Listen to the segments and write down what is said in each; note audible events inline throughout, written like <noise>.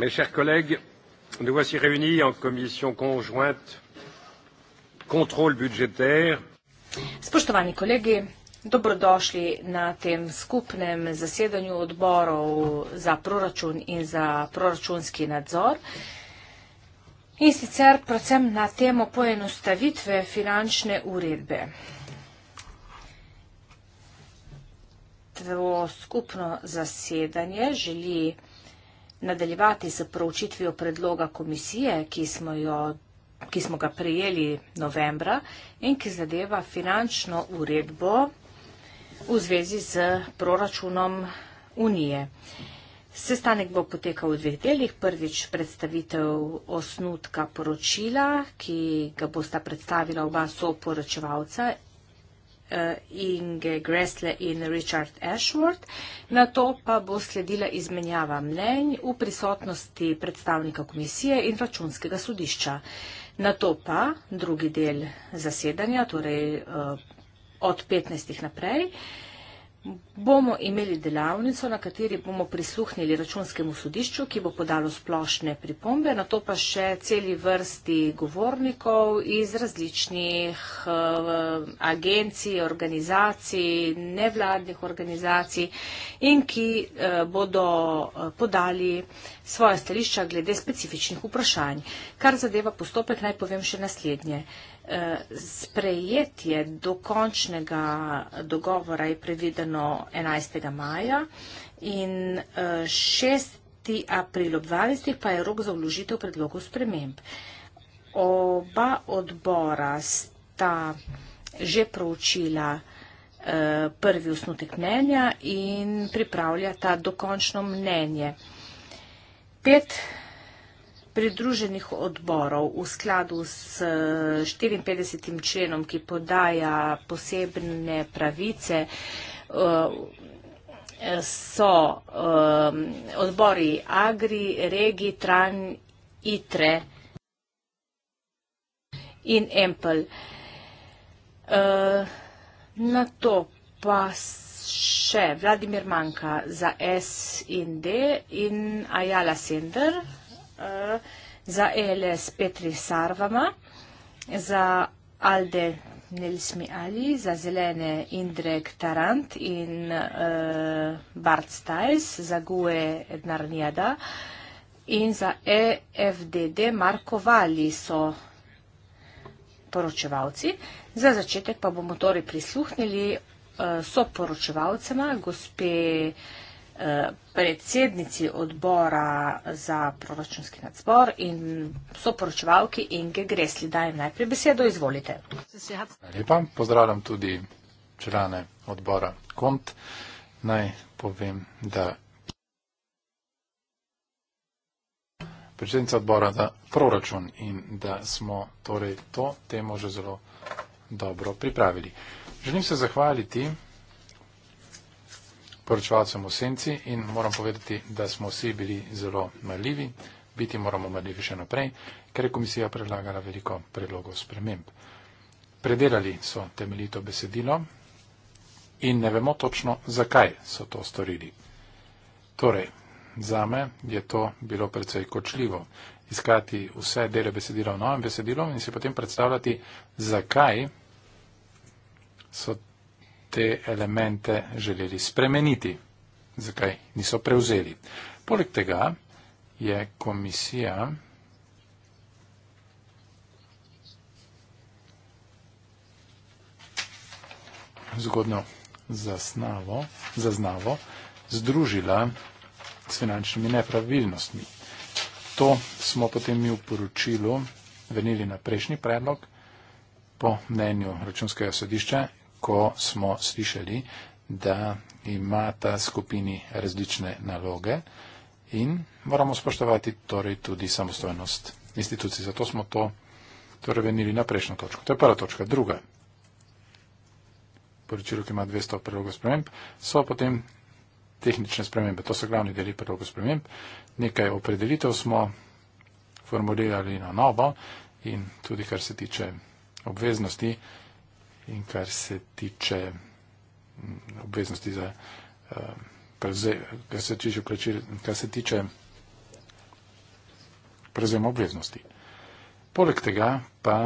Mes chers collègues, nous voici réunis en commission conjointe contrôle budgétaire. Spoštovani kolegi, dobrodošli na tem skupnem zasedanju odborov za proračun in za proračunski nadzor. In sicer predvsem na temo poenostavitve finančne uredbe. To skupno zasedanje želi nadaljevati s pročitvijo predloga komisije, ki smo, jo, ki smo ga prijeli novembra in ki zadeva finančno uredbo v zvezi z proračunom Unije. Sestanek bo potekal v dveh delih. Prvič predstavitev osnutka poročila, ki ga bosta predstavila oba soporočevalca Eh, Inge Gressle in Richard Ashworth. Na to pa bo sledila izmenjava mnenj v prisotnosti predstavnika komisije in računskega sodišča. Na to pa drugi del zasedanja, torej eh, od 15. naprej, bomo imeli delavnico, na kateri bomo prisluhnili računskemu sodišču, ki bo podalo splošne pripombe, na to pa še celi vrsti govornikov iz različnih eh, agencij, organizacij, nevladnih organizacij in ki eh, bodo eh, podali svoje stališča glede specifičnih vprašanj. Kar zadeva postopek, naj povem še naslednje sprejetje dokončnega dogovora je predvideno 11. maja in 6. Eh, april ob 12. pa je rok za vložitev predlogov sprememb. Oba odbora sta že proučila eh, prvi osnutek mnenja in pripravlja ta dokončno mnenje. Pet pridruženih odborov v skladu s 54. Eh, členom, ki podaja posebne pravice, eh, so eh, odbori Agri, Regi, Tran, Itre in Empel. Na to pa še Vladimir Manka za S in D in Ajala Sender za Eles Petri Sarvama, za Alde Nelsmi Ali, za Zelene Indrek Tarant in uh, Bart Stiles, za Gue Ednar Njeda in za EFDD Marko Vali so poročevalci. Za začetek pa bomo torej prisluhnili uh, soporočevalcema, gospe predsednici odbora za proračunski nadzor in soporočevalki Inge Gresli. Dajem najprej besedo, izvolite. Lepa, pozdravljam tudi člane odbora KONT. Naj povem, da predsednica odbora za proračun in da smo torej to temo že zelo dobro pripravili. Želim se zahvaliti poročevalcem v senci in moram povedati, da smo vsi bili zelo marljivi, biti moramo marljivi še naprej, ker je komisija predlagala veliko predlogov sprememb. Predelali so temeljito besedilo in ne vemo točno, zakaj so to storili. Torej, za me je to bilo precej kočljivo iskati vse dele besedila v novem besedilu in si potem predstavljati, zakaj so te elemente želeli spremeniti, zakaj niso prevzeli. Poleg tega je komisija zgodno zasnavo, zaznavo združila s finančnimi nepravilnostmi. To smo potem mi v poročilu vrnili na prejšnji predlog po mnenju računskega sodišča ko smo slišali, da ima ta skupini različne naloge in moramo spoštovati torej tudi samostojnost institucij. Zato smo to torej venili na prejšnjo točko. To je prva točka. Druga. Poročilo, ki ima 200 prilogov sprememb, so potem tehnične spremembe. To so glavni deli prilogov sprememb. Nekaj opredelitev smo formulirali na novo in tudi kar se tiče obveznosti in kar se tiče mm, obveznosti za eh, prevzem, kar se tiče prevzem obveznosti. Poleg tega pa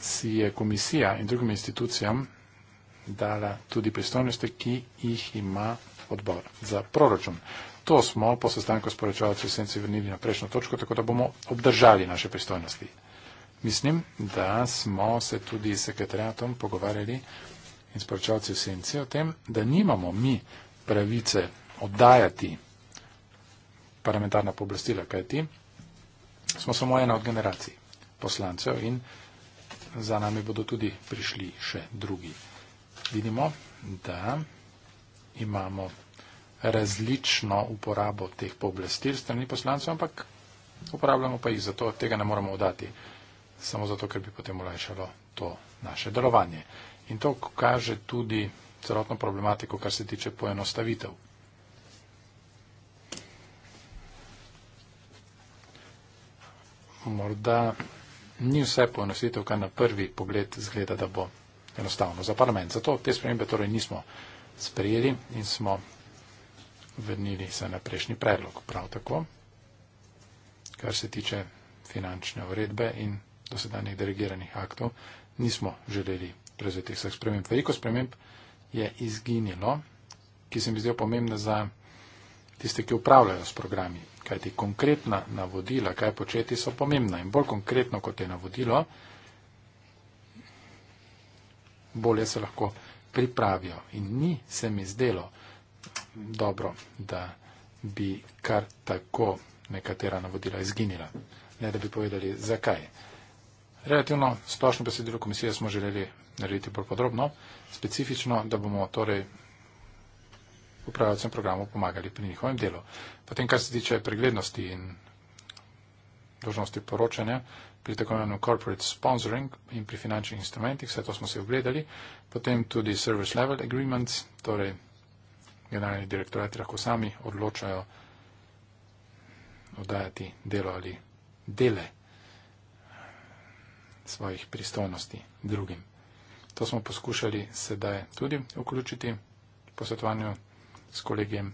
si je komisija in drugim institucijam dala tudi pristojnosti, ki jih ima odbor za proračun. To smo po sestanku s poročevalci v senci vrnili na prejšnjo točko, tako da bomo obdržali naše pristojnosti. Mislim, da smo se tudi s sekretariatom pogovarjali in sporočavci v senci o tem, da nimamo mi pravice oddajati parlamentarna poblastila, kajti smo samo ena od generacij poslancev in za nami bodo tudi prišli še drugi. Vidimo, da imamo različno uporabo teh poblastil strani poslancev, ampak uporabljamo pa jih zato, tega ne moramo oddati samo zato, ker bi potem olajšalo to naše delovanje. In to kaže tudi celotno problematiko, kar se tiče poenostavitev. Morda ni vse poenostavitev, kar na prvi pogled zgleda, da bo enostavno za parlament. Zato te spremembe torej nismo sprejeli in smo vrnili se na prejšnji predlog. Prav tako, kar se tiče finančne uredbe in dosedanjih delegiranih aktov, nismo želeli prevzeti vseh sprememb. Veliko sprememb je izginilo, ki se mi zdijo pomembne za tiste, ki upravljajo s programi, kajti konkretna navodila, kaj početi, so pomembna in bolj konkretno, kot je navodilo, bolje se lahko pripravijo. In ni se mi zdelo dobro, da bi kar tako nekatera navodila izginila. Ne da bi povedali, zakaj relativno splošno besedilo komisije smo želeli narediti bolj podrobno, specifično, da bomo torej upravljalcem programov pomagali pri njihovem delu. Potem, kar se tiče preglednosti in dožnosti poročanja, pri tako imenu corporate sponsoring in pri finančnih instrumentih, vse to smo se ogledali, potem tudi service level agreements, torej generalni direktorati lahko sami odločajo oddajati delo ali dele svojih pristojnosti drugim. To smo poskušali sedaj tudi vključiti v posvetovanju s kolegijem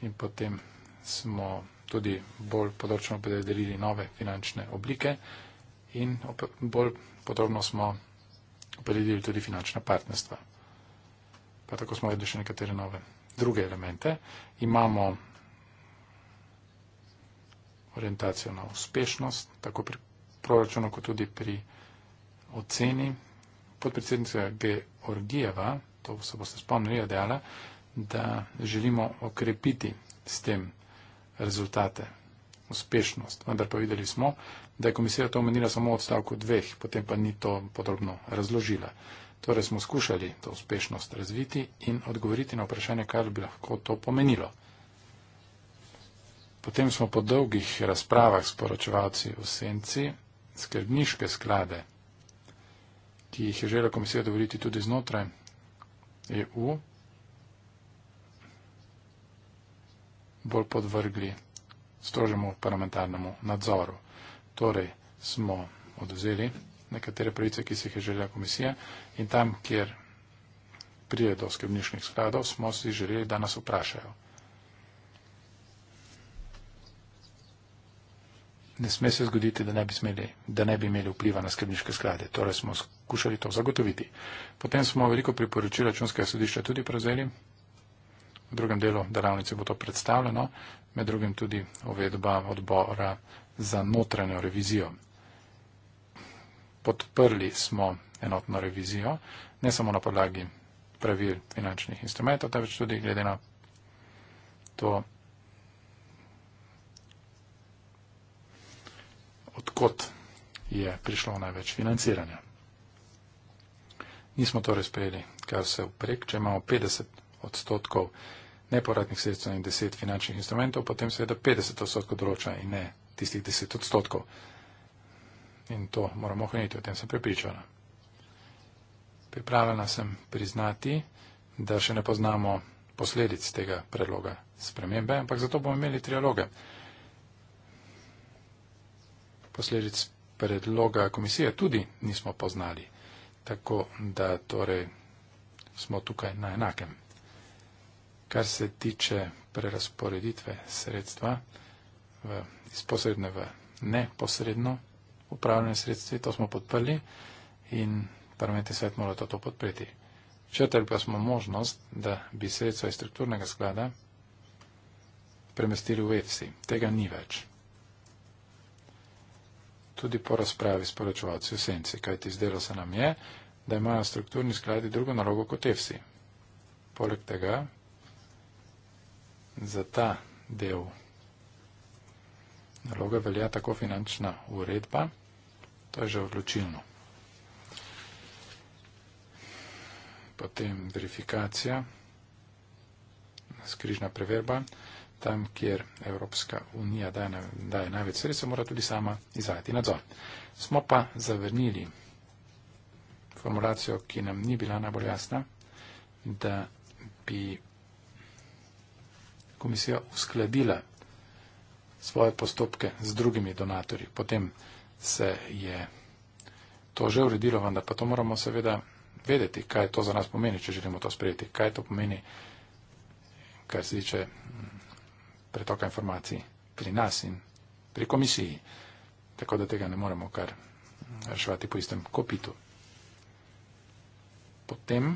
in potem smo tudi bolj področno opredelili nove finančne oblike in bolj podrobno smo opredelili tudi finančna partnerstva. Pa tako smo vedeli še nekatere nove druge elemente. Imamo orientacijo na uspešnost, tako pri proračunu, kot tudi pri oceni. Podpredsednica Georgijeva, to se boste spomnili, je dejala, da želimo okrepiti s tem rezultate, uspešnost. Vendar pa videli smo, da je komisija to omenila samo v odstavku dveh, potem pa ni to podrobno razložila. Torej smo skušali to uspešnost razviti in odgovoriti na vprašanje, kaj bi lahko to pomenilo. Potem smo po dolgih razpravah s poročevalci v Senci skrbniške sklade, ki jih je želela komisija dovoliti tudi znotraj EU, bolj podvrgli strožemu parlamentarnemu nadzoru. Torej smo oduzeli nekatere pravice, ki si jih je želela komisija in tam, kjer prije do skrbniških skladov, smo si želeli, da nas vprašajo. ne sme se zgoditi, da ne bi, smeli, da ne bi imeli vpliva na skrbniške sklade. Torej smo skušali to zagotoviti. Potem smo veliko priporočil računskega sodišča tudi prevzeli. V drugem delu delavnice bo to predstavljeno, med drugim tudi uvedba odbora za notranjo revizijo. Podprli smo enotno revizijo, ne samo na podlagi pravil finančnih instrumentov, temveč tudi glede na to, odkot je prišlo največ financiranja. Nismo torej sprejeli, kar se uprek, če imamo 50 odstotkov neporadnih sredstev in 10 finančnih instrumentov, potem seveda 50 odstotkov določa in ne tistih 10 odstotkov. In to moramo ohraniti, o tem sem prepričana. Pripravljena sem priznati, da še ne poznamo posledic tega predloga spremembe, ampak zato bomo imeli trialoge posledic predloga komisije tudi nismo poznali. Tako da torej smo tukaj na enakem. Kar se tiče prerasporeditve sredstva v, iz posredne v neposredno upravljanje sredstvi, to smo podprli in parlament in svet morajo to podpreti. Četrti pa smo možnost, da bi sredstva iz strukturnega sklada premestili v EFSI. Tega ni več tudi po razpravi s poročevalci v senci, kajti zdelo se nam je, da imajo strukturni skladi drugo nalogo kot EFSI. Poleg tega, za ta del naloga velja tako finančna uredba, to je že odločilno. Potem verifikacija, skrižna preverba tam, kjer Evropska unija daje, daje največ sredstva, mora tudi sama izvajati nadzor. Smo pa zavrnili formulacijo, ki nam ni bila najbolj jasna, da bi komisija uskladila svoje postopke z drugimi donatorji. Potem se je to že uredilo, vendar pa to moramo seveda vedeti, kaj to za nas pomeni, če želimo to sprejeti, kaj to pomeni, kar se tiče pretoka informacij pri nas in pri komisiji. Tako da tega ne moremo kar reševati po istem kopitu. Potem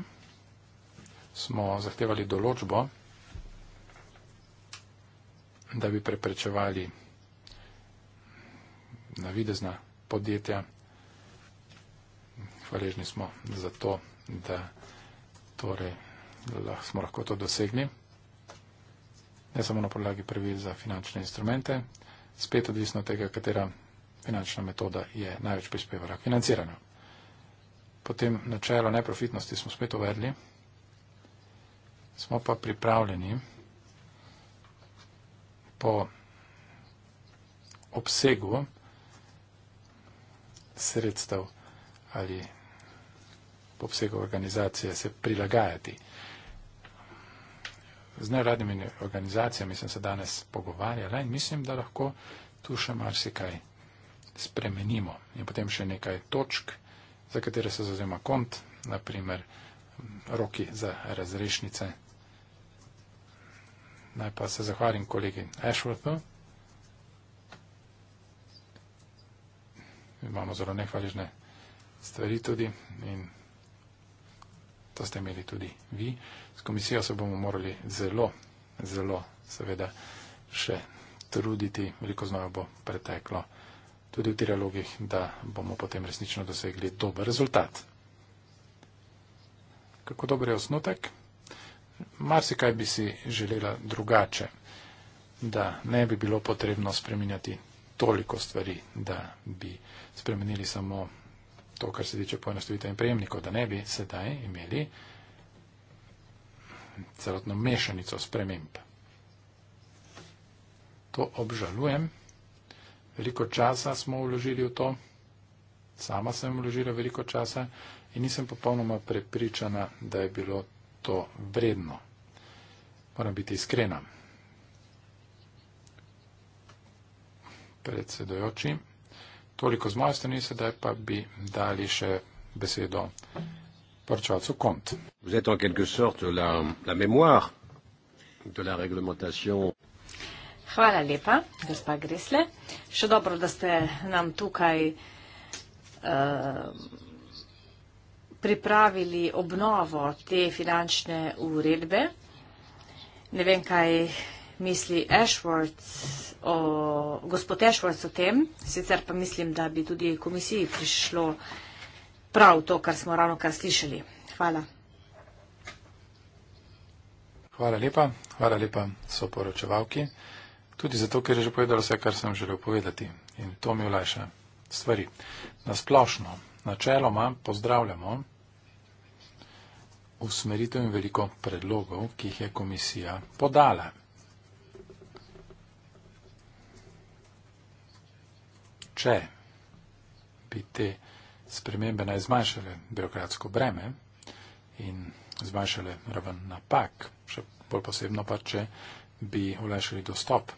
smo zahtevali določbo, da bi preprečevali navidezna podjetja. Hvaležni smo za to, da torej, smo lahko to dosegli ne samo na podlagi pravil za finančne instrumente, spet odvisno od tega, katera finančna metoda je največ prispevala k financiranju. Potem načelo neprofitnosti smo spet uvedli, smo pa pripravljeni po obsegu sredstev ali po obsegu organizacije se prilagajati z nevladnimi organizacijami sem se danes pogovarjala in mislim, da lahko tu še marsikaj spremenimo. In potem še nekaj točk, za katere se zazema kont, naprimer roki za razrešnice. Naj pa se zahvalim kolegi Ashworthu. Imamo zelo nehvaližne stvari tudi in to ste imeli tudi vi. S komisijo se bomo morali zelo, zelo seveda še truditi, veliko znova bo preteklo tudi v trialogih, da bomo potem resnično dosegli dober rezultat. Kako dober je osnutek? Marsi kaj bi si želela drugače, da ne bi bilo potrebno spreminjati toliko stvari, da bi spremenili samo to, kar se tiče poenostavitev in prejemnikov, da ne bi sedaj imeli celotno mešanico sprememb. To obžalujem. Veliko časa smo vložili v to, sama sem vložila veliko časa in nisem popolnoma prepričana, da je bilo to vredno. Moram biti iskrena. Predsedojoči toliko z moje strani, sedaj pa bi dali še besedo poročevalcu Kont. Hvala lepa, gospa Gresle. Še dobro, da ste nam tukaj eh, pripravili obnovo te finančne uredbe. Ne vem, kaj misli Ashworth o, gospod Ashworth o tem, sicer pa mislim, da bi tudi komisiji prišlo prav to, kar smo ravno kar slišali. Hvala. Hvala lepa, hvala lepa so poročevalki, tudi zato, ker je že povedala vse, kar sem želel povedati in to mi olajša stvari. Na splošno, načeloma pozdravljamo usmeritev in veliko predlogov, ki jih je komisija podala. če bi te spremembe naj zmanjšale birokratsko breme in zmanjšale raven napak, še bolj posebno pa, če bi olajšali dostop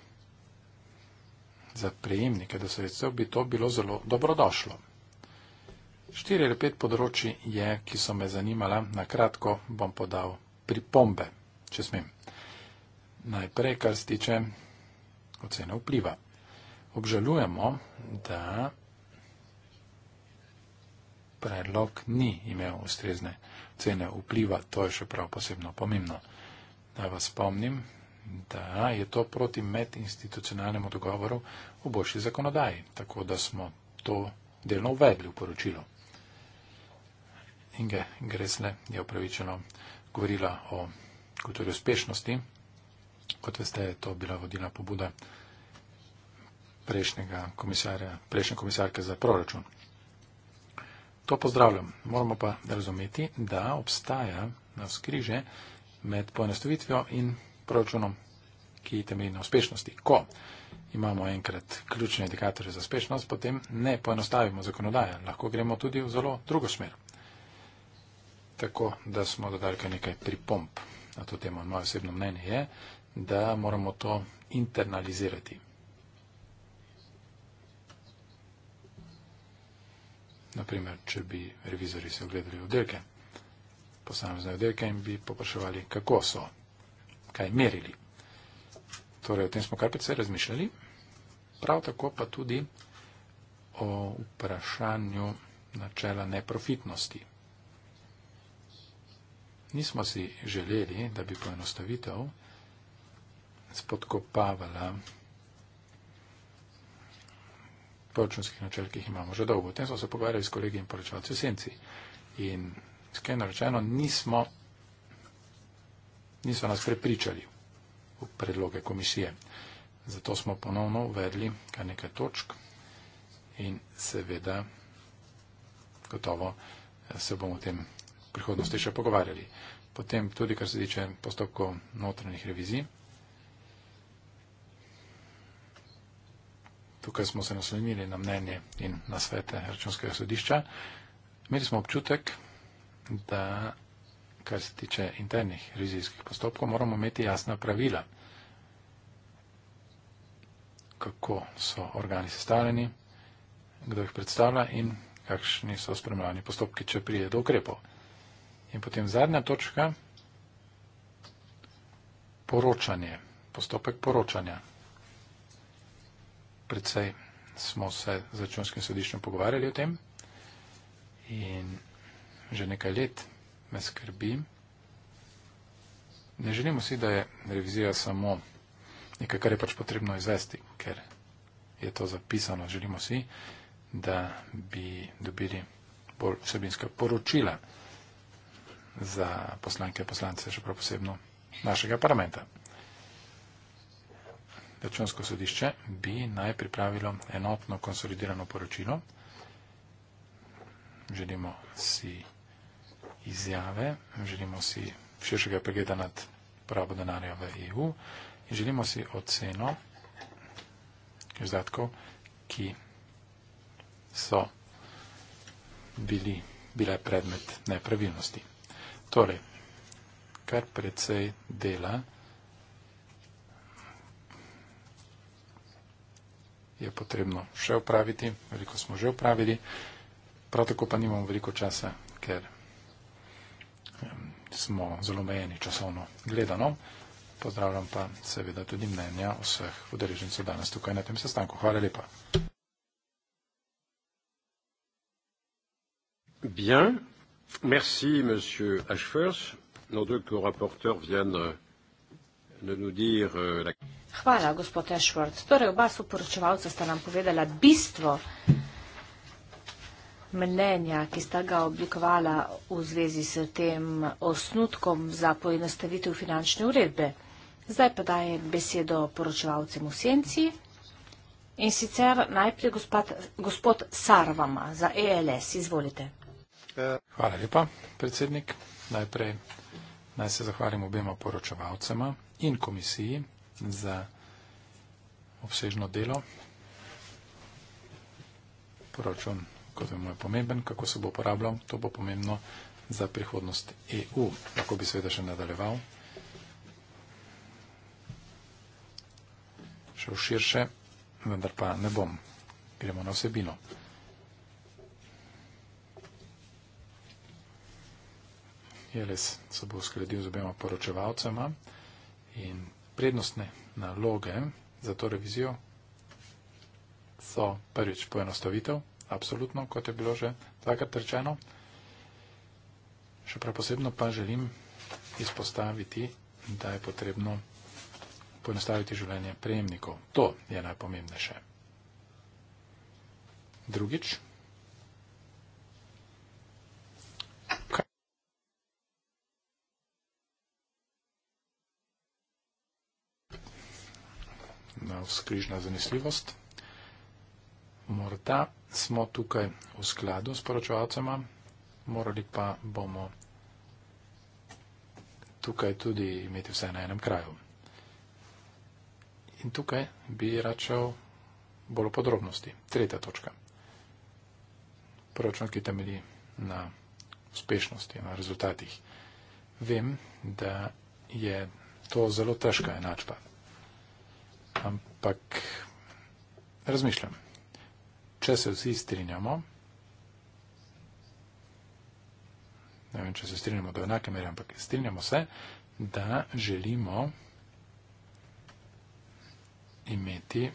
za prejemnike do sredstev, bi to bilo zelo dobrodošlo. Štiri ali pet področji je, ki so me zanimala, na kratko bom podal pripombe, če smem. Najprej, kar se tiče ocene vpliva obžalujemo, da predlog ni imel ustrezne cene vpliva, to je še prav posebno pomembno. Naj vas spomnim, da je to proti medinstitucionalnemu dogovoru v boljši zakonodaji, tako da smo to delno uvedli v poročilo. Inge Gresle je upravičeno govorila o kulturi uspešnosti. Kot veste, je to bila vodila pobuda prejšnjega komisarja, prejšnje komisarke za proračun. To pozdravljam. Moramo pa razumeti, da obstaja na skriže med poenostavitvijo in proračunom, ki temelji na uspešnosti. Ko imamo enkrat ključne indikatorje za uspešnost, potem ne poenostavimo zakonodaje. Lahko gremo tudi v zelo drugo smer. Tako, da smo dodali kar nekaj pripomp na to temo. Moje osebno mnenje je, da moramo to internalizirati. naprimer, če bi revizori se ogledali oddelke, posamezne oddelke in bi popraševali, kako so, kaj merili. Torej, o tem smo kar precej razmišljali, prav tako pa tudi o vprašanju načela neprofitnosti. Nismo si želeli, da bi poenostavitev spodkopavala proračunskih načel, ki jih imamo že dolgo. O tem smo se pogovarjali s kolegi in poročevalci v senci. In skrajno rečeno, nismo, niso nas prepričali v predloge komisije. Zato smo ponovno uvedli kar nekaj točk in seveda gotovo eh, se bomo o tem v prihodnosti še pogovarjali. Potem tudi, kar se tiče postopkov notranjih revizij. tukaj smo se naslonili na mnenje in na svete računskega sodišča, imeli smo občutek, da kar se tiče internih revizijskih postopkov, moramo imeti jasna pravila, kako so organi sestavljeni, kdo jih predstavlja in kakšni so spremljani postopki, če pride do ukrepov. In potem zadnja točka, poročanje, postopek poročanja precej smo se z računskim sodiščem pogovarjali o tem in že nekaj let me skrbi. Ne želimo si, da je revizija samo nekaj, kar je pač potrebno izvesti, ker je to zapisano. Želimo si, da bi dobili bolj vsebinska poročila za poslanke in poslance, še prav posebno našega parlamenta računsko sodišče bi naj pripravilo enotno konsolidirano poročilo. Želimo si izjave, želimo si širšega pregleda nad porabo denarja v EU in želimo si oceno izdatkov, ki so bili, bile predmet nepravilnosti. Torej, kar precej dela, je potrebno še upraviti, veliko smo že upravili, prav tako pa nimamo veliko časa, ker smo zelo omejeni časovno gledano. Pozdravljam pa seveda tudi mnenja vseh udeležencev danes tukaj na tem sestanku. Hvala lepa. Bien. Merci, monsieur Ashfors. Nos deux co-rapporteurs viennent Euh, Hvala, gospod Ashford. Torej, oba soporočevalca sta nam povedala bistvo mnenja, ki sta ga oblikovala v zvezi s tem osnutkom za poenostavitev finančne uredbe. Zdaj pa daje besedo poročevalcem v senci. In sicer najprej gospod, gospod Sarvama za ELS. Izvolite. Hvala lepa, predsednik. Najprej naj se zahvalim obema poročevalcema in komisiji za obsežno delo. Poročun, kot vemo, je pomemben, kako se bo uporabljal, to bo pomembno za prihodnost EU. Lahko bi seveda še nadaljeval. Še v širše, vendar pa ne bom. Gremo na vsebino. Jeles se bo uskladil z obema poročevalcema. In prednostne naloge za to revizijo so prvič poenostavitev, absolutno, kot je bilo že dvakrat rečeno. Še prav posebno pa želim izpostaviti, da je potrebno poenostaviti življenje prejemnikov. To je najpomembnejše. Drugič, vzkrižna zanesljivost. Morda smo tukaj v skladu s poročevalcema, morali pa bomo tukaj tudi imeti vse na enem kraju. In tukaj bi račal bolj podrobnosti. Tretja točka. Proračun, ki temelji na uspešnosti, na rezultatih. Vem, da je to zelo težka enačba ampak razmišljam. Če se vsi strinjamo, ne vem, če se strinjamo do enake mere, ampak strinjamo se, da želimo imeti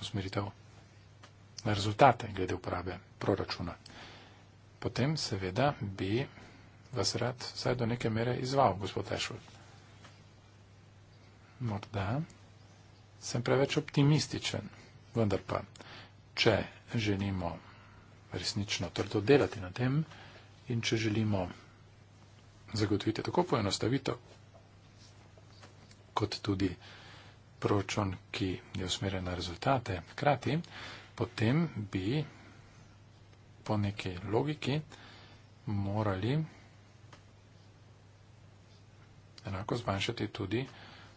usmeritev na rezultate glede uporabe proračuna, potem seveda bi vas rad vsaj do neke mere izval, gospod Ešvold morda sem preveč optimističen, vendar pa, če želimo resnično trdo delati na tem in če želimo zagotoviti tako poenostavitev, kot tudi proračun, ki je usmerjen na rezultate, krati, potem bi po neki logiki morali enako zmanjšati tudi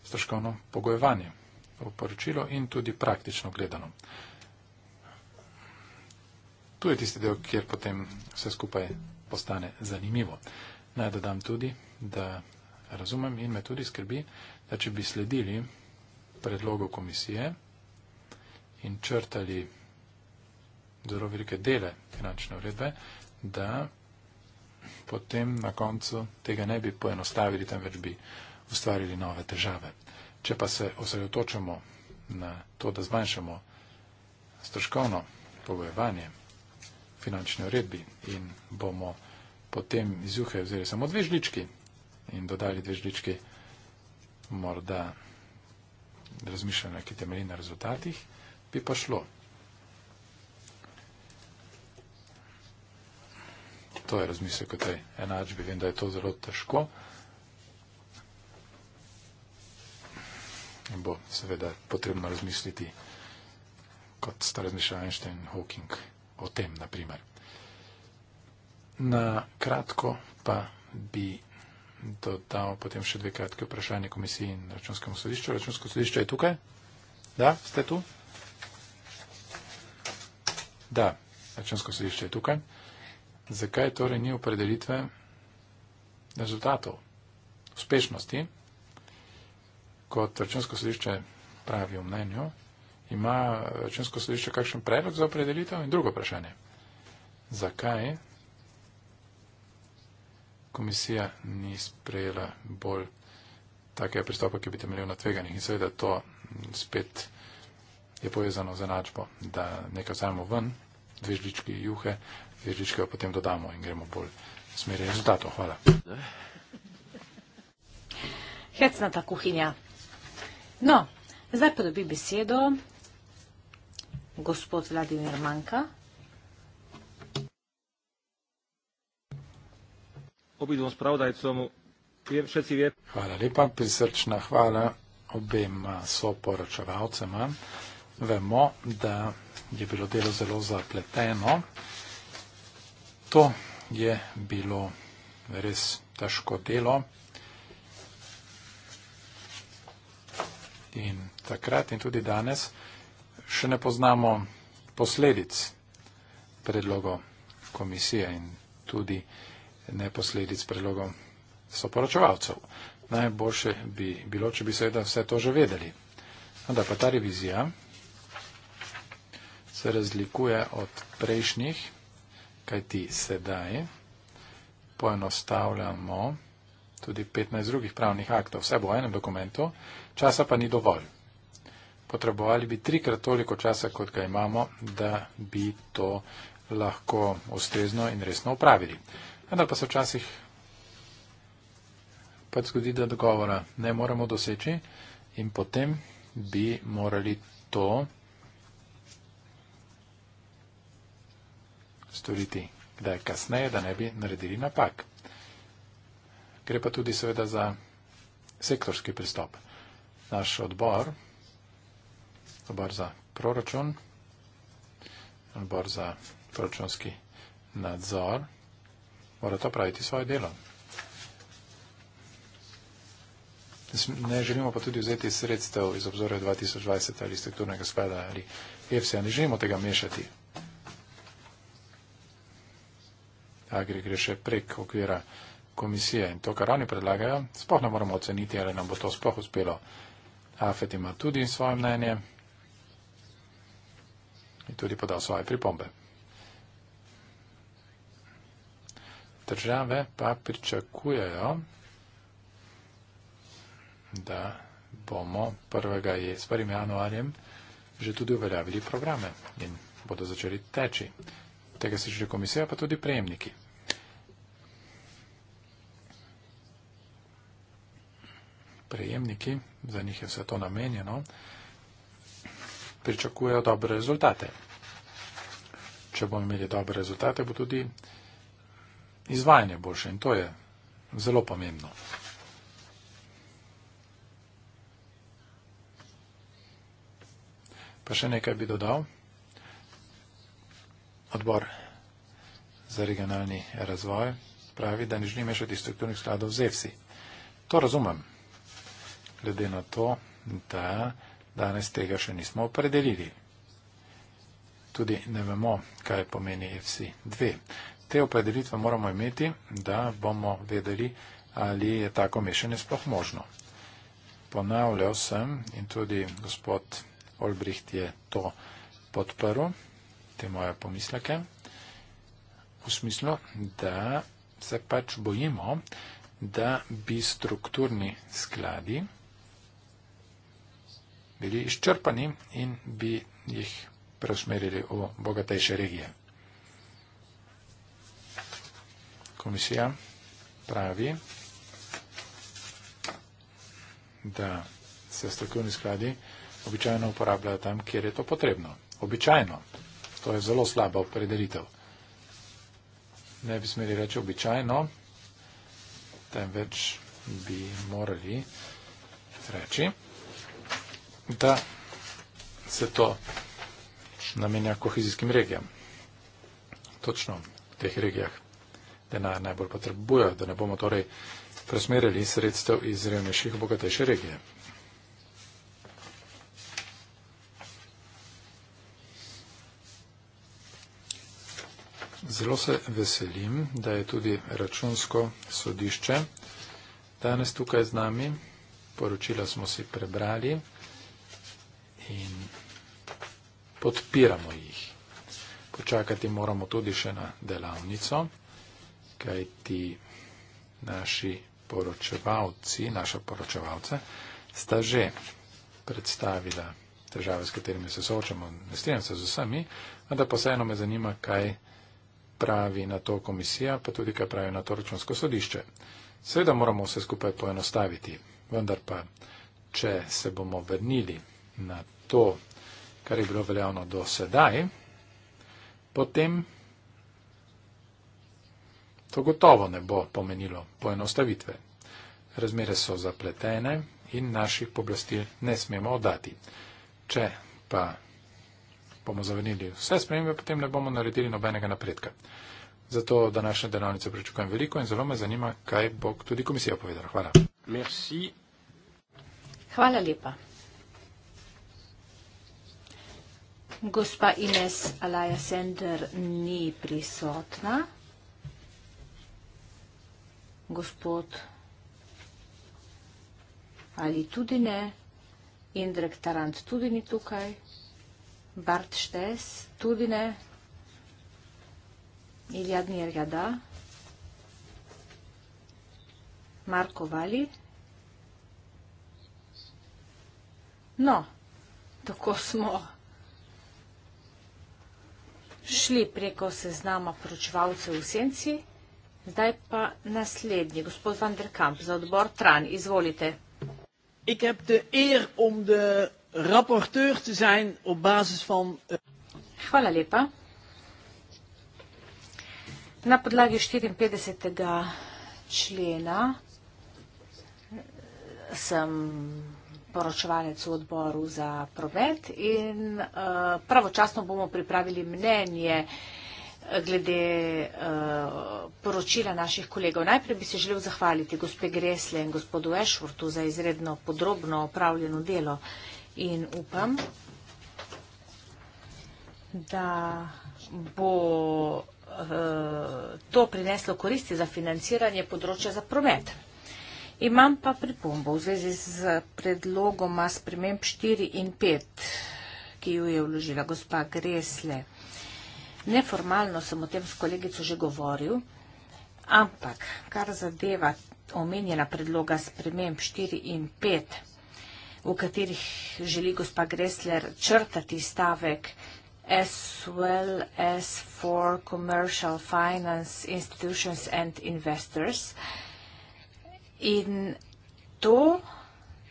stroškovno pogojevanje v poročilo in tudi praktično gledano. Tu je tisti del, kjer potem vse skupaj postane zanimivo. Naj dodam tudi, da razumem in me tudi skrbi, da če bi sledili predlogu komisije in črtali zelo velike dele finančne uredbe, da potem na koncu tega ne bi poenostavili, temveč bi uh, ustvarili nove države. Če pa se osredotočamo na to, da zmanjšamo stroškovno pogojevanje finančne uredbi in bomo potem iz juhe vzeli samo dve žlički in dodali dve žlički morda razmišljanja, ki temelji na rezultatih, bi pa šlo. To je razmislek o tej enačbi. Vem, da je to zelo težko. kakšen bo, seveda, potrebno razmisliti, kot sta razmišljala Einstein in Hawking o tem, naprimer. Na kratko pa bi dodal potem še dve kratke vprašanje komisiji in računskemu sodišču. Računsko sodišče je tukaj? Da, ste tu? Da, računsko sodišče je tukaj. Zakaj torej ni opredelitve rezultatov uspešnosti? kot računsko sodišče pravi v mnenju, ima računsko sodišče kakšen predlog za opredelitev in drugo vprašanje. Zakaj komisija ni sprejela bolj takega pristopa, ki bi temeljil na tveganjih in seveda to spet je povezano z enačbo, da nekaj vzajmo ven, dve žlički juhe, dve žličke jo potem dodamo in gremo bolj v smeri rezultatov. Hvala. Hecnata kuhinja. No, zdaj pa dobi besedo gospod Vladimir Manka. Obidvom spravdajcom, vse si ve. Hvala lepa, prisrčna hvala obema soporočevalcema. Vemo, da je bilo delo zelo zapleteno. To je bilo res težko delo. In takrat in tudi danes še ne poznamo posledic predlogov komisije in tudi ne posledic predlogov soporočevalcev. Najboljše bi bilo, če bi seveda vse to že vedeli. Vendar pa ta revizija se razlikuje od prejšnjih, kaj ti sedaj poenostavljamo tudi 15 drugih pravnih aktov, vse bo v enem dokumentu, časa pa ni dovolj. Potrebovali bi trikrat toliko časa, kot ga imamo, da bi to lahko ustrezno in resno upravili. Vendar pa se včasih pač zgodi, da dogovora ne moremo doseči in potem bi morali to storiti kdaj kasneje, da ne bi naredili napak gre pa tudi seveda za sektorski pristop. Naš odbor, odbor za proračun, odbor za proračunski nadzor, mora to praviti svoje delo. Ne želimo pa tudi vzeti sredstev iz obzorja 2020 ali strukturnega spada ali EFSA, ne želimo tega mešati. Agri gre še prek okvira komisije in to, kar oni predlagajo, sploh ne moramo oceniti, ali nam bo to sploh uspelo. Afet ima tudi svoje mnenje in tudi podal svoje pripombe. Države pa pričakujejo, da bomo 1. januarjem že tudi uveljavili programe in bodo začeli teči. Tega si že komisija, pa tudi prejemniki. prejemniki, za njih je vse to namenjeno, pričakujejo dobre rezultate. Če bomo imeli dobre rezultate, bo tudi izvajanje boljše in to je zelo pomembno. Pa še nekaj bi dodal. Odbor za regionalni razvoj pravi, da ne želi mešati strukturnih skladov z EFSI. To razumem glede na to, da danes tega še nismo opredelili. Tudi ne vemo, kaj pomeni FC2. Te opredelitve moramo imeti, da bomo vedeli, ali je tako mešanje sploh možno. Ponavljal sem in tudi gospod Olbricht je to podprl, te moje pomisleke, v smislu, da se pač bojimo, da bi strukturni skladi bili izčrpani in bi jih preusmerili v bogatejše regije. Komisija pravi, da se strokovni skladi običajno uporabljajo tam, kjer je to potrebno. Običajno. To je zelo slaba opredelitev. Ne bi smeli reči običajno, temveč bi morali reči, da se to namenja kohezijskim regijam. Točno v teh regijah denar najbolj potrebujo, da ne bomo torej presmerili sredstev iz revnejših v bogatejše regije. Zelo se veselim, da je tudi računsko sodišče danes tukaj z nami. Poročila smo si prebrali in podpiramo jih. Počakati moramo tudi še na delavnico, kajti naši poročevalci, naša poročevalca sta že predstavila težave, s katerimi se soočamo. Ne strinjam se z vsemi, vendar pa vseeno me zanima, kaj pravi na to komisija, pa tudi kaj pravi na to računsko sodišče. Seveda moramo vse skupaj poenostaviti, vendar pa, če se bomo vrnili na to, kar je bilo veljavno do sedaj, potem to gotovo ne bo pomenilo poenostavitve. Razmere so zapletene in naših poblastil ne smemo oddati. Če pa bomo zavrnili vse spremembe, potem ne bomo naredili nobenega napredka. Zato današnje delavnice pričakujem veliko in zelo me zanima, kaj bo tudi komisija povedala. Hvala. Merci. Hvala lepa. Gospa Ines Alaja Sender ni prisotna. Gospod ali tudi ne. Indrek Tarant tudi ni tukaj. Bart Štes tudi ne. Ilja Dnirja da. Marko Vali. No, tako smo šli preko seznama poročevalcev v senci. Zdaj pa naslednji, gospod Van der Kamp za odbor Tran. Izvolite. Ik heb de eer om de rapporteur te zijn op basis van... Eh, Hvala lepa. Na podlagi 54. člena sem poročevalec v odboru za promet in uh, pravočasno bomo pripravili mnenje eh, glede uh, poročila naših kolegov. Najprej bi se želel zahvaliti gospe Gresle in gospodu Ešvortu za izredno podrobno opravljeno delo in upam, da bo uh, to prineslo koristi za financiranje področja za promet. Imam pa pripombo v zvezi z predlogoma sprememb 4 in 5, ki jo je vložila gospa Gresle. Neformalno sem o tem s kolegico že govoril, ampak kar zadeva omenjena predloga sprememb 4 in 5, v katerih želi gospa Gresler črtati stavek as well as for commercial finance institutions and investors, In to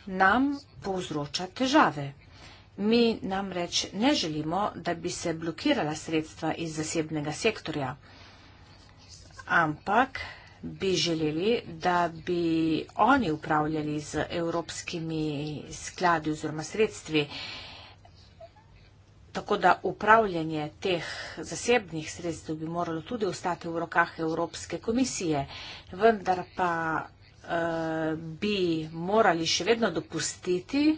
nam povzroča težave. Mi namreč ne želimo, da bi se blokirala sredstva iz zasebnega sektorja, ampak bi želeli, da bi oni upravljali z evropskimi skladi oziroma sredstvi, tako da upravljanje teh zasebnih sredstev bi moralo tudi ostati v rokah Evropske komisije, vendar pa bi morali še vedno dopustiti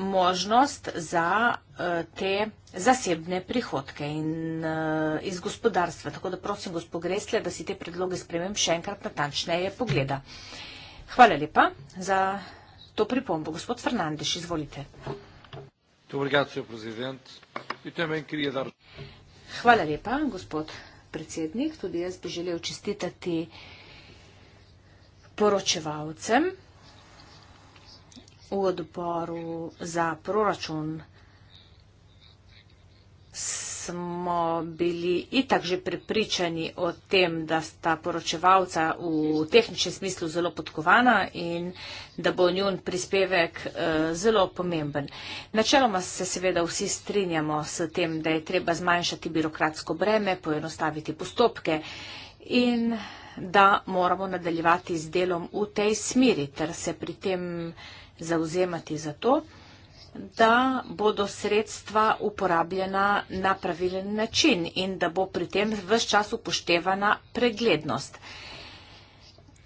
možnost za eh, te zasebne prihodke in eh, iz gospodarstva. Tako da prosim gospod Gresle, da si te predloge spremem še enkrat natančneje pogleda. Hvala lepa za to pripombo. Gospod Fernandeš, izvolite. E Hvala lepa, gospod predsednik. Tudi jaz bi želel čestitati poročevalcem v odboru za proračun smo bili itak že prepričani o tem, da sta poročevalca v tehničnem smislu zelo podkovana in da bo njun prispevek eh, zelo pomemben. Načeloma se seveda vsi strinjamo s tem, da je treba zmanjšati birokratsko breme, poenostaviti postopke in da moramo nadaljevati z delom v tej smeri ter se pri tem zauzemati za to, da bodo sredstva uporabljena na pravilen način in da bo pri tem vse čas upoštevana preglednost.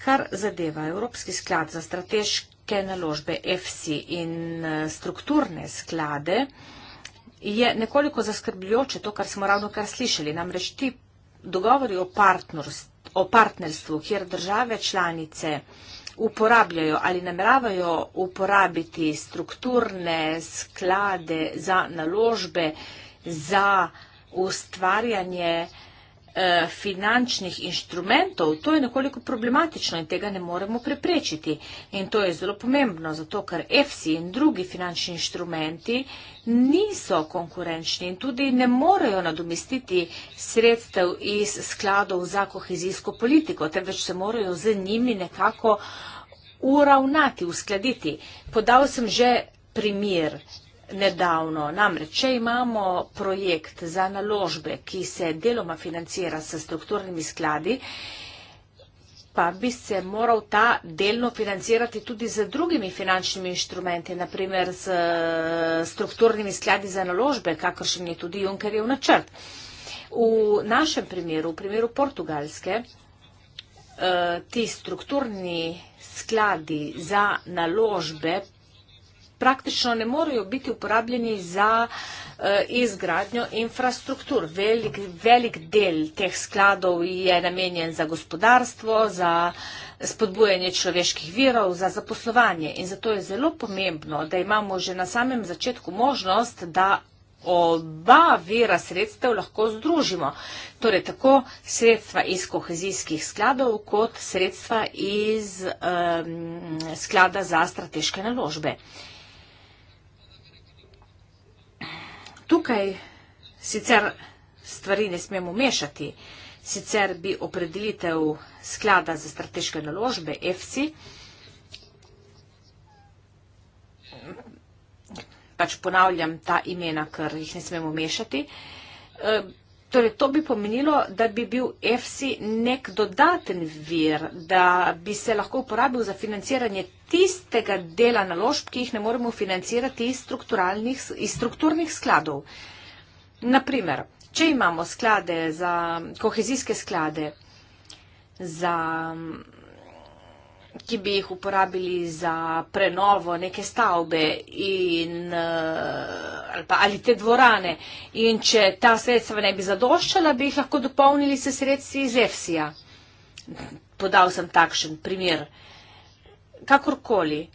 Kar zadeva Evropski sklad za strateške naložbe EFSI in eh, strukturne sklade, je nekoliko zaskrbljujoče to, kar smo ravno kar slišali. Namreč ti dogovori o partnerstvu o partnerstvu, kjer države članice uporabljajo ali nameravajo uporabiti strukturne sklade za naložbe, za ustvarjanje uh, Eh, finančnih inštrumentov, to je nekoliko problematično in tega ne moremo preprečiti. In to je zelo pomembno, zato ker EFSI in drugi finančni inštrumenti niso konkurenčni in tudi ne morejo nadomestiti sredstev iz skladov za kohezijsko politiko, temveč se morajo z njimi nekako uravnati, uskladiti. Podal sem že primer nedavno. Namreč, če imamo projekt za naložbe, ki se deloma financira s strukturnimi skladi, pa bi se moral ta delno financirati tudi z drugimi finančnimi inštrumenti, naprimer z eh, strukturnimi skladi za naložbe, kakršen je tudi Junkerjev načrt. V našem primeru, v primeru Portugalske, eh, ti strukturni skladi za naložbe praktično ne morajo biti uporabljeni za eh, izgradnjo infrastruktur. Velik, velik del teh skladov je namenjen za gospodarstvo, za spodbujanje človeških virov, za zaposlovanje. In zato je zelo pomembno, da imamo že na samem začetku možnost, da oba vira sredstev lahko združimo. Torej, tako sredstva iz kohezijskih skladov, kot sredstva iz um, sklada za strateške naložbe. Uh, tukaj sicer stvari ne smemo mešati, sicer bi opredelitev sklada za strateške naložbe EFSI pač ponavljam ta imena, ker jih ne smemo mešati. Eh, Torej, to bi pomenilo, da bi bil EFSI nek dodaten vir, da bi se lahko uporabil za financiranje tistega dela naložb, ki jih ne moremo financirati iz, iz strukturnih skladov. Naprimer, če imamo sklade za kohezijske sklade, za ki bi jih uporabili za prenovo neke stavbe in, eh, ali, pa, ali te dvorane. In če ta sredstva ne bi zadoščala, bi jih lahko dopolnili se sredstvi iz EFSI-ja. Podal sem takšen primer. Kakorkoli,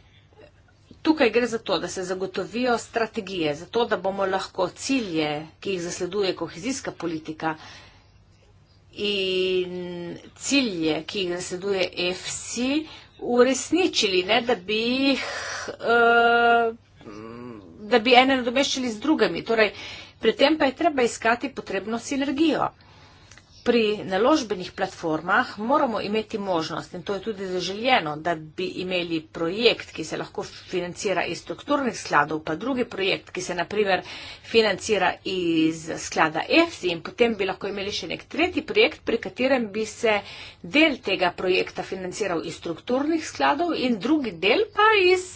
tukaj gre za to, da se zagotovijo strategije, za to, da bomo lahko cilje, ki jih zasleduje kohezijska politika in cilje, ki jih zasleduje EFSI, uresničili, ne, da bi jih, uh, da bi ene nadomeščali z drugimi. Torej, pri tem pa je treba iskati potrebno sinergijo. Pri naložbenih platformah moramo imeti možnost, in to je tudi zaželjeno, da bi imeli projekt, ki se lahko financira iz strukturnih skladov, pa drugi projekt, ki se naprimer financira iz sklada EFSI in potem bi lahko imeli še nek tretji projekt, pri katerem bi se del tega projekta financiral iz strukturnih skladov in drugi del pa iz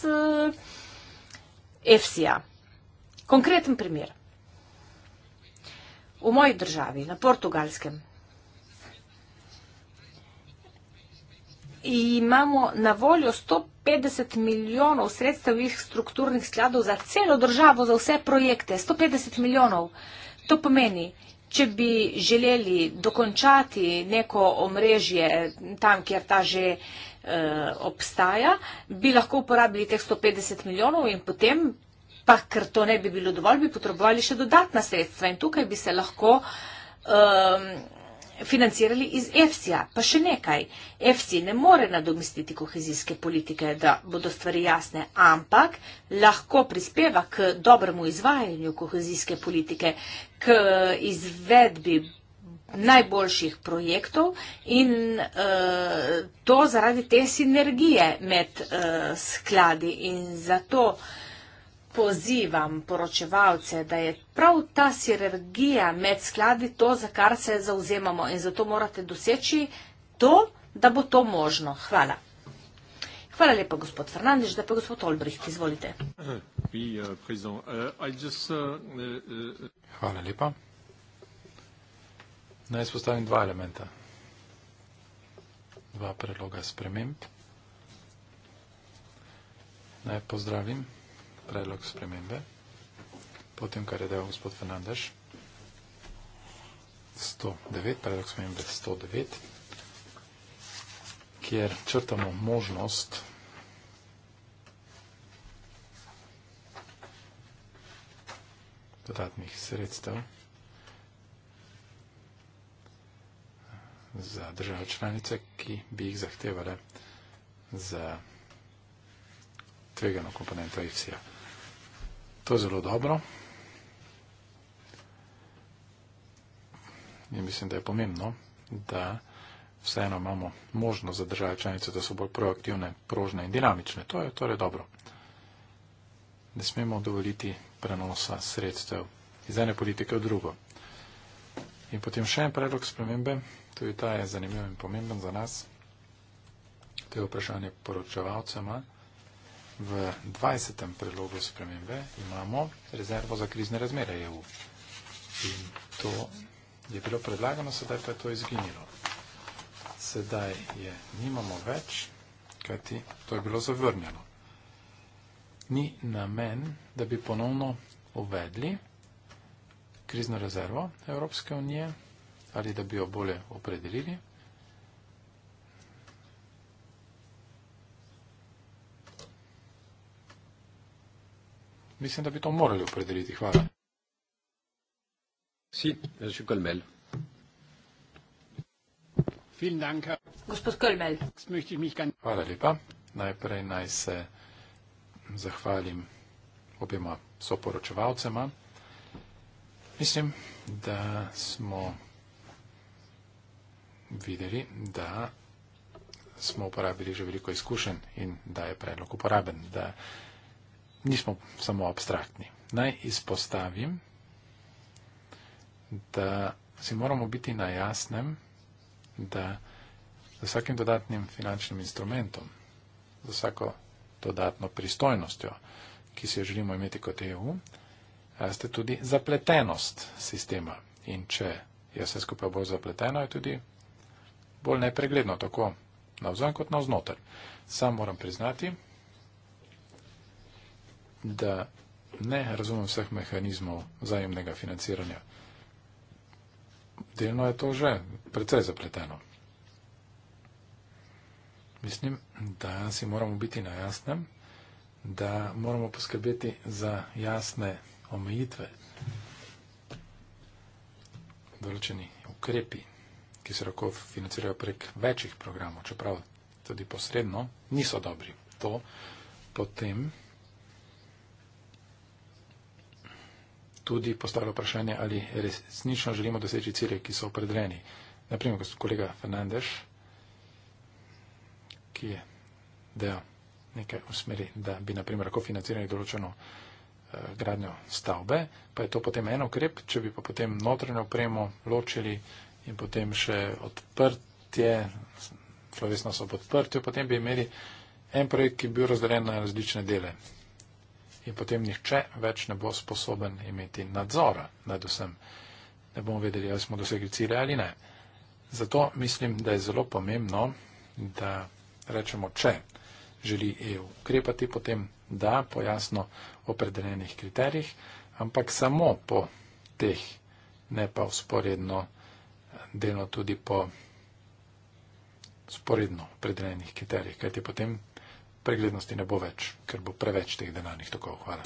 EFSI-ja. Eh, Konkreten primer. V moji državi, na portugalskem, i imamo na voljo 150 milijonov sredstev ovih strukturnih skladov za celo državo, za vse projekte. 150 milijonov. To pomeni, če bi želeli dokončati neko omrežje tam, kjer ta že e, obstaja, bi lahko uporabili teh 150 milijonov in potem, pa ker to ne bi bilo dovolj, bi potrebovali še dodatna sredstva. In tukaj bi se lahko. E, financirali iz EFSI-ja. Pa še nekaj, EFSI ne more nadomestiti kohezijske politike, da bodo stvari jasne, ampak lahko prispeva k dobremu izvajanju kohezijske politike, k izvedbi najboljših projektov in uh, to zaradi te sinergije med uh, skladi in zato uh, pozivam poročevalce, da je prav ta sinergija med skladi to, za kar se zauzemamo in zato morate doseči to, da bo to možno. Hvala. Hvala lepa, gospod Fernandež, da pa gospod Olbricht, izvolite. Eh, eh, eh, Hvala lepa. Naj izpostavim dva elementa. Dva predloga sprememb. Naj pozdravim predlog spremembe, potem kar je dejal gospod Fernandez. 109, predlog spremembe 109, kjer črtamo možnost dodatnih sredstev za države članice, ki bi jih zahtevale za tvegano komponento IFC-a. To je zelo dobro. In mislim, da je pomembno, da vseeno imamo možnost za države članice, da so bolj proaktivne, prožne in dinamične. To je torej dobro. Ne smemo dovoliti prenosa sredstev iz ene politike v drugo. In potem še en predlog spremembe, tudi ta je zanimiv in pomemben za nas. To je vprašanje poročevalcema v 20. prelogu spremembe imamo rezervo za krizne razmere EU. In to je bilo predlagano, sedaj pa je to izginilo. Sedaj je nimamo več, kajti to je bilo zavrnjeno. Ni namen, da bi ponovno uvedli krizno rezervo Evropske unije ali da bi jo bolje opredelili. Mislim, da bi to morali opredeliti. Hvala. Si, Žešu Kalmel. Hvala lepa. Najprej naj se zahvalim obima soporočevalcema. Mislim, da smo videli, da smo uporabili že veliko izkušenj in da je predlog uporaben. Da nismo samo abstraktni. Naj izpostavim, da si moramo biti na jasnem, da z vsakim dodatnim finančnim instrumentom, z vsako dodatno pristojnostjo, ki si jo želimo imeti kot EU, ste tudi zapletenost sistema. In če je vse skupaj bolj zapleteno, je tudi bolj nepregledno, tako navzven kot navznoter. Sam moram priznati, da ne razumem vseh mehanizmov vzajemnega financiranja. Delno je to že precej zapleteno. Mislim, da si moramo biti na jasnem, da moramo poskrbeti za jasne omejitve, določeni ukrepi, ki se lahko financirajo prek večjih programov, čeprav tudi posredno, niso dobri. To potem tudi postavlja vprašanje, ali resnično želimo doseči cilje, ki so opredeljeni. Naprimer, kolega Fernandez, ki je dejal nekaj v smeri, da bi naprimer lahko financirali določeno eh, gradnjo stavbe, pa je to potem en ukrep, če bi pa potem notranjo opremo ločili in potem še odprtje, slovesno so podprtje, potem bi imeli en projekt, ki bi bil razdeljen na različne dele in potem nihče več ne bo sposoben imeti nadzora nad vsem. Ne bomo vedeli, ali smo dosegli cilje ali ne. Zato mislim, da je zelo pomembno, da rečemo, če želi EU ukrepati, potem da po jasno opredeljenih kriterijih, ampak samo po teh, ne pa usporedno, delno tudi po usporedno opredeljenih kriterijih, kajti potem preglednosti ne bo več, ker bo preveč teh denarnih tokov. Hvala.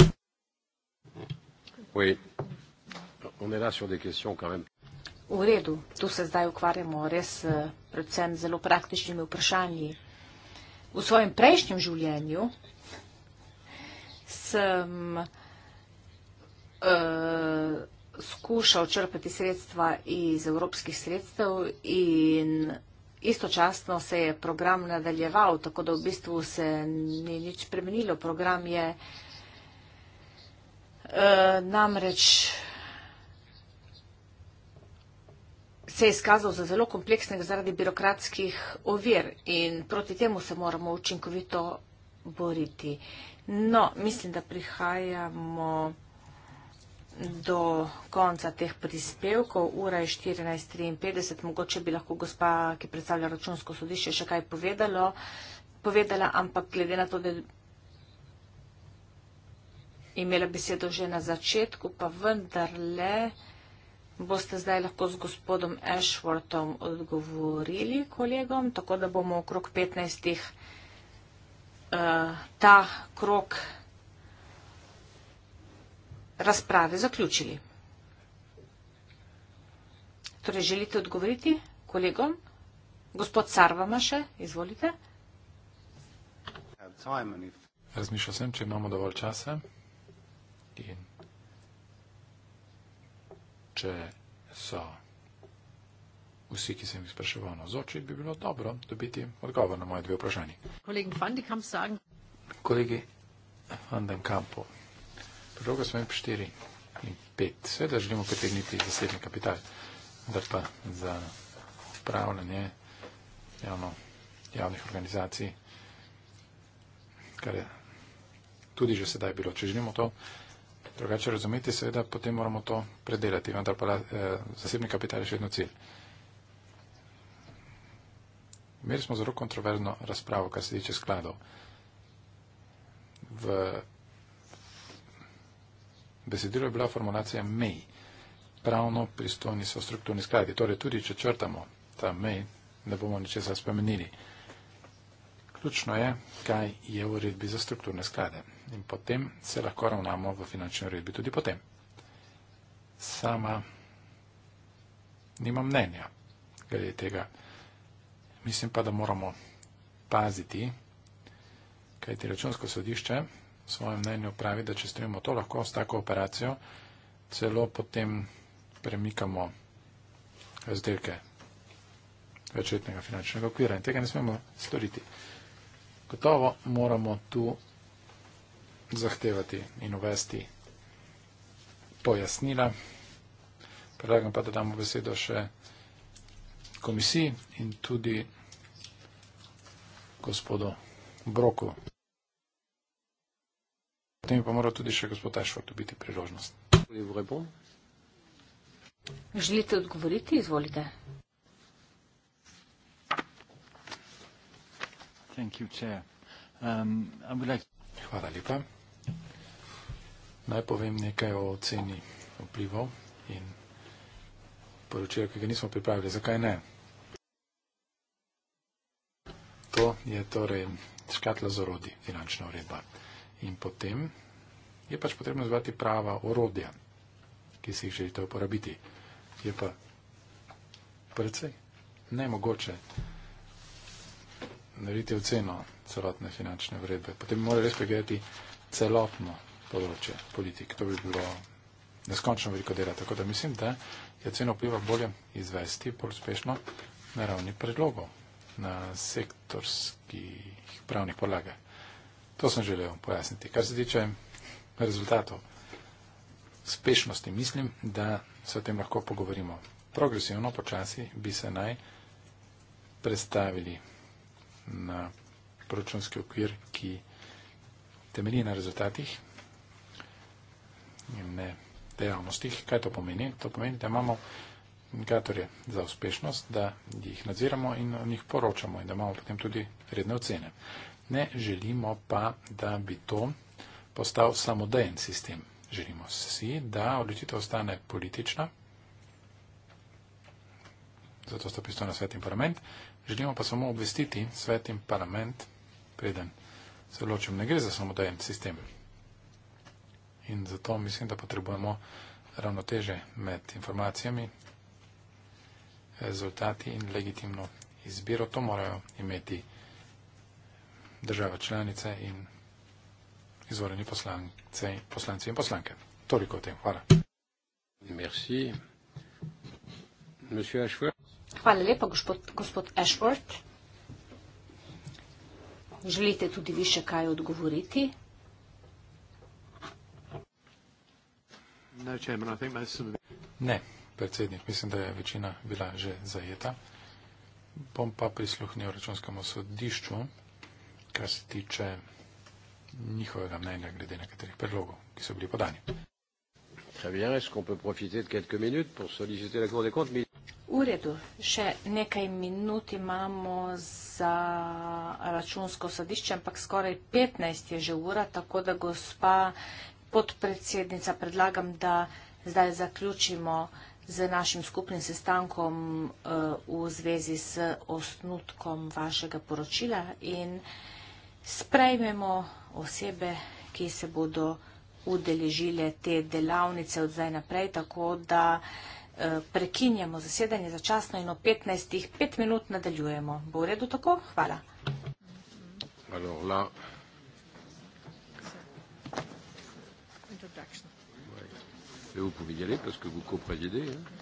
V redu, tu se zdaj ukvarjamo res eh, predvsem zelo praktičnimi vprašanji. V svojem prejšnjem življenju sem uh, skušal črpati sredstva iz evropskih sredstev in Istočasno se je program nadaljeval, tako da v bistvu se ni nič spremenilo. Program je eh, namreč se je izkazal za zelo kompleksnega zaradi birokratskih ovir in proti temu se moramo učinkovito boriti. No, mislim, da prihajamo do konca teh prispevkov, ura je 14.53, mogoče bi lahko gospa, ki predstavlja računsko sodišče, še kaj povedalo, povedala, ampak glede na to, da je imela besedo že na začetku, pa vendarle boste zdaj lahko z gospodom Ashworthom odgovorili kolegom, tako da bomo okrog 15. Uh, eh, ta krok razprave zaključili. Torej, želite odgovoriti kolegom? Gospod Sarvama še, izvolite. Razmišljal sem, če imamo dovolj časa in če so vsi, ki sem jih spraševal na zoči, bi bilo dobro dobiti odgovor na moje dve vprašanje. Kolegi Fandenkampu, Predloga smo imeli 4 in 5. Seveda želimo pritegniti zasebni kapital, vendar pa za upravljanje javno, javnih organizacij, kar je tudi že sedaj bilo. Če želimo to drugače razumeti, seveda potem moramo to predelati, vendar pa eh, zasebni kapital je še vedno cilj. Imeli smo zelo kontroverzno razpravo, kar se tiče skladov. V besedilo je bila formulacija mej. Pravno pristojni so strukturni skladi. Torej, tudi če črtamo ta mej, ne bomo ničesar spremenili. Ključno je, kaj je v uredbi za strukturne sklade. In potem se lahko ravnamo v finančni uredbi tudi potem. Sama nimam mnenja glede tega. Mislim pa, da moramo paziti, kajti računsko sodišče svojem mnenju pravi, da če storimo to, lahko s tako operacijo celo potem premikamo izdelke večletnega finančnega okvira in tega ne smemo storiti. Gotovo moramo tu zahtevati in uvesti pojasnila. Predlagam pa, da damo besedo še komisiji in tudi gospodu Broku potem pa mora tudi še gospod Ašvar dobiti priložnost. Želite odgovoriti? Izvolite. Um, Hvala lepa. Naj povem nekaj o ceni vplivov in poročila, ki ga nismo pripravili. Zakaj ne? To je torej škatla zorodi, finančna uredba. In potem je pač potrebno zvati prava orodja, ki si jih želite uporabiti. Je pa predvsej nemogoče narediti oceno celotne finančne vredbe. Potem mora res pregledati celotno področje politik. To bi bilo neskončno veliko dela. Tako da mislim, da je ceno vpliva bolje izvesti bolj uspešno na ravni predlogov, na sektorskih pravnih podlagah. To sem želel pojasniti. Kar se tiče rezultatov, uspešnosti, mislim, da se o tem lahko pogovorimo. Progresivno, počasi bi se naj predstavili na proračunski okvir, ki temelji na rezultatih in ne dejavnostih. Kaj to pomeni? To pomeni, da imamo indikatorje za uspešnost, da jih nadziramo in o njih poročamo in da imamo potem tudi redne ocene. Ne želimo pa, da bi to postal samodejen sistem. Želimo si, da odločitev ostane politična, zato sta pristojna svet in parlament. Želimo pa samo obvestiti svet in parlament, preden se odločim, ne gre za samodejen sistem. In zato mislim, da potrebujemo ravnoteže med informacijami, rezultati in legitimno izbiro. To morajo imeti država članica in izvoreni poslanci, poslanci in poslanke. Toliko o tem. Hvala. Merci. Monsieur Ashford. Hvala lepa, gospod, gospod Ashford. Želite tudi vi še kaj odgovoriti? No, chairman, I think some... Ne, predsednik, mislim, da je večina bila že zajeta. Bom pa prisluhnil računskemu sodišču kar se tiče njihovega mnenja glede nekaterih predlogov, ki so bili podani. V redu, še nekaj minut imamo za računsko sodišče, ampak skoraj 15 je že ura, tako da gospa podpredsednica predlagam, da zdaj zaključimo z našim skupnim sestankom eh, v zvezi s osnutkom vašega poročila. In sprejmemo osebe, ki se bodo udeležile te delavnice od zdaj naprej, tako da eh, prekinjamo zasedanje začasno in o 15. pet minut nadaljujemo. Bo v redu tako? Hvala. Hvala. Hvala. Vous pouvez y aller parce que vous co-présidez. Hein.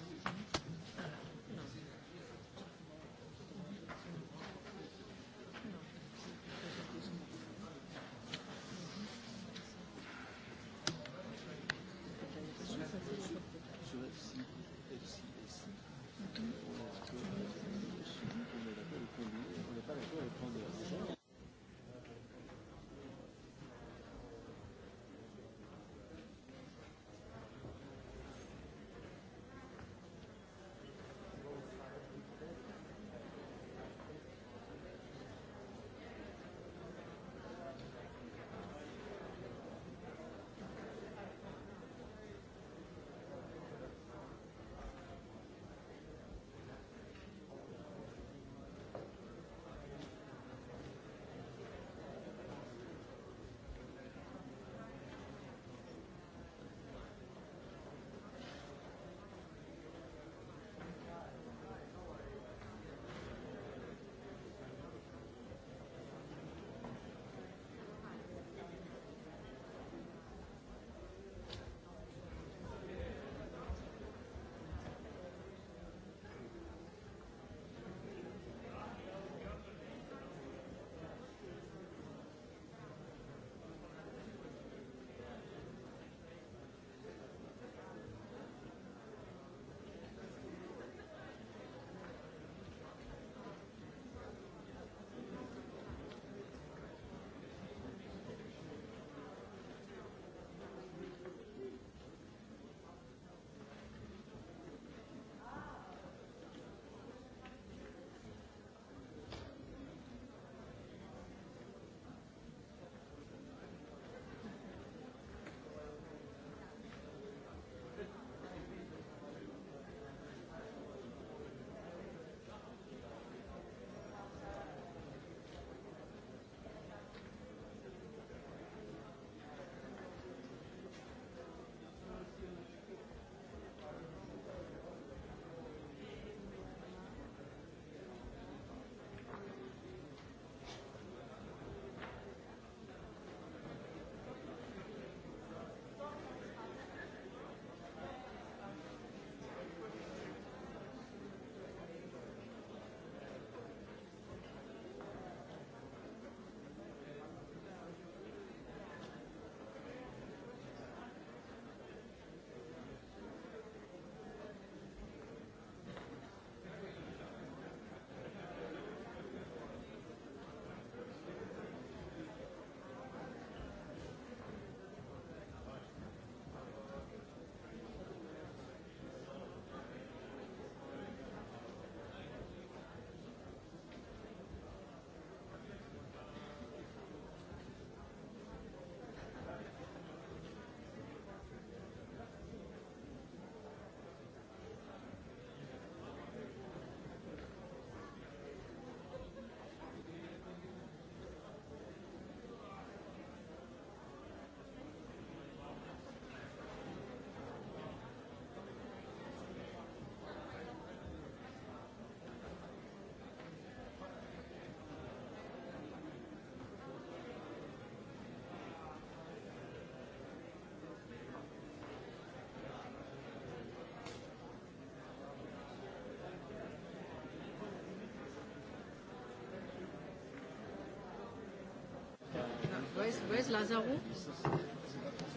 Lazaro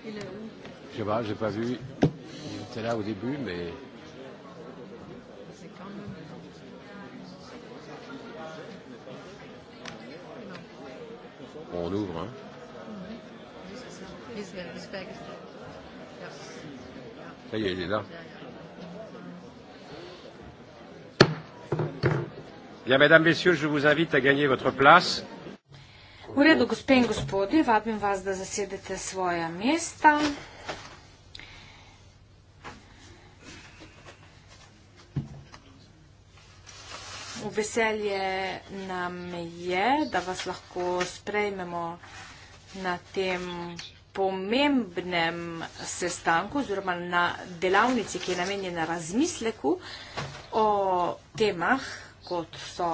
Je sais pas, j'ai pas vu. Il était là au début, mais. Bon, on ouvre, hein. Mhm. Ça y est, il est là. Bien, mesdames, messieurs, je vous invite à gagner votre place. V redu, gospe in gospodje, vabim vas, da zasedete svoja mesta. V veselje nam je, da vas lahko sprejmemo na tem pomembnem sestanku oziroma na delavnici, ki je namenjena razmisleku o temah, kot so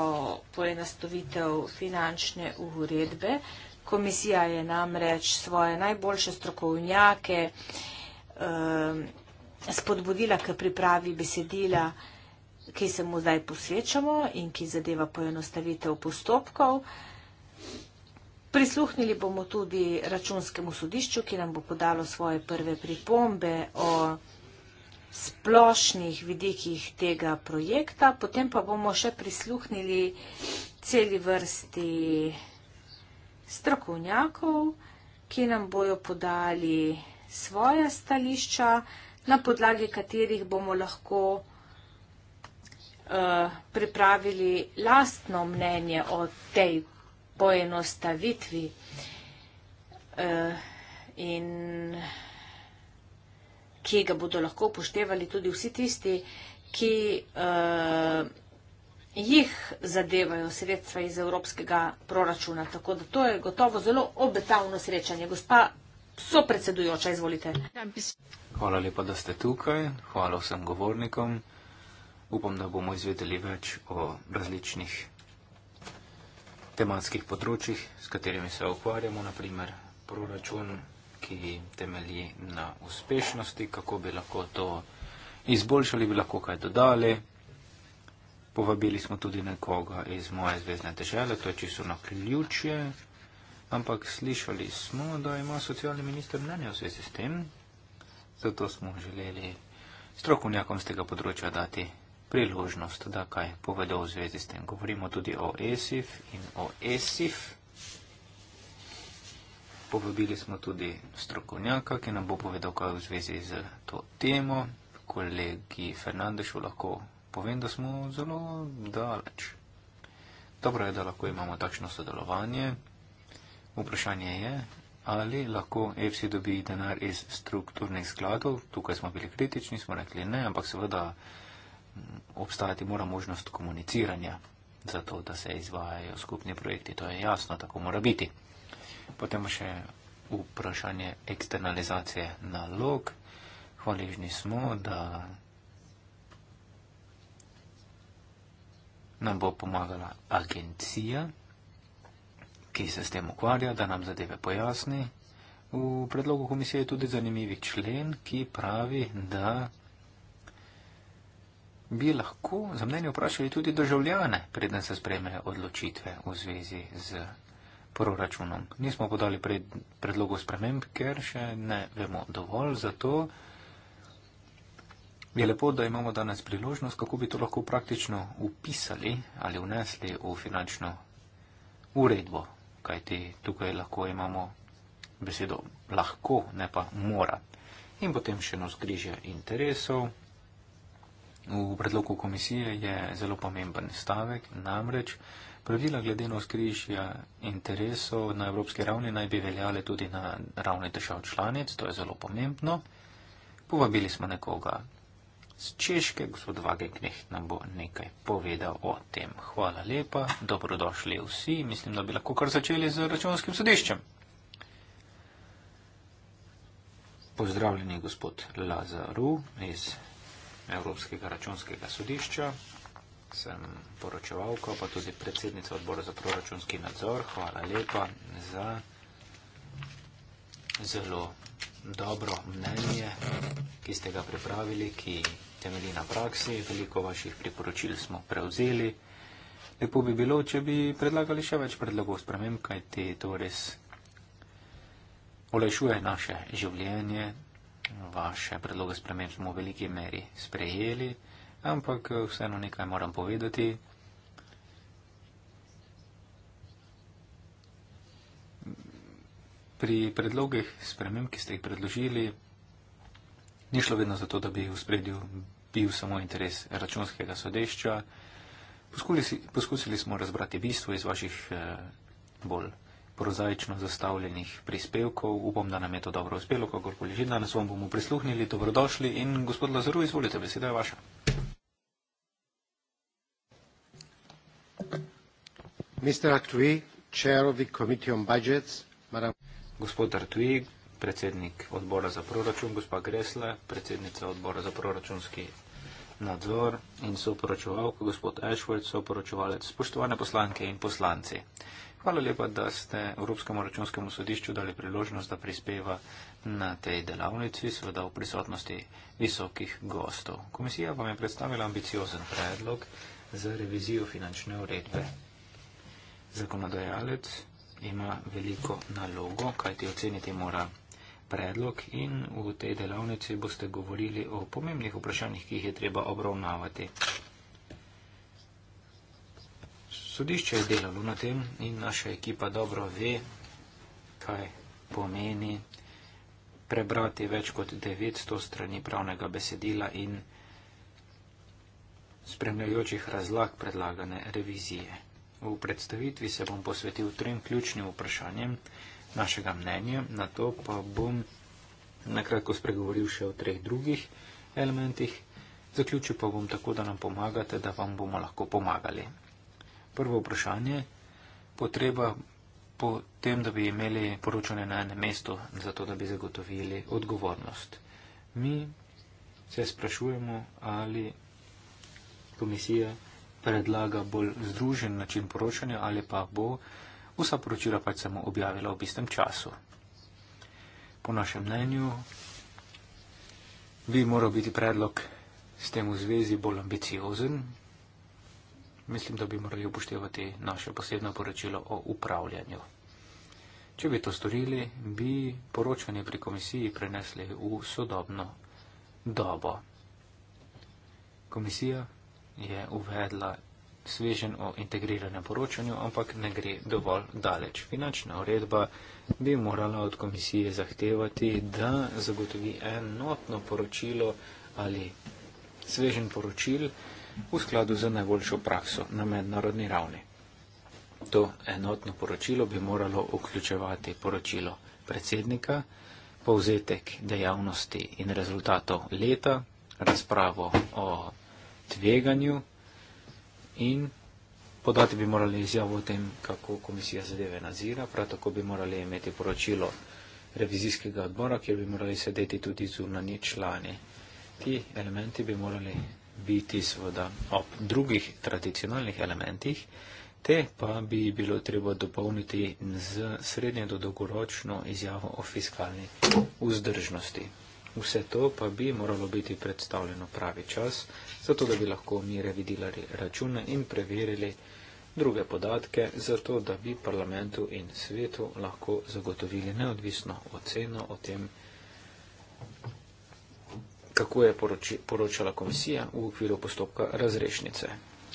poenostavitev finančne uredbe. Komisija je namreč svoje najboljše strokovnjake ehm, spodbudila k pripravi besedila, ki se mu zdaj posvečamo in ki zadeva poenostavitev postopkov. Prisluhnili bomo tudi računskemu sodišču, ki nam bo podalo svoje prve pripombe o vsega, splošnih vidikih tega projekta, potem pa bomo še prisluhnili celi vrsti strokovnjakov, ki nam bojo podali svoja stališča, na podlagi katerih bomo lahko uh, pripravili lastno mnenje o tej poenostavitvi. Uh, ki ga bodo lahko upoštevali tudi vsi tisti, ki uh, jih zadevajo sredstva iz evropskega proračuna. Tako da to je gotovo zelo obetavno srečanje. Gospa sopredsedujoča, izvolite. Hvala lepa, da ste tukaj. Hvala vsem govornikom. Upam, da bomo izvedeli več o različnih tematskih področjih, s katerimi se ukvarjamo, naprimer proračun ki temelji na uspešnosti, kako bi lahko to izboljšali, bi lahko kaj dodali. Povabili smo tudi nekoga iz moje zvezdne države, to je čisto na ključje, ampak slišali smo, da ima socialni minister mnenje v zvezi s tem, zato smo želeli strokovnjakom z tega področja dati priložnost, da kaj povedo v zvezi s tem. Govorimo tudi o ESIF in o ESIF. Povabili smo tudi strokovnjaka, ki nam bo povedal, kaj v zvezi z to temo. Kolegi Fernandešu lahko povem, da smo zelo daleč. Dobro je, da lahko imamo takšno sodelovanje. Vprašanje je, ali lahko EFSI dobi denar iz strukturnih skladov. Tukaj smo bili kritični, smo rekli ne, ampak seveda mm, obstajati mora možnost komuniciranja, zato da se izvajajo skupni projekti. To je jasno, tako mora biti. Potem še vprašanje eksternalizacije nalog. Hvaležni smo, da nam bo pomagala agencija, ki se s tem ukvarja, da nam zadeve pojasni. V predlogu komisije je tudi zanimivi člen, ki pravi, da bi lahko za mnenje vprašali tudi državljane, preden se spremejo odločitve v zvezi z proračunom. Nismo podali pred, predlogov sprememb, ker še ne vemo dovolj. Zato je lepo, da imamo danes priložnost, kako bi to lahko praktično upisali ali vnesli v finančno uredbo. Kajti tukaj lahko imamo besedo lahko, ne pa mora. In potem še eno skrižje interesov. V predlogu komisije je zelo pomemben stavek, namreč Pravila glede navzkrižja interesov na evropski ravni naj bi veljale tudi na ravni držav članic, to je zelo pomembno. Povabili smo nekoga z Češke, gospod Vagenknih nam bo nekaj povedal o tem. Hvala lepa, dobrodošli vsi, mislim, da bi lahko kar začeli z računskim sodiščem. Pozdravljeni gospod Lazaru iz Evropskega računskega sodišča sem poročevalko, pa tudi predsednica odbora za proračunski nadzor. Hvala lepa za zelo dobro mnenje, ki ste ga pripravili, ki temelji na praksi. Veliko vaših priporočil smo prevzeli. Lepo bi bilo, če bi predlagali še več predlogov sprememb, kaj ti to res olajšuje naše življenje. Vaše predloge sprememb smo v veliki meri sprejeli ampak eh, vseeno nekaj moram povedati. Pri predlogih sprememb, ki ste jih predložili, ni šlo vedno za to, da bi v spredju bil samo interes računskega sodešča. Poskusili, si, poskusili smo razbrati bistvo iz vaših eh, bolj prozaično zastavljenih prispevkov. Upam, da nam je to dobro uspelo, kakorkoli že danes vam bomo prisluhnili. Dobrodošli in gospod Lazaru, izvolite, beseda je vaša. Gospod Artui, predsednik odbora za proračun, gospa Gresle, predsednica odbora za proračunski nadzor in soporočevalka, gospod Ashworth, soporočevalec, spoštovane poslanke in poslanci. Hvala lepa, da ste Evropskemu računskemu sodišču dali priložnost, da prispeva na tej delavnici, seveda v prisotnosti visokih gostov. Komisija vam je predstavila ambiciozen predlog za revizijo finančne uredbe zakonodajalec ima veliko nalogo, kajti oceniti mora predlog in v tej delavnici boste govorili o pomembnih vprašanjih, ki jih je treba obravnavati. Sodišče je delalo na tem in naša ekipa dobro ve, kaj pomeni prebrati več kot 900 strani pravnega besedila in spremljajočih razlag predlagane revizije. V predstavitvi se bom posvetil trem ključnim vprašanjem našega mnenja, na to pa bom nakratko spregovoril še o treh drugih elementih. Zaključil pa bom tako, da nam pomagate, da vam bomo lahko pomagali. Prvo vprašanje. Potreba po tem, da bi imeli poročanje na enem mestu, zato da bi zagotovili odgovornost. Mi se sprašujemo, ali komisija predlaga bolj združen način poročanja ali pa bo vsa poročila pač samo objavila v istem času. Po našem mnenju bi moral biti predlog s tem v zvezi bolj ambiciozen. Mislim, da bi morali upoštevati naše posebno poročilo o upravljanju. Če bi to storili, bi poročanje pri komisiji prenesli v sodobno dobo. Komisija je uvedla svežen o integriranem poročanju, ampak ne gre dovolj daleč. Finančna uredba bi morala od komisije zahtevati, da zagotovi enotno poročilo ali svežen poročil v skladu z najboljšo prakso na mednarodni ravni. To enotno poročilo bi moralo vključevati poročilo predsednika, povzetek dejavnosti in rezultatov leta, razpravo o tveganju in podati bi morali izjavo o tem, kako komisija zadeve nazira, prav tako bi morali imeti poročilo revizijskega odbora, kjer bi morali sedeti tudi zunanji člani. Ti elementi bi morali biti seveda ob drugih tradicionalnih elementih, te pa bi bilo treba dopolniti z srednje do dolgoročno izjavo o fiskalni vzdržnosti. Vse to pa bi moralo biti predstavljeno pravi čas zato da bi lahko mi revidirali račune in preverili druge podatke, zato da bi parlamentu in svetu lahko zagotovili neodvisno oceno o tem, kako je poroči, poročala komisija v okviru postopka razrešnice.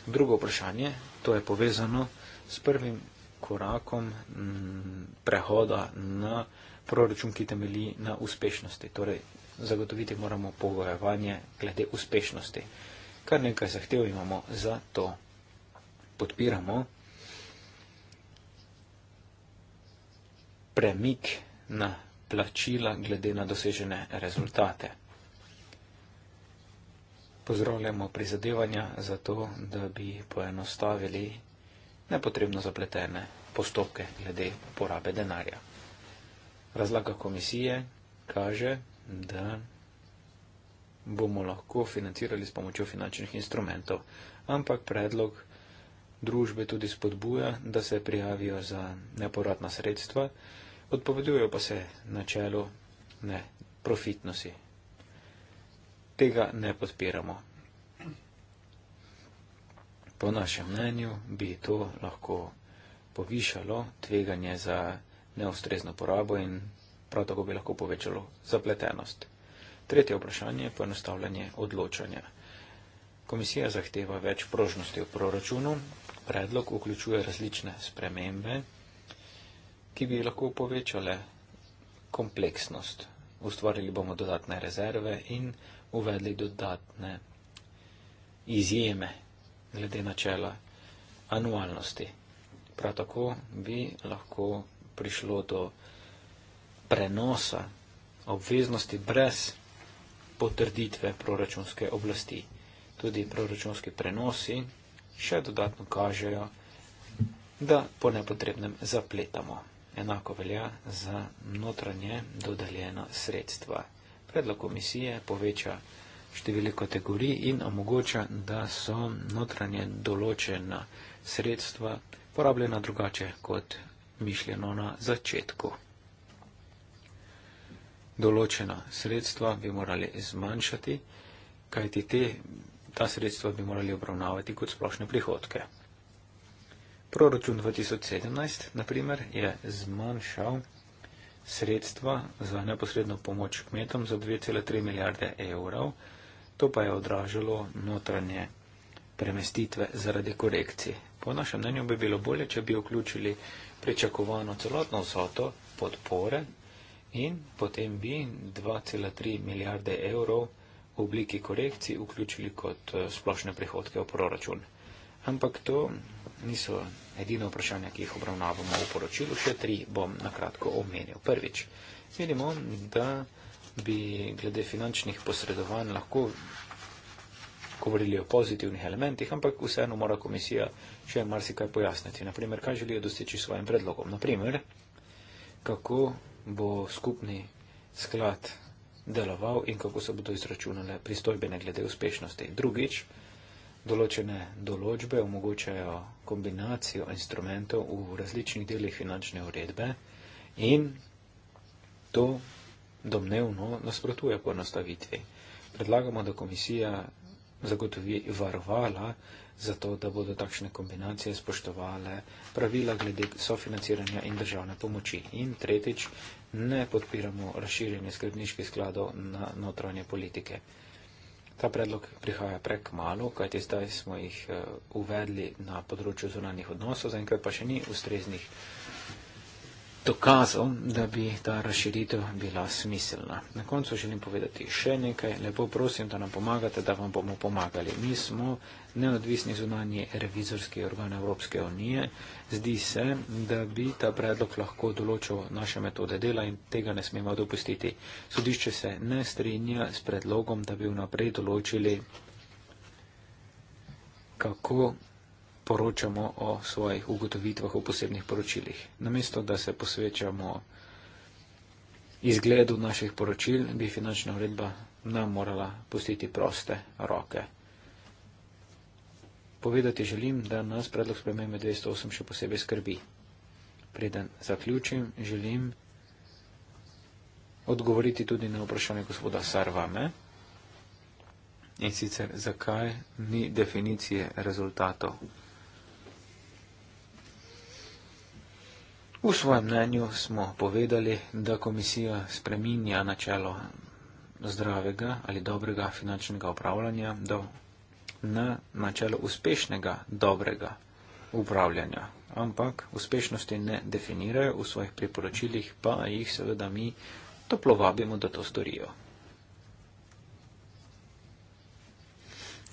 Drugo vprašanje, to je povezano s prvim korakom mm, prehoda na proračun, ki temelji na uspešnosti. Torej, zagotoviti moramo pogojevanje glede uspešnosti kar nekaj zahtev imamo za to. Podpiramo premik na plačila glede na dosežene rezultate. Pozdravljamo prizadevanja za to, da bi poenostavili nepotrebno zapletene postopke glede porabe denarja. Razlaga komisije kaže, da bomo lahko financirali s pomočjo finančnih instrumentov. Ampak predlog družbe tudi spodbuja, da se prijavijo za neporadna sredstva, odpovedujejo pa se načelu neprofitnosti. Tega ne podpiramo. Po našem mnenju bi to lahko povišalo tveganje za neustrezno porabo in prav tako bi lahko povečalo zapletenost. Tretje vprašanje je poenostavljanje odločanja. Komisija zahteva več prožnosti v proračunu. Predlog vključuje različne spremembe, ki bi lahko povečale kompleksnost. Ustvarili bomo dodatne rezerve in uvedli dodatne izjeme glede načela anualnosti. Prav tako bi lahko prišlo do prenosa obveznosti brez potrditve proračunske oblasti. Tudi proračunski prenosi še dodatno kažejo, da po nepotrebnem zapletamo. Enako velja za notranje dodeljena sredstva. Predlog komisije poveča število kategorij in omogoča, da so notranje določena sredstva porabljena drugače kot mišljeno na začetku določena sredstva bi morali zmanjšati, kajti te, ta sredstva bi morali obravnavati kot splošne prihodke. Proračun 2017, na primer, je zmanjšal sredstva za neposredno pomoč kmetom za 2,3 milijarde evrov, to pa je odražalo notranje premestitve zaradi korekcij. Po našem mnenju bi bilo bolje, če bi vključili pričakovano celotno vsoto podpore in potem bi 2,3 milijarde evrov v obliki korekcij vključili kot eh, splošne prihodke v proračun. Ampak to niso edine vprašanja, ki jih obravnavamo v poročilu, še tri bom nakratko omenil. Prvič, vidimo, da bi glede finančnih posredovanj lahko govorili o pozitivnih elementih, ampak vseeno mora komisija še marsikaj pojasniti. Naprimer, kaj želijo doseči s svojim predlogom? Naprimer, kako bo skupni sklad deloval in kako se bodo izračunale pristojbene glede uspešnosti. Drugič, določene določbe omogočajo kombinacijo instrumentov v različnih delih finančne uredbe in to domnevno nasprotuje poenostavitvi. Predlagamo, da komisija zagotovi varovala, zato da bodo takšne kombinacije spoštovale pravila glede sofinanciranja in državne pomoči. In tretjič, ne podpiramo razširjenje skrbniških skladov na notranje politike. Ta predlog prihaja prek malo, kajti zdaj smo jih eh, uvedli na področju zunanjih odnosov, zaenkrat pa še ni ustreznih dokazal, da bi ta razširitev bila smiselna. Na koncu želim povedati še nekaj. Lepo prosim, da nam pomagate, da vam bomo pomagali. Mi smo neodvisni zunanji revizorski organ Evropske unije. Zdi se, da bi ta predlog lahko določil naše metode dela in tega ne smemo dopustiti. Sodišče se ne strinja s predlogom, da bi vnaprej določili, kako poročamo o svojih ugotovitvah v posebnih poročilih. Namesto, da se posvečamo izgledu naših poročil, bi finančna uredba nam morala pustiti proste roke. Povedati želim, da nas predlog spremembe 208 še posebej skrbi. Preden zaključim, želim odgovoriti tudi na vprašanje gospoda Sarvame. In sicer, zakaj ni definicije rezultatov V svojem mnenju smo povedali, da komisija spreminja načelo zdravega ali dobrega finančnega upravljanja do na načelo uspešnega dobrega upravljanja. Ampak uspešnosti ne definirajo v svojih priporočilih, pa jih seveda mi toplo vabimo, da to storijo.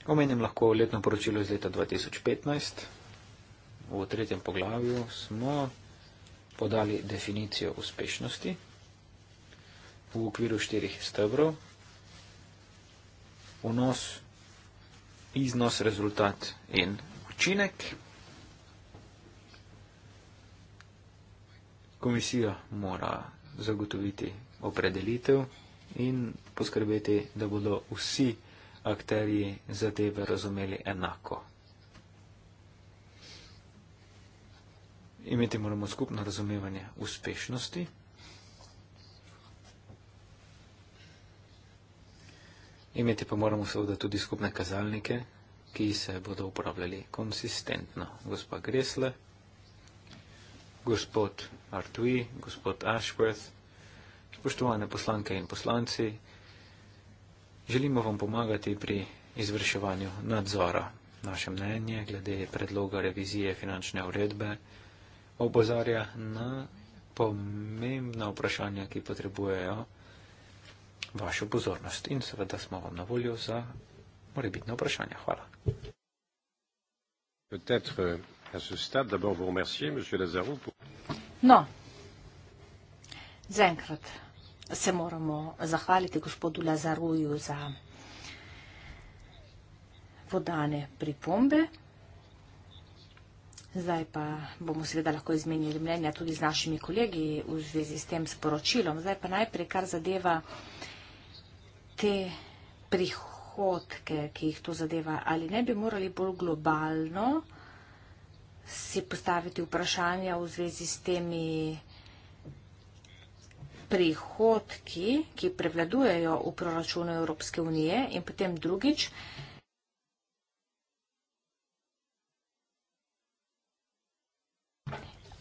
Omenim lahko letno poročilo iz leta 2015. V tretjem poglavju smo podali definicijo uspešnosti v okviru štirih stebrov, vnos, iznos, rezultat in učinek. Komisija mora zagotoviti opredelitev in poskrbeti, da bodo vsi akterji zadeve razumeli enako. imeti moramo skupno razumevanje uspešnosti. Imeti pa moramo seveda tudi skupne kazalnike, ki se bodo uporabljali konsistentno. Gospa Gresle, gospod Artui, gospod Ashworth, spoštovane poslanke in poslanci, želimo vam pomagati pri izvrševanju nadzora. Naše mnenje glede predloga revizije finančne uredbe obozarja na pomembna vprašanja, ki potrebujejo vašo pozornost. In seveda smo vam na voljo za morebitne vprašanja. Hvala. Euh, no, zaenkrat se moramo zahvaliti gospodu Lazaruju za podane pripombe. Zdaj pa bomo seveda lahko izmenili mnenja tudi z našimi kolegi v zvezi s tem sporočilom. Zdaj pa najprej, kar zadeva te prihodke, ki jih to zadeva, ali ne bi morali bolj globalno si postaviti vprašanja v zvezi s temi prihodki, ki prevladujejo v proračunu Evropske unije in potem drugič,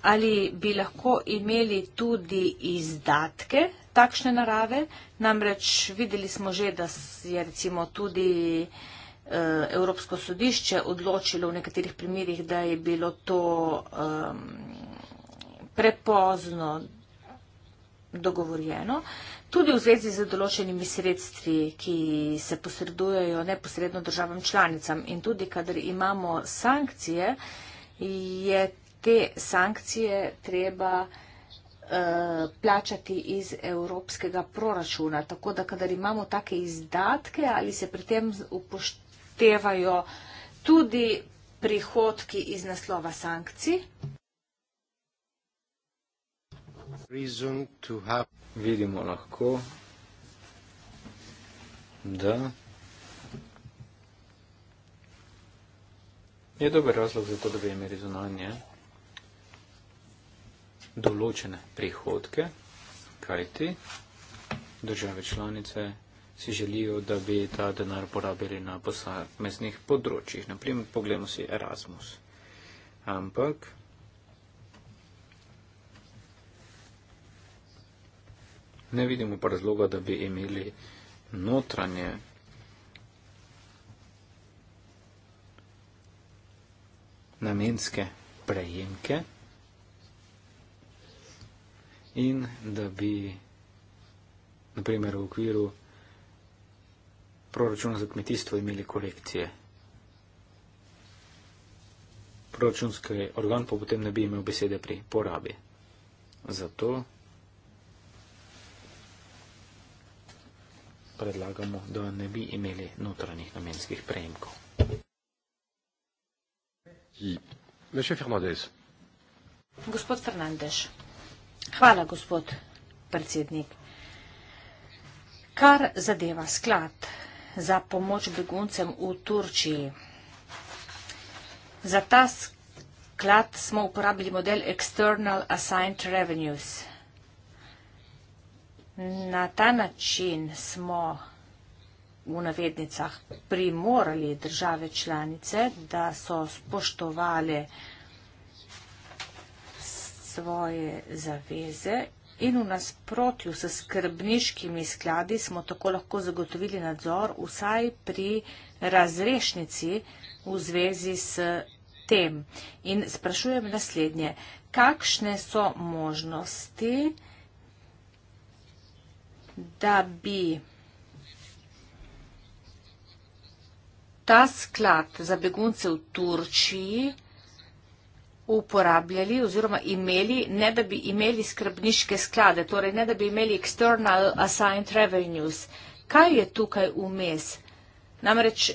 ali bi lahko imeli tudi izdatke takšne narave. Namreč videli smo že, da je recimo tudi eh, Evropsko sodišče odločilo v nekaterih primerjih, da je bilo to prepozno dogovorjeno. Tudi v zvezi z določenimi sredstvi, ki se posredujejo neposredno državam članicam in tudi, kadar imamo sankcije, je to, te sankcije treba eh, plačati iz evropskega proračuna. Tako da, kadar imamo take izdatke, ali se pri tem upoštevajo tudi prihodki iz naslova sankcij? Vidimo lahko, da je dober razlog za to, da bi imeli zunanje določene prihodke, kajti države članice si želijo, da bi ta denar porabili na posameznih področjih. Naprimer, poglejmo si Erasmus. Ampak ne vidimo pa razloga, da bi imeli notranje namenske prejemke in da bi naprimer v okviru proračuna za kmetijstvo imeli korekcije. Proračunski organ pa potem ne bi imel besede pri porabi. Zato predlagamo, da ne bi imeli notranjih namenskih prejemkov. Gospod Fernandez. Gospod Fernandez. Hvala, gospod predsednik. Kar zadeva sklad za pomoč beguncem v Turčiji. Za ta sklad smo uporabili model External Assigned Revenues. Na ta način smo v navednicah primorali države članice, da so spoštovali svoje zaveze in v nasprotju s skrbniškimi skladi smo tako lahko zagotovili nadzor vsaj pri razrešnici v zvezi s tem. In sprašujem naslednje, kakšne so možnosti, da bi ta sklad za begunce v Turčiji uporabljali oziroma imeli, ne da bi imeli skrbniške sklade, torej ne da bi imeli external assigned revenues. Kaj je tukaj vmes? Namreč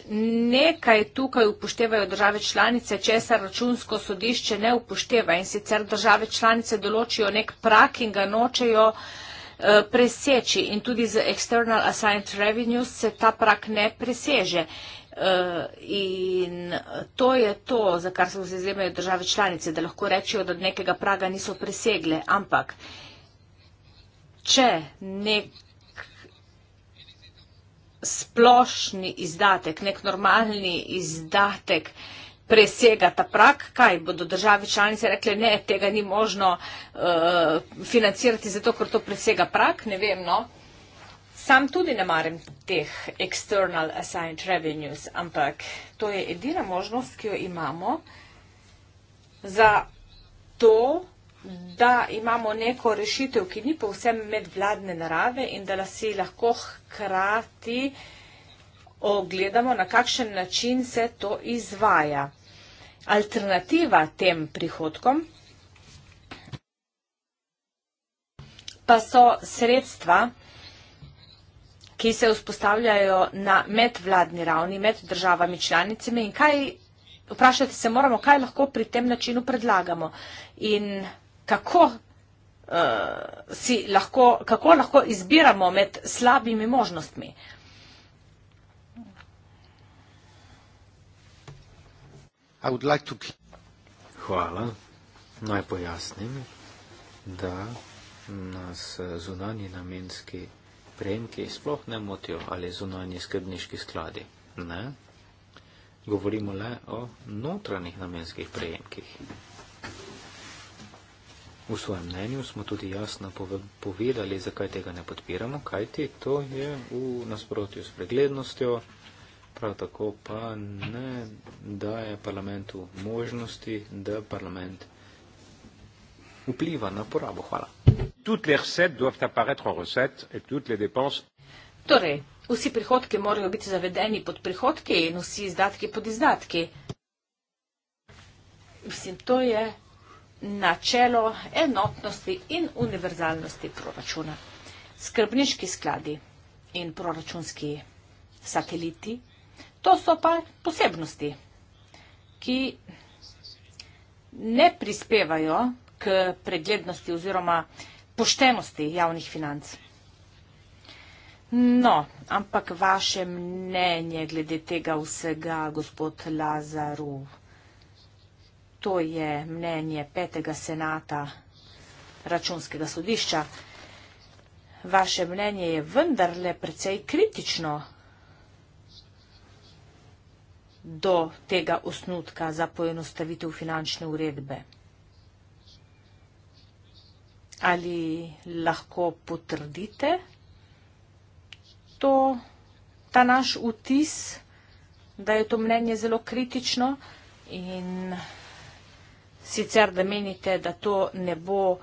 nekaj tukaj upoštevajo države članice, česar računsko sodišče ne upošteva in sicer države članice določijo nek prak in ga nočejo eh, preseči in tudi z external assigned revenues se ta prak ne preseže. Uh, in to je to, za kar so se izjemajo države članice, da lahko rečijo, da nekega praga niso presegle. Ampak, če nek splošni izdatek, nek normalni izdatek presega ta prak, kaj bodo države članice rekle, ne, tega ni možno uh, financirati, zato ker to presega prak, ne vem, no. Sam tudi ne marem teh external assigned revenues, ampak to je edina možnost, ki jo imamo za to, da imamo neko rešitev, ki ni povsem medvladne narave in da si lahko hkrati ogledamo, na kakšen način se to izvaja. Alternativa tem prihodkom pa so sredstva, ki se vzpostavljajo na medvladni ravni, med državami članicami in kaj, vprašati se moramo, kaj lahko pri tem načinu predlagamo in kako, uh, si lahko, kako lahko izbiramo med slabimi možnostmi. Hvala. Naj pojasnim, da nas zunani namenski prejemki sploh ne motijo ali zunanji skrbniški skladi. Ne. Govorimo le o notranjih namenskih prejemkih. V svojem mnenju smo tudi jasno povedali, zakaj tega ne podpiramo, kajti to je v nasprotju s preglednostjo, prav tako pa ne daje parlamentu možnosti, da parlament vpliva na porabo. Hvala. Torej, vsi prihodki morajo biti zavedeni pod prihodki in vsi izdatki pod izdatki. Mislim, to je načelo enotnosti in univerzalnosti proračuna. Skrbniški skladi in proračunski sateliti, to so pa posebnosti, ki ne prispevajo k preglednosti oziroma poštenosti javnih financ. No, ampak vaše mnenje glede tega vsega, gospod Lazaru, to je mnenje petega senata računskega sodišča. Vaše mnenje je vendarle precej kritično do tega osnutka za poenostavitev finančne uredbe ali lahko potrdite to, ta naš vtis, da je to mnenje zelo kritično in sicer, da menite, da to ne bo uh,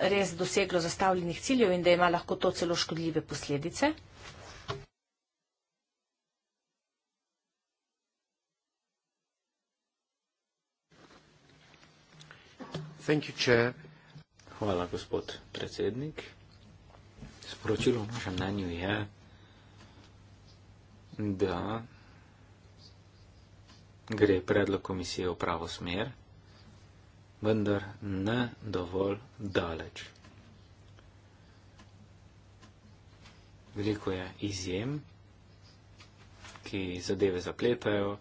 res doseglo zastavljenih ciljev in da ima lahko to celo škodljive posledice. Thank you, Chair. Hvala, gospod predsednik. Sporočilo v našem mnenju je, da gre predlog komisije v pravo smer, vendar ne dovolj daleč. Veliko je izjem, ki zadeve zapletajo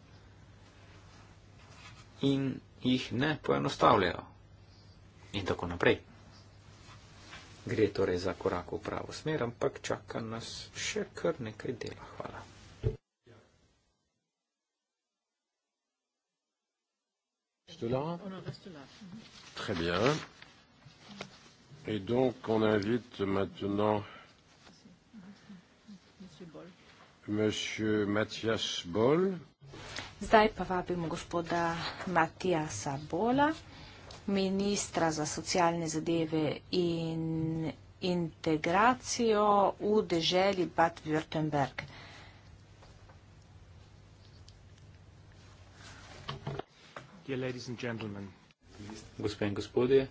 in jih ne poenostavljajo. In tako naprej gre torej za korak v pravo smer, ampak čaka nas še kar nekaj dela. Hvala. Zdaj pa vabimo gospoda Matijasa Bola ministra za socialne zadeve in integracijo v deželi Bad Württemberg. Gospe in gospodje,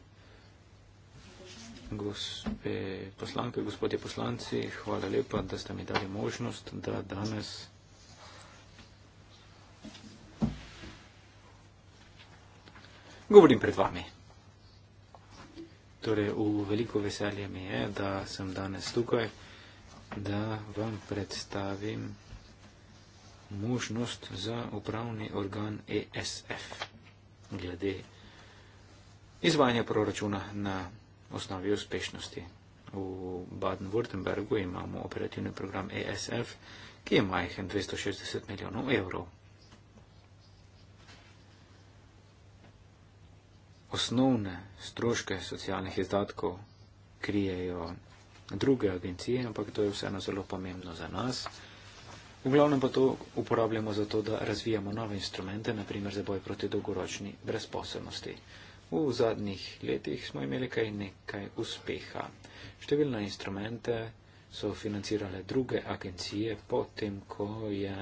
gospe poslanke, gospodje poslanci, hvala lepa, da ste mi dali možnost, da danes govorim pred vami. Torej, v veliko veselje mi je, da sem danes tukaj, da vam predstavim možnost za upravni organ ESF glede izvajanja proračuna na osnovi uspešnosti. V Baden-Württembergu imamo operativni program ESF, ki je majhen 260 milijonov evrov. osnovne stroške socialnih izdatkov krijejo druge agencije, ampak to je vseeno zelo pomembno za nas. V glavnem pa to uporabljamo za to, da razvijamo nove instrumente, naprimer za boj proti dolgoročni brezposobnosti. V zadnjih letih smo imeli kaj nekaj uspeha. Številne instrumente so financirale druge agencije, potem ko je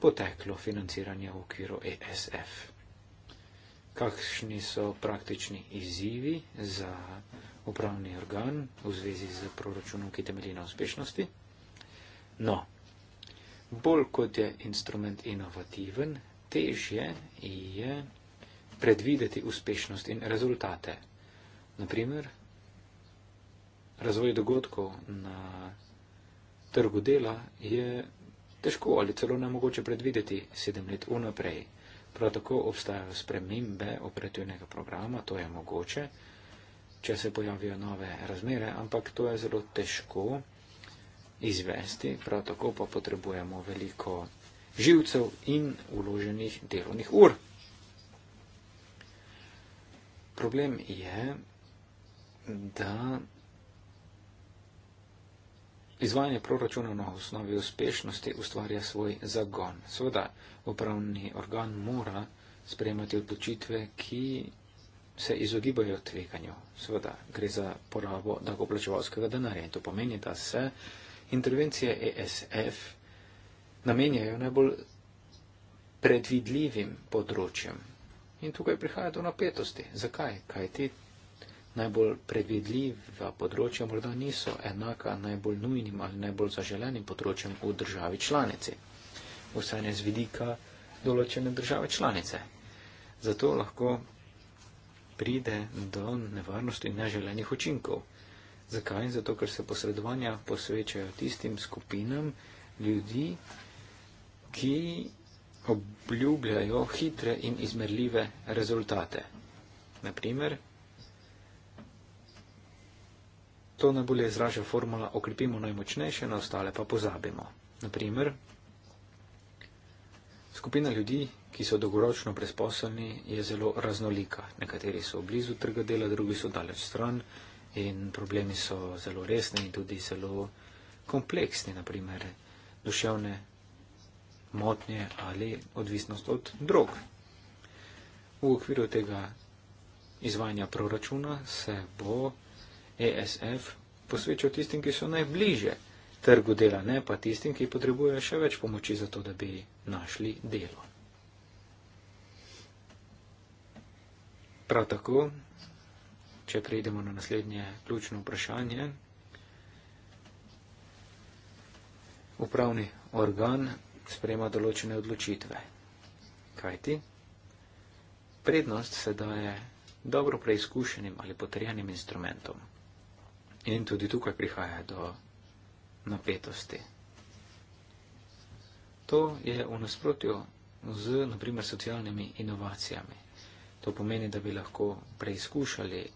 poteklo financiranje v okviru ESF kakšni so praktični izzivi za upravni organ v zvezi z proračunom, ki temelji na uspešnosti. No, bolj kot je instrument inovativen, težje je predvideti uspešnost in rezultate. Naprimer, razvoj dogodkov na trgu dela je težko ali celo nemogoče predvideti sedem let vnaprej. Prav tako obstajajo spremembe operativnega programa, to je mogoče, če se pojavijo nove razmere, ampak to je zelo težko izvesti, prav tako pa potrebujemo veliko živcev in uloženih delovnih ur. Problem je, da izvajanje proračuna na osnovi uspešnosti ustvarja svoj zagon. Sveda, upravni organ mora sprejemati odločitve, ki se izogibajo tveganju. Seveda gre za porabo dagoplačevalskega denarja in to pomeni, da se intervencije ESF namenjajo najbolj predvidljivim področjem. In tukaj prihaja do napetosti. Zakaj? Kaj ti najbolj predvidljiva področja morda niso enaka najbolj nujnim ali najbolj zaželenim področjem v državi članici? vsaj ne z vidika določene države članice. Zato lahko pride do nevarnosti in neželenih učinkov. Zakaj? Zato, ker se posredovanja posvečajo tistim skupinam ljudi, ki obljubljajo hitre in izmerljive rezultate. Naprimer, to najbolje izraža formula okrepimo najmočnejše, na ostale pa pozabimo. Naprimer, Skupina ljudi, ki so dolgoročno brezposobni, je zelo raznolika. Nekateri so blizu trga dela, drugi so daleč stran in problemi so zelo resni in tudi zelo kompleksni, naprimer duševne motnje ali odvisnost od drog. V okviru tega izvajanja proračuna se bo ESF posvečal tistim, ki so najbliže trgu dela, ne pa tistim, ki potrebujejo še več pomoči za to, da bi našli delo. Prav tako, če prejdemo na naslednje ključno vprašanje, upravni organ sprema določene odločitve. Kajti? Prednost se daje dobro preizkušenim ali potrjenim instrumentom. In tudi tukaj prihaja do napetosti. To je v nasprotju z, naprimer, socialnimi inovacijami. To pomeni, da bi lahko preizkušali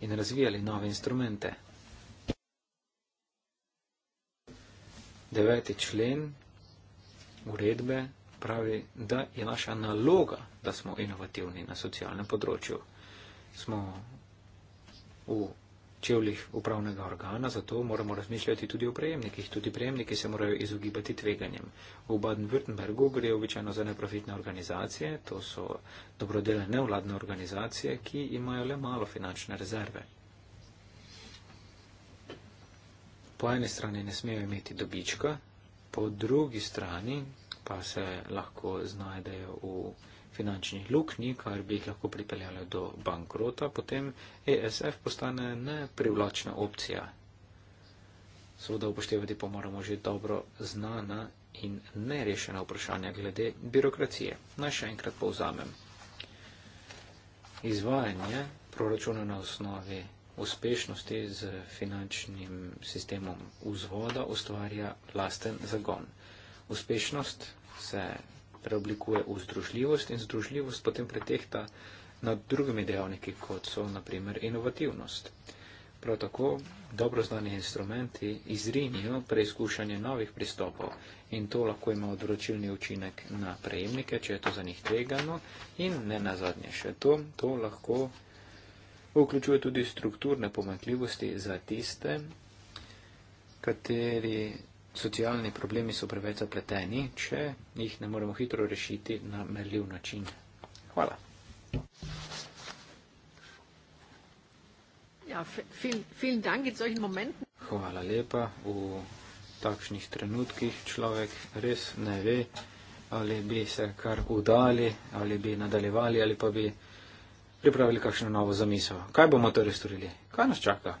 in razvijali nove instrumente. Deveti člen uredbe pravi, da je naša naloga, da smo inovativni na socialnem področju. Smo v čevljih upravnega organa, zato moramo razmišljati tudi o prejemnikih. Tudi prejemniki se morajo izogibati tveganjem. V Baden-Württembergu gre običajno za neprofitne organizacije, to so dobrodelne nevladne organizacije, ki imajo le malo finančne rezerve. Po eni strani ne smejo imeti dobička, po drugi strani pa se lahko znajdejo v finančnih luknji, kar bi jih lahko pripeljalo do bankrota, potem ESF postane neprivlačna opcija. Seveda upoštevati pa moramo že dobro znana in nerešena vprašanja glede birokracije. Naj še enkrat povzamem. Izvajanje proračuna na osnovi uspešnosti z finančnim sistemom vzvoda ustvarja lasten zagon. Uspešnost se preoblikuje v združljivost in združljivost potem pretehta nad drugimi dejavniki, kot so naprimer inovativnost. Prav tako dobro znani instrumenti izrinijo preizkušanje novih pristopov in to lahko ima odvračilni učinek na prejemnike, če je to za njih tvegano in ne nazadnje še to, to lahko vključuje tudi strukturne pomakljivosti za tiste, kateri Socialni problemi so preveč zapleteni, če jih ne moremo hitro rešiti na merljiv način. Hvala. Ja, viel, viel dank in Hvala lepa. V takšnih trenutkih človek res ne ve, ali bi se kar udali, ali bi nadaljevali, ali pa bi pripravili kakšno novo zamisel. Kaj bomo torej storili? Kaj nas čaka?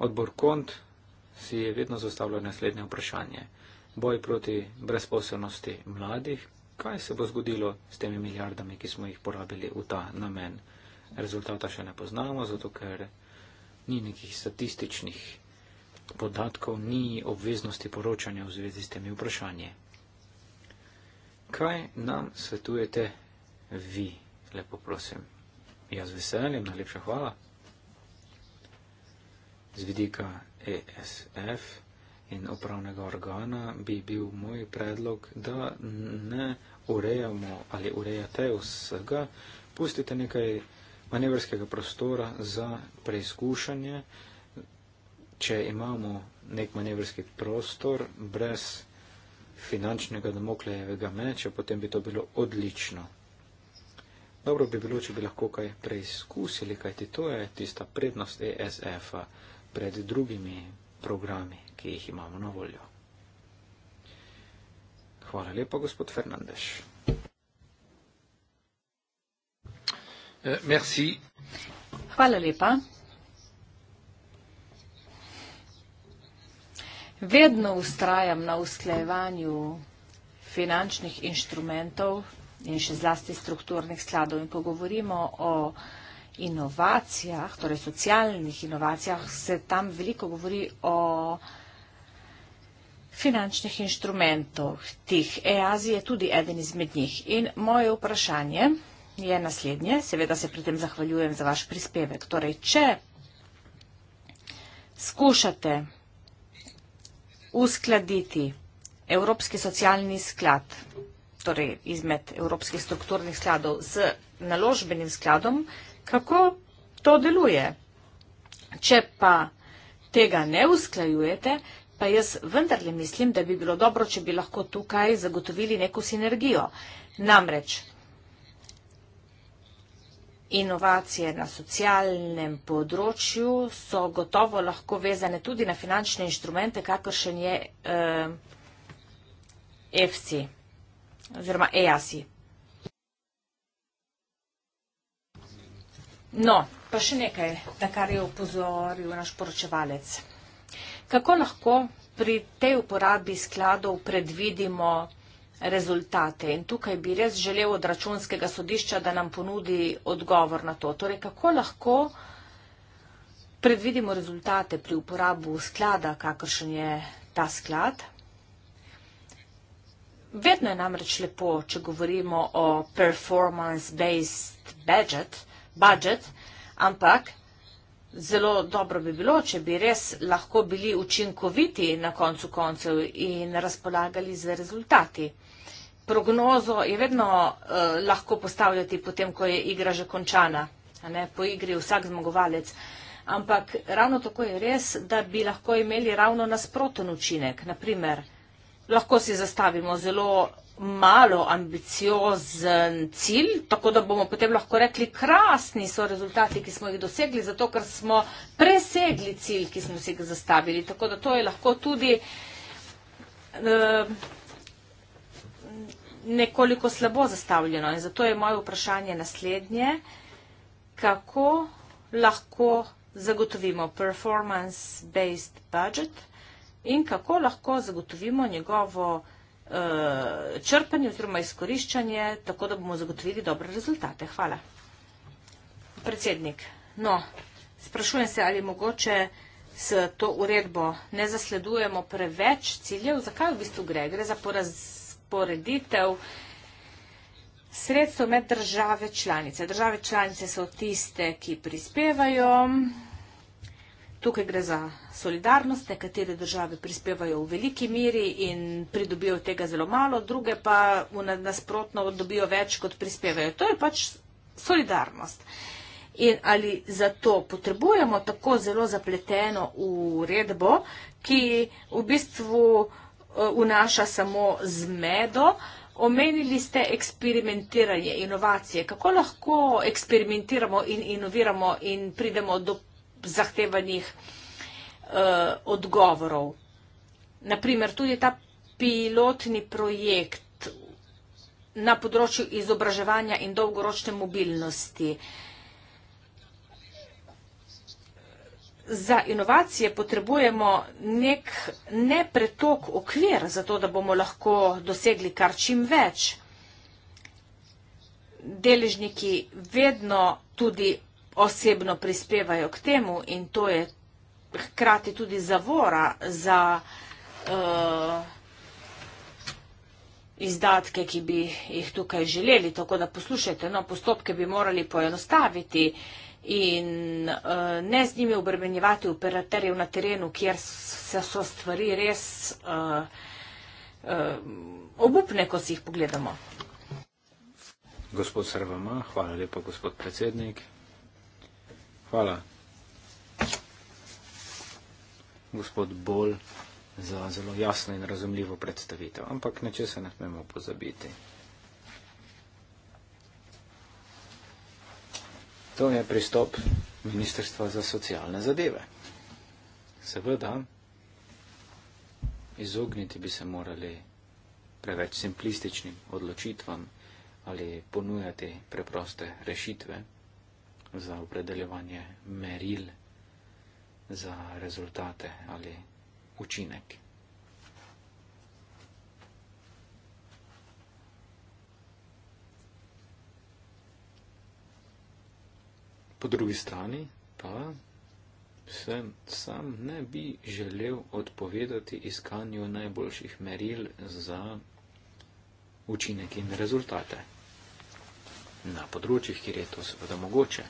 Odbor Kont si je vedno zastavljal naslednje vprašanje. Boj proti brezposobnosti mladih. Kaj se bo zgodilo s temi milijardami, ki smo jih porabili v ta namen? Rezultata še ne poznamo, zato ker ni nekih statističnih podatkov, ni obveznosti poročanja v zvezi s temi vprašanji. Kaj nam svetujete vi, lepo prosim? Jaz veseljem, najlepša hvala z vidika ESF in upravnega organa bi bil moj predlog, da ne urejamo ali urejate vsega, pustite nekaj manevrskega prostora za preizkušanje, če imamo nek manevrski prostor brez finančnega domoklejevega meča, potem bi to bilo odlično. Dobro bi bilo, če bi lahko kaj preizkusili, kajti to je tista prednost ESF-a pred drugimi programi, ki jih imamo na voljo. Hvala lepa, gospod Fernandeš. Eh, merci. Hvala lepa. Vedno ustrajam na usklajevanju finančnih inštrumentov in še zlasti strukturnih skladov in pogovorimo o inovacijah, torej socialnih inovacijah, se tam veliko govori o finančnih inštrumentov. Tih EAZI je tudi eden izmed njih. In moje vprašanje je naslednje, seveda se pri tem zahvaljujem za vaš prispevek. Torej, če skušate uskladiti Evropski socialni sklad, torej izmed Evropskih strukturnih skladov z naložbenim skladom, kako to deluje. Če pa tega ne usklajujete, pa jaz vendarle mislim, da bi bilo dobro, če bi lahko tukaj zagotovili neko sinergijo. Namreč inovacije na socialnem področju so gotovo lahko vezane tudi na finančne inštrumente, kakršen je eh, FC oziroma EASI. No, pa še nekaj, na kar je upozoril naš poročevalec. Kako lahko pri tej uporabi skladov predvidimo rezultate? In tukaj bi res želel od računskega sodišča, da nam ponudi odgovor na to. Torej, kako lahko predvidimo rezultate pri uporabu sklada, kakršen je ta sklad? Vedno je namreč lepo, če govorimo o performance-based budget, budžet, ampak zelo dobro bi bilo, če bi res lahko bili učinkoviti na koncu koncev in razpolagali z rezultati. Prognozo je vedno eh, lahko postavljati potem, ko je igra že končana, ne, po igri vsak zmagovalec. Ampak ravno tako je res, da bi lahko imeli ravno nasproten učinek. Naprimer, lahko si zastavimo zelo malo ambiciozen cilj, tako da bomo potem lahko rekli, krasni so rezultati, ki smo jih dosegli, zato ker smo presegli cilj, ki smo si ga zastavili. Tako da to je lahko tudi eh, nekoliko slabo zastavljeno. In zato je moje vprašanje naslednje, kako lahko zagotovimo performance-based budget in kako lahko zagotovimo njegovo Eh, črpanje oziroma izkoriščanje, tako da bomo zagotovili dobre rezultate. Hvala. Predsednik, no, sprašujem se, ali mogoče s to uredbo ne zasledujemo preveč ciljev, zakaj v bistvu gre? Gre za porazporeditev sredstev med države članice. Države članice so tiste, ki prispevajo Tukaj gre za solidarnost, nekatere države prispevajo v veliki meri in pridobijo tega zelo malo, druge pa v nasprotno dobijo več, kot prispevajo. To je pač solidarnost. In ali zato potrebujemo tako zelo zapleteno uredbo, ki v bistvu eh, vnaša samo zmedo, omenili ste eksperimentiranje, inovacije. Kako lahko eksperimentiramo in inoviramo in pridemo do zahtevanih uh, odgovorov. Naprimer, tudi ta pilotni projekt na področju izobraževanja in dolgoročne mobilnosti. Za inovacije potrebujemo nek nepretok okvir, zato da bomo lahko dosegli kar čim več. Deležniki vedno tudi osebno prispevajo k temu in to je hkrati tudi zavora za uh, izdatke, ki bi jih tukaj želeli. Tako da poslušajte, no, postopke bi morali poenostaviti in uh, ne z njimi obremenjevati operaterjev na terenu, kjer se so stvari res uh, uh, obupne, ko si jih pogledamo. Gospod Srvama, hvala lepa, gospod predsednik. Hvala. Gospod Bol za zelo jasno in razumljivo predstavitev, ampak nečesa ne smemo pozabiti. To je pristop Ministrstva za socialne zadeve. Seveda, izogniti bi se morali preveč simplističnim odločitvam ali ponujati preproste rešitve za opredeljevanje meril za rezultate ali učinek. Po drugi strani pa se sam ne bi želel odpovedati iskanju najboljših meril za učinek in rezultate na področjih, kjer je to seveda mogoče.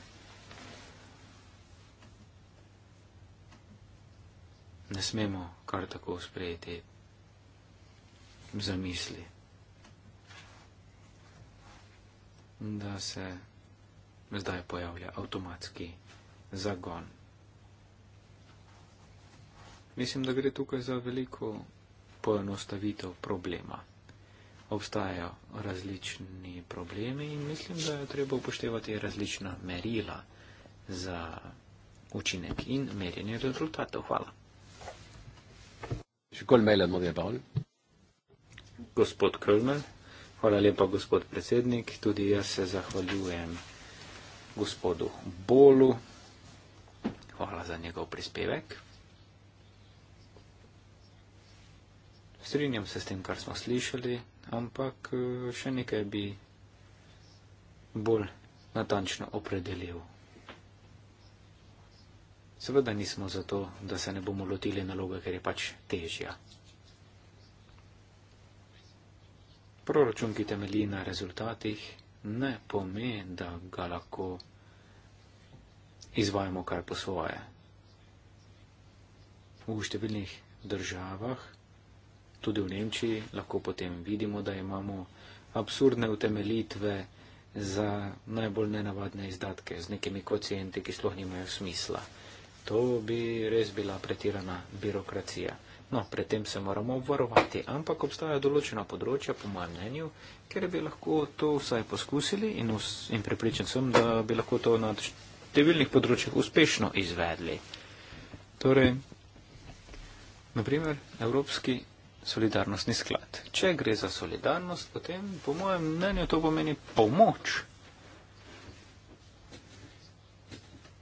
ne smemo kar tako sprejeti zamisli, da se zdaj pojavlja avtomatski zagon. Mislim, da gre tukaj za veliko poenostavitev problema. Obstajajo različni problemi in mislim, da je treba upoštevati različna merila za učinek in merjenje rezultatov. Hvala. Monsieur Colmel a demandé la parole. Gospod Colmel, hvala lepa, gospod predsednik. Tudi jaz se zahvaljujem gospodu Bolu. Hvala za njegov prispevek. Strinjam se s tem, kar smo slišali, ampak eh, še nekaj bi bolj natančno opredelil. Seveda nismo zato, da se ne bomo lotili naloga, ker je pač težja. Proračun, ki temelji na rezultatih, ne pomeni, da ga lahko izvajamo kar po svoje. V številnih državah, tudi v Nemčiji, lahko potem vidimo, da imamo absurdne utemelitve za najbolj nenavadne izdatke z nekimi kocijenti, ki sploh nimajo smisla. To bi res bila pretirana birokracija. No, pred tem se moramo obvarovati, ampak obstaja določena področja, po mojem mnenju, kjer bi lahko to vsaj poskusili in, in prepričan sem, da bi lahko to na številnih področjih uspešno izvedli. Torej, naprimer, Evropski solidarnostni sklad. Če gre za solidarnost, potem, po mojem mnenju, to pomeni pomoč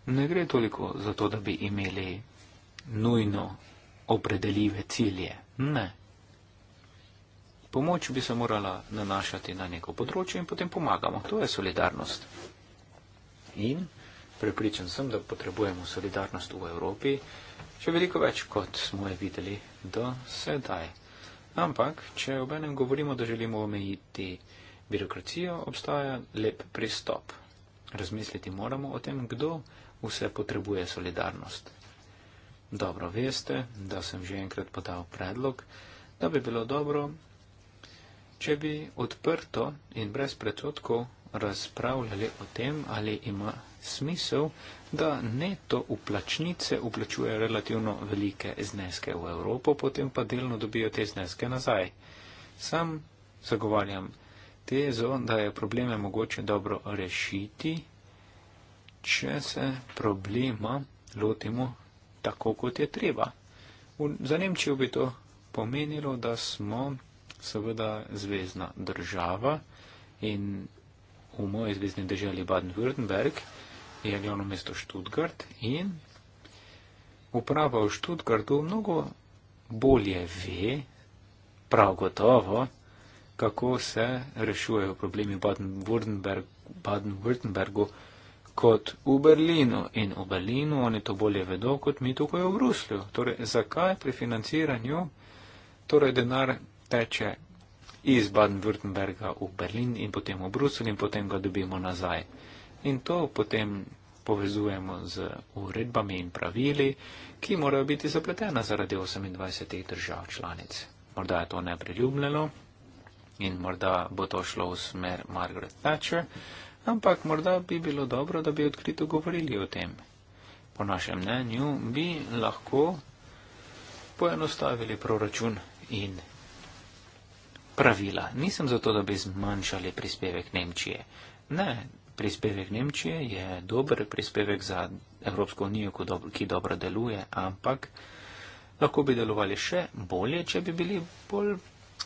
ne gre toliko za to, da bi imeli nujno opredeljive cilje. Ne. Pomoč bi se morala nanašati na neko področje in potem pomagamo. To je solidarnost. In prepričan sem, da potrebujemo solidarnost v Evropi, še veliko več, kot smo jo videli do sedaj. Ampak, če ob enem govorimo, da želimo omejiti birokracijo, obstaja lep pristop. Razmisliti moramo o tem, kdo vse potrebuje solidarnost. Dobro veste, da sem že enkrat podal predlog, da bi bilo dobro, če bi odprto in brez predsotkov razpravljali o tem, ali ima smisel, da neto uplačnice uplačujejo relativno velike zneske v Evropo, potem pa delno dobijo te zneske nazaj. Sam zagovarjam tezo, da je probleme mogoče dobro rešiti če se problema lotimo tako, kot je treba. Za Nemčijo bi to pomenilo, da smo seveda zvezdna država in v moji zvezdni državi Baden-Württemberg je glavno mesto Študgard in uprava v Študgardu mnogo bolje ve, prav gotovo, kako se rešujejo problemi v Baden-Württembergu. -Württemberg, Baden kot v Berlinu in v Berlinu oni to bolje vedo, kot mi tukaj v Bruslju. Torej, zakaj pri financiranju torej denar teče iz Baden-Württemberga v Berlin in potem v Bruslju in potem ga dobimo nazaj. In to potem povezujemo z uredbami in pravili, ki morajo biti zapletena zaradi 28 držav članic. Morda je to nepriljubljeno in morda bo to šlo v smer Margaret Thatcher ampak morda bi bilo dobro, da bi odkrito govorili o tem. Po našem mnenju bi lahko poenostavili proračun in pravila. Nisem zato, da bi zmanjšali prispevek Nemčije. Ne, prispevek Nemčije je dober prispevek za Evropsko unijo, ki dobro deluje, ampak lahko bi delovali še bolje, če bi bili bolj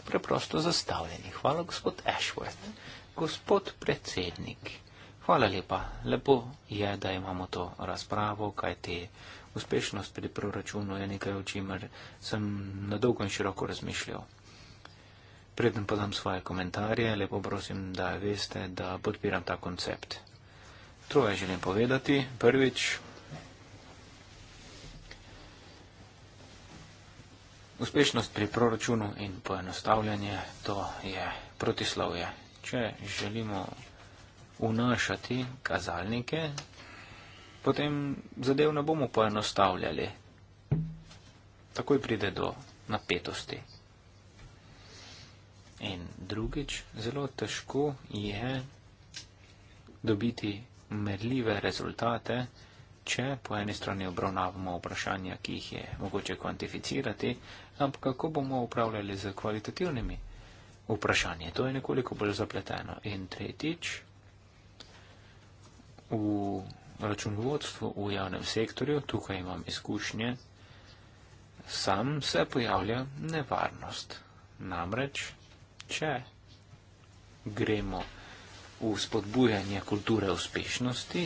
preprosto zastavljeni. Hvala, gospod Ashworth. Gospod predsednik, hvala lepa. Lepo je, da imamo to razpravo, kaj te uspešnost pri proračunu je nekaj, o čemer sem na dolgo in široko razmišljal. Preden podam svoje komentarje, lepo prosim, da veste, da podpiram ta koncept. Troje želim povedati. Prvič, uspešnost pri proračunu in poenostavljanje, to je protislovje če želimo vnašati kazalnike, potem zadev ne bomo poenostavljali. Takoj pride do napetosti. In drugič, zelo težko je dobiti merljive rezultate, če po eni strani obravnavamo vprašanja, ki jih je mogoče kvantificirati, ampak kako bomo upravljali z kvalitativnimi vprašanje. To je nekoliko bolj zapleteno. In tretjič, v računovodstvu v javnem sektorju, tukaj imam izkušnje, sam se pojavlja nevarnost. Namreč, če gremo v spodbujanje kulture uspešnosti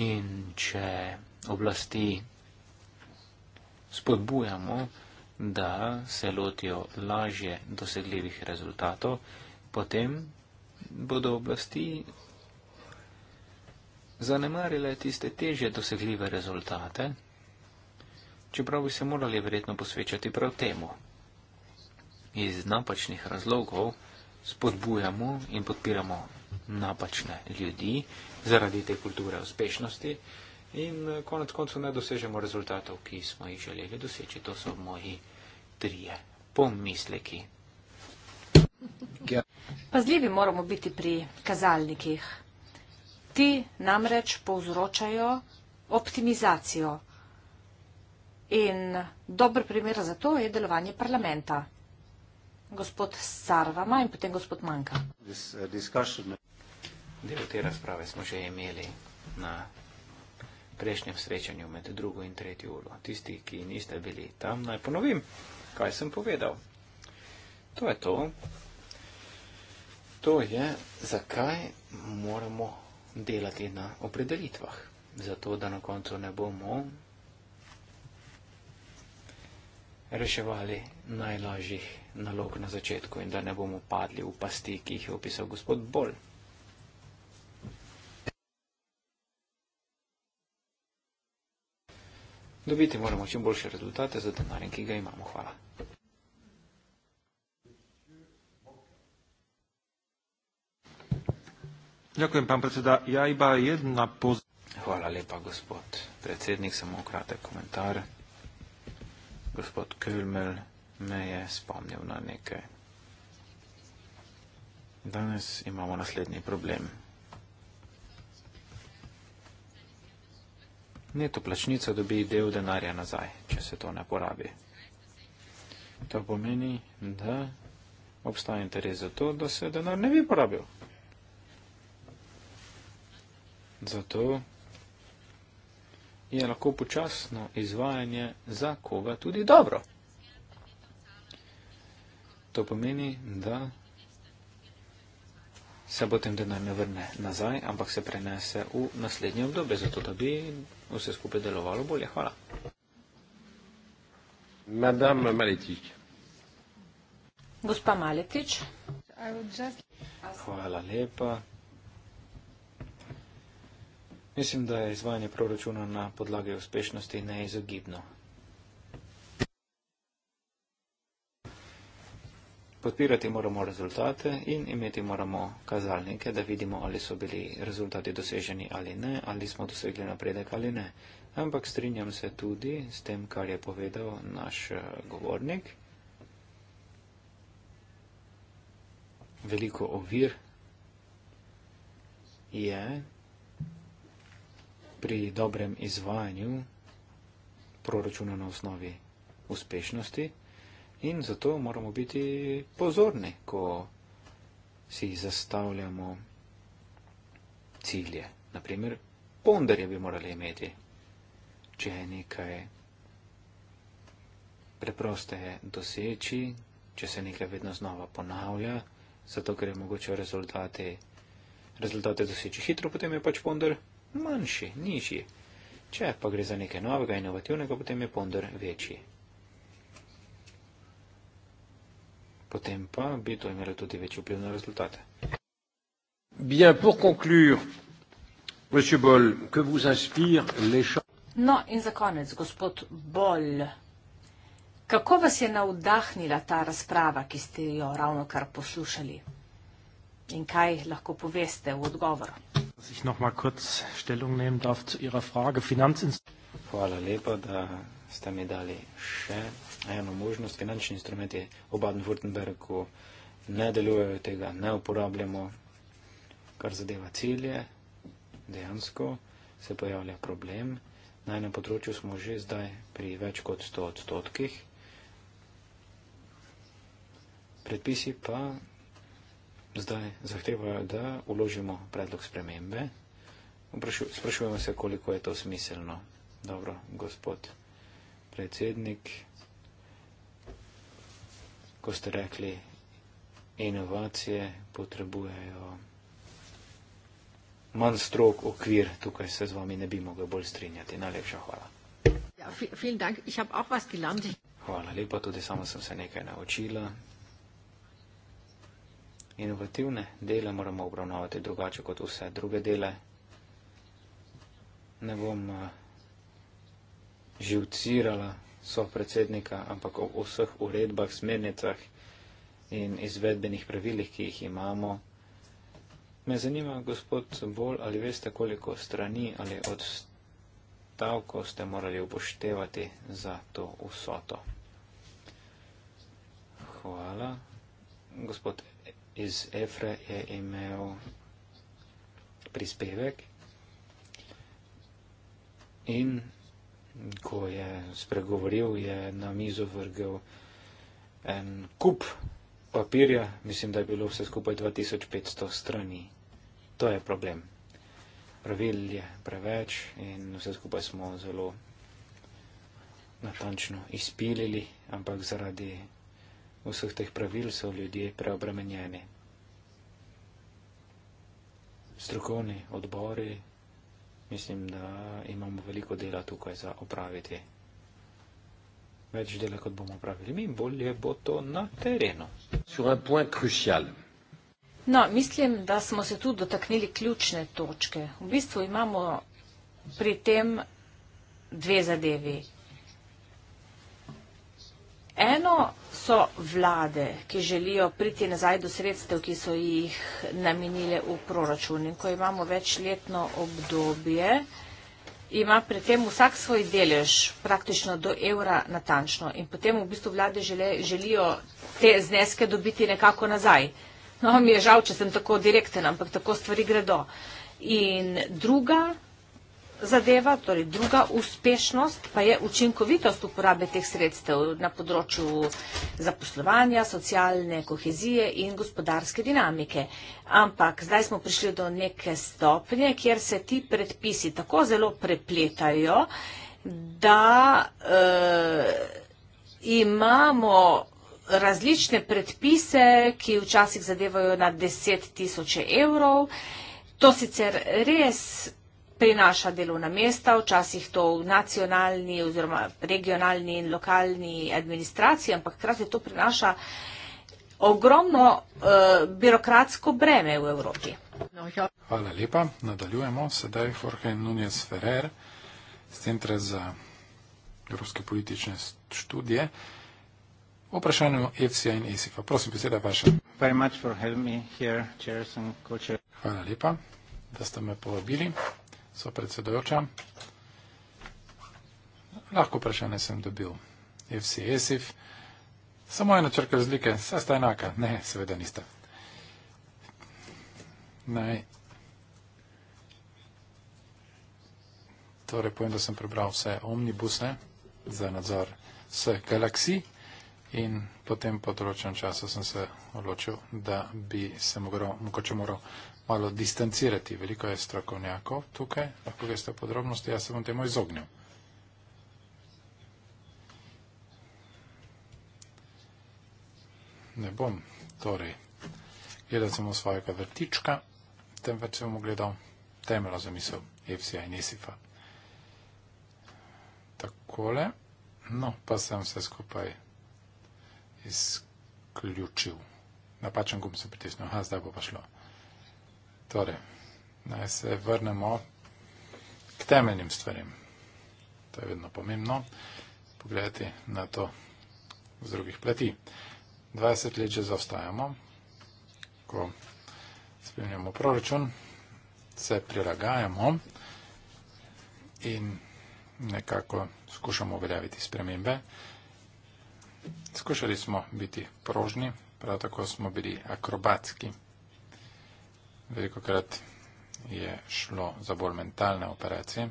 in če oblasti spodbujamo, da se lotijo lažje dosegljivih rezultatov, potem bodo oblasti zanemarile tiste težje dosegljive rezultate, čeprav bi se morali verjetno posvečati prav temu. Iz napačnih razlogov spodbujamo in podpiramo napačne ljudi zaradi te kulture uspešnosti in konec koncu ne dosežemo rezultatov, ki smo jih želeli doseči. To so moji trije pomisleki. Ja. Pazljivi moramo biti pri kazalnikih. Ti namreč povzročajo optimizacijo. In dober primer za to je delovanje parlamenta. Gospod Sarvama in potem gospod Manka. Uh, Del te razprave smo že imeli na prejšnjem srečanju med drugo in tretjo uro. Tisti, ki niste bili tam, naj ponovim kaj sem povedal. To je to. To je, zakaj moramo delati na opredelitvah. Zato, da na koncu ne bomo reševali najlažjih nalog na začetku in da ne bomo padli v pasti, ki jih je opisal gospod Bolj. Dobiti moramo čim boljše rezultate za denar, ki ga imamo. Hvala. Ďakujem, pán predseda. Ja iba jedna poz... Hvala lepa, gospod predsednik. Samo kratek komentar. Gospod Kölmel me je spomnil na nekaj. Danes imamo naslednji problem. Neto plačnica dobi del denarja nazaj, če se to ne porabi. To pomeni, da obstaja interes za to, da se denar ne bi porabil. Zato je lahko počasno izvajanje za koga tudi dobro. To pomeni, da se potem denar ne vrne nazaj, ampak se prenese v naslednje obdobje, zato da bi vse skupaj delovalo bolje. Hvala. Madame Maletič. Gospa Maletič. Hvala lepa. Mislim, da je izvajanje proračuna na podlage uspešnosti neizogibno. podpirati moramo rezultate in imeti moramo kazalnike, da vidimo, ali so bili rezultati doseženi ali ne, ali smo dosegli napredek ali ne. Ampak strinjam se tudi s tem, kar je povedal naš eh, govornik. Veliko ovir je pri dobrem izvajanju proračuna na osnovi uspešnosti. In zato moramo biti pozorni, ko si zastavljamo cilje. Naprimer, ponderje bi morali imeti, če je nekaj preproste doseči, če se nekaj vedno znova ponavlja, zato ker je mogoče rezultate, rezultate doseči hitro, potem je pač ponder manjši, nižji. Če pa gre za nekaj novega, inovativnega, potem je ponder večji. potem pa bi to imelo tudi več vpliv na rezultate. Bien, pour conclure, monsieur Boll, que vous inspire les No, in za konec, gospod Boll, kako vas je navdahnila ta razprava, ki ste jo ravno kar poslušali? In kaj lahko poveste v odgovor? Hvala lepa, da ste mi dali še eno možnost, finančni instrumenti v Baden-Württembergu ne delujejo tega, ne uporabljamo, kar zadeva cilje, dejansko se pojavlja problem. Na enem področju smo že zdaj pri več kot 100 odstotkih. Predpisi pa zdaj zahtevajo, da uložimo predlog spremembe. Sprašujemo se, koliko je to smiselno. Dobro, gospod predsednik ko ste rekli, inovacije potrebujejo manj strok okvir, tukaj se z vami ne bi mogel bolj strinjati. Najlepša hvala. Ja, hvala lepa, tudi sama sem se nekaj naučila. Inovativne dele moramo obravnavati drugače kot vse druge dele. Ne bom eh, živcirala, so predsednika, ampak o vseh uredbah, smernicah in izvedbenih pravilih, ki jih imamo. Me zanima, gospod Bol, ali veste, koliko strani ali odstavkov ste morali upoštevati za to vsoto? Hvala. Gospod iz Efre je imel prispevek. In ko je spregovoril, je na mizo vrgel en kup papirja, mislim, da je bilo vse skupaj 2500 strani. To je problem. Pravil je preveč in vse skupaj smo zelo natančno izpilili, ampak zaradi vseh teh pravil so ljudje preobremenjeni. Strokovni odbori mislim, da imamo veliko dela tukaj za opraviti. Več dela, kot bomo opravili mi, bolje bo to na terenu. No, mislim, da smo se tu dotaknili ključne točke. V bistvu imamo pri tem dve zadevi. Eno so vlade, ki želijo priti nazaj do sredstev, ki so jih namenile v proračun. In ko imamo večletno obdobje, ima pri tem vsak svoj delež praktično do evra natančno in potem v bistvu vlade žele, želijo te zneske dobiti nekako nazaj. No, mi je žal, če sem tako direkten, ampak tako stvari gredo. In druga zadeva, torej druga uspešnost pa je učinkovitost uporabe teh sredstev na področju zaposlovanja, socialne kohezije in gospodarske dinamike. Ampak zdaj smo prišli do neke stopnje, kjer se ti predpisi tako zelo prepletajo, da eh, imamo različne predpise, ki včasih zadevajo na deset tisoče evrov. To sicer res prinaša delovna mesta, včasih to v nacionalni oziroma regionalni in lokalni administraciji, ampak hkrati to prinaša ogromno uh, birokratsko breme v Evropi. Hvala lepa. Nadaljujemo. Sedaj Jorge Nunez Ferrer z Centra za evropske politične študije. O vprašanju EFSI-ja in ESIF-a. Prosim, beseda je vaša. Hvala lepa, da ste me povabili so predsedojoča. Lahko vprašanje sem dobil. Evsi Esif, samo ena črka razlike, vse sta enaka. Ne, seveda nista. Naj. Torej, povem, da sem prebral vse omnibuse za nadzor vse galaksij in potem po določenem času sem se odločil, da bi se mogel, mogoče moral malo distancirati. Veliko je strokovnjakov tukaj, lahko veste podrobnosti, jaz se bom temu izognil. Ne bom, torej, gledal sem v svojega vrtička, temveč sem ogledal temelo za misel EFSI-a in ESIF-a. Takole, no, pa sem vse skupaj izključil. Napačen gum sem pritisnil, ha, zdaj bo pa šlo. Zdaj bo pa šlo. Torej, naj se vrnemo k temeljnim stvarem. To je vedno pomembno, pogledati na to z drugih plati. 20 let že zaostajamo, ko spremljamo proračun, se prilagajamo in nekako skušamo uveljaviti spremembe. Skušali smo biti prožni, prav tako smo bili akrobatski veliko krat je šlo za bolj mentalne operacije,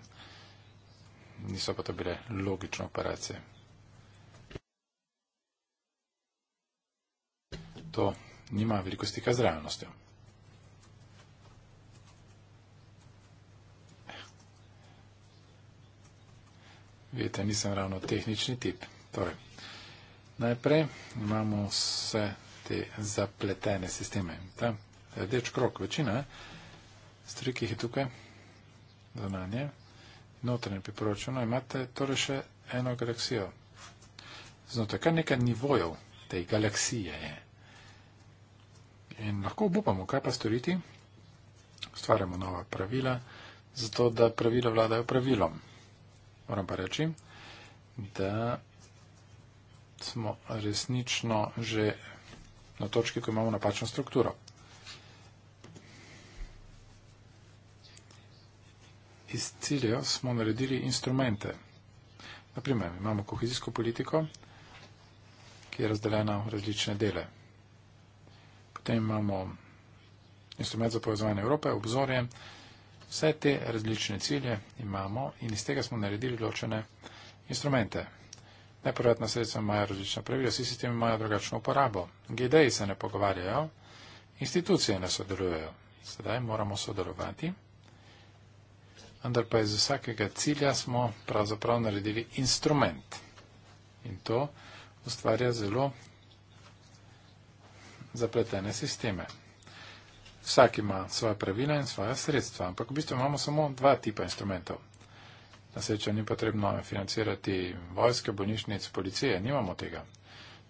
niso pa to bile logične operacije. To nima veliko stika z realnostjo. Vidite, nisem ravno tehnični tip. Torej, najprej imamo vse te zapletene sisteme. Tam rdeč krok, večina eh? stvari, ki jih je tukaj, zunanje, notranje priporočeno, imate torej še eno galaksijo. Znotraj, kar nekaj nivojev tej galaksije je. In lahko obupamo, kaj pa storiti. Stvarjamo nova pravila, zato da pravila vladajo pravilom. Moram pa reči, da smo resnično že na točki, ko imamo napačno strukturo. iz ciljev smo naredili instrumente. Naprimer, imamo kohezijsko politiko, ki je razdeljena v različne dele. Potem imamo instrument za povezovanje Evrope, obzorje. Vse te različne cilje imamo in iz tega smo naredili ločene instrumente. Nepovratna sredstva imajo različna pravila, vsi sistemi imajo drugačno uporabo. GDI se ne pogovarjajo, institucije ne sodelujejo. Sedaj moramo sodelovati vendar pa iz vsakega cilja smo pravzaprav naredili instrument. In to ustvarja zelo zapletene sisteme. Vsak ima svoja pravila in svoja sredstva, ampak v bistvu imamo samo dva tipa instrumentov. Na srečo ni potrebno financirati vojske, bolnišnic, policije, nimamo tega.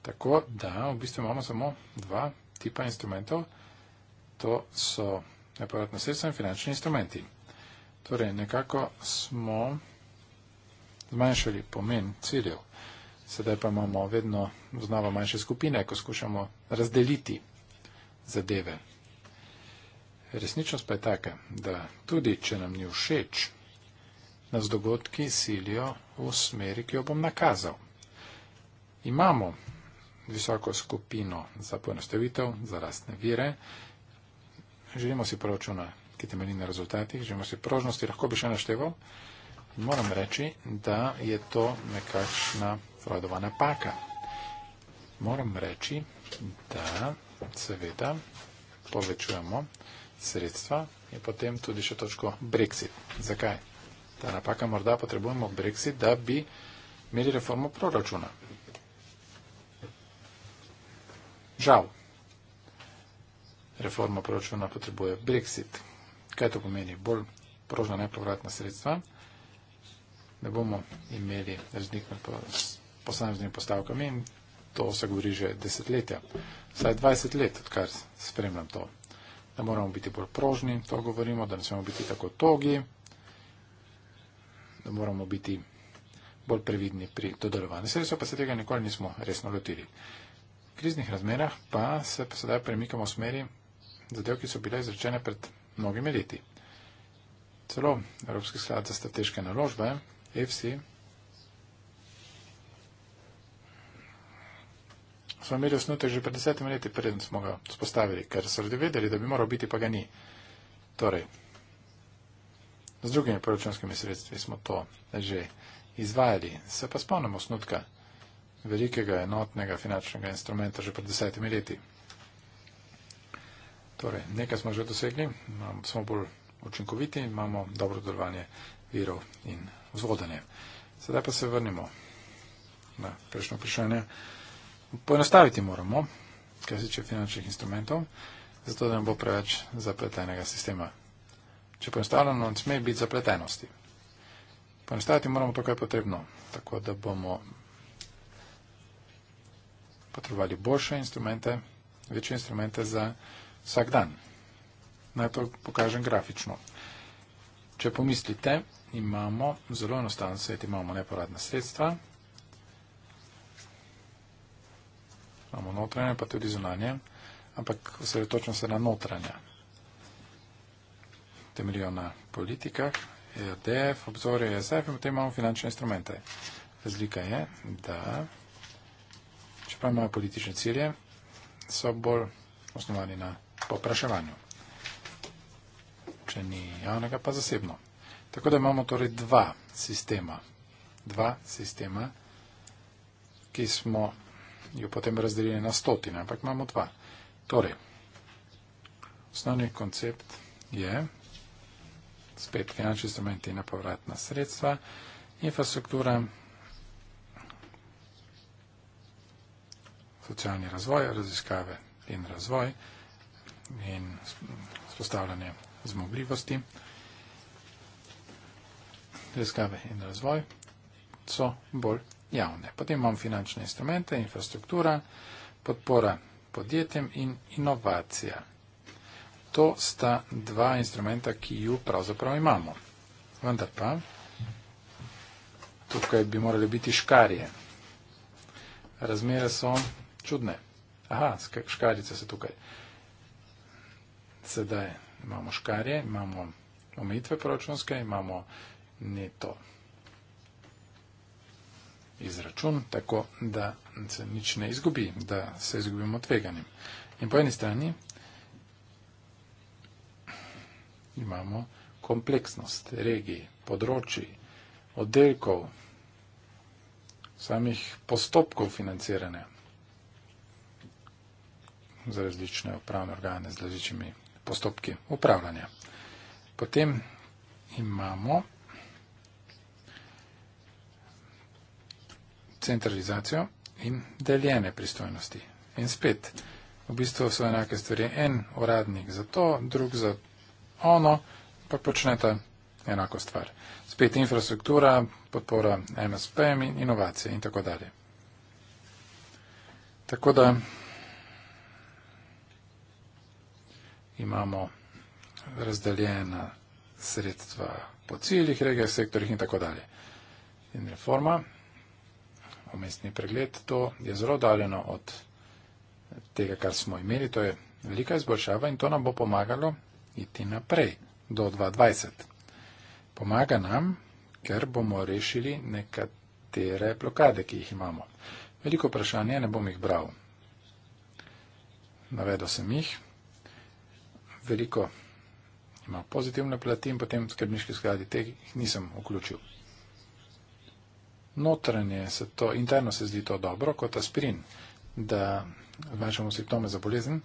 Tako da v bistvu imamo samo dva tipa instrumentov, to so nepovratna sredstva in finančni instrumenti. Torej, nekako smo zmanjšali pomen ciljev. Sedaj pa imamo vedno znova manjše skupine, ko skušamo razdeliti zadeve. Resničnost pa je taka, da tudi, če nam ni všeč, nas dogodki silijo v smeri, ki jo bom nakazal. Imamo visoko skupino za poenostavitev, za rastne vire, želimo si proračuna ki temelji na rezultatih, že imamo prožnosti, lahko bi še našteval. In moram reči, da je to nekakšna Freudova napaka. Moram reči, da seveda povečujemo sredstva in potem tudi še točko Brexit. Zakaj? Ta napaka morda potrebujemo Brexit, da bi imeli reformo proračuna. Žal, reforma proračuna potrebuje Brexit kaj to pomeni? Bolj prožna nepovratna sredstva, ne bomo imeli razlik med posameznimi postavkami in to se govori že desetletja. Vsaj 20 let, odkar spremljam to. Da moramo biti bolj prožni, to govorimo, da ne smemo biti tako togi, da moramo biti bolj previdni pri dodelovanju sredstva, pa se tega nikoli nismo resno lotili. V kriznih razmerah pa se sedaj premikamo v smeri zadev, ki so bile izrečene pred mnogi meriti. Celo Evropski sklad za strateške naložbe, EFSI, smo imeli osnutek že pred desetimi leti, preden smo ga spostavili, ker so ljudje vedeli, da bi moral biti, pa ga ni. Torej, z drugimi proračunskimi sredstvi smo to že izvajali. Se pa spomnimo osnutka velikega enotnega finančnega instrumenta že pred desetimi leti. Torej, nekaj smo že dosegli, smo bolj učinkoviti in imamo dobro delovanje virov in vzvodanje. Sedaj pa se vrnimo na prejšnjo vprašanje. Poenostaviti moramo, kaj se tiče finančnih instrumentov, zato da ne bo preveč zapletenega sistema. Če poenostavljamo, ne sme biti zapletenosti. Poenostaviti moramo to, kar je potrebno, tako da bomo potrebovali boljše instrumente, večje instrumente za vsak dan. Naj to pokažem grafično. Če pomislite, imamo zelo enostavno svet, imamo neporadna sredstva, imamo notranje, pa tudi zunanje, ampak vse je točno se na notranja. Temeljijo na politikah, EADF, obzorje, ESF in potem imamo finančne instrumente. Razlika je, da čeprav imajo politične cilje, so bolj osnovani na politike popraševanju. Če ni javnega, pa zasebno. Tako da imamo torej dva sistema, dva sistema ki smo jo potem razdelili na stotine, ampak imamo dva. Torej, osnovni koncept je spet finančni instrumenti na povratna sredstva, infrastruktura, socialni razvoj, raziskave in razvoj, infrastruktura, in spostavljanje zmogljivosti, raziskave in razvoj so bolj javne. Potem imamo finančne instrumente, infrastruktura, podpora podjetjem in inovacija. To sta dva instrumenta, ki ju pravzaprav imamo. Vendar pa tukaj bi morali biti škarje. Razmere so čudne. Aha, škarice so tukaj. Uh, sedaj imamo škarje, imamo omejitve proračunske, imamo neto izračun, tako da se nič ne izgubi, da se izgubimo tveganjem. In po eni strani imamo kompleksnost regij, področji, oddelkov, samih postopkov financiranja za različne upravne organe z različnimi postopki upravljanja. Potem imamo centralizacijo in deljene pristojnosti. In spet, v bistvu so enake stvari. En uradnik za to, drug za ono, pa počnete enako stvar. Spet infrastruktura, podpora MSP-jem in inovacije in tako dalje. Tako da. imamo razdeljena sredstva po ciljih, regijah, sektorjih in tako dalje. In reforma, omestni pregled, to je zelo daljeno od tega, kar smo imeli, to je velika izboljšava in to nam bo pomagalo iti naprej do 2020. Pomaga nam, ker bomo rešili nekatere blokade, ki jih imamo. Veliko vprašanje, ne bom jih bral. Navedo sem jih veliko ima pozitivne plati in potem skrbniški skladi, teh jih nisem vključil. Notranje se to, interno se zdi to dobro kot aspirin, da zmanjšamo simptome za bolezen,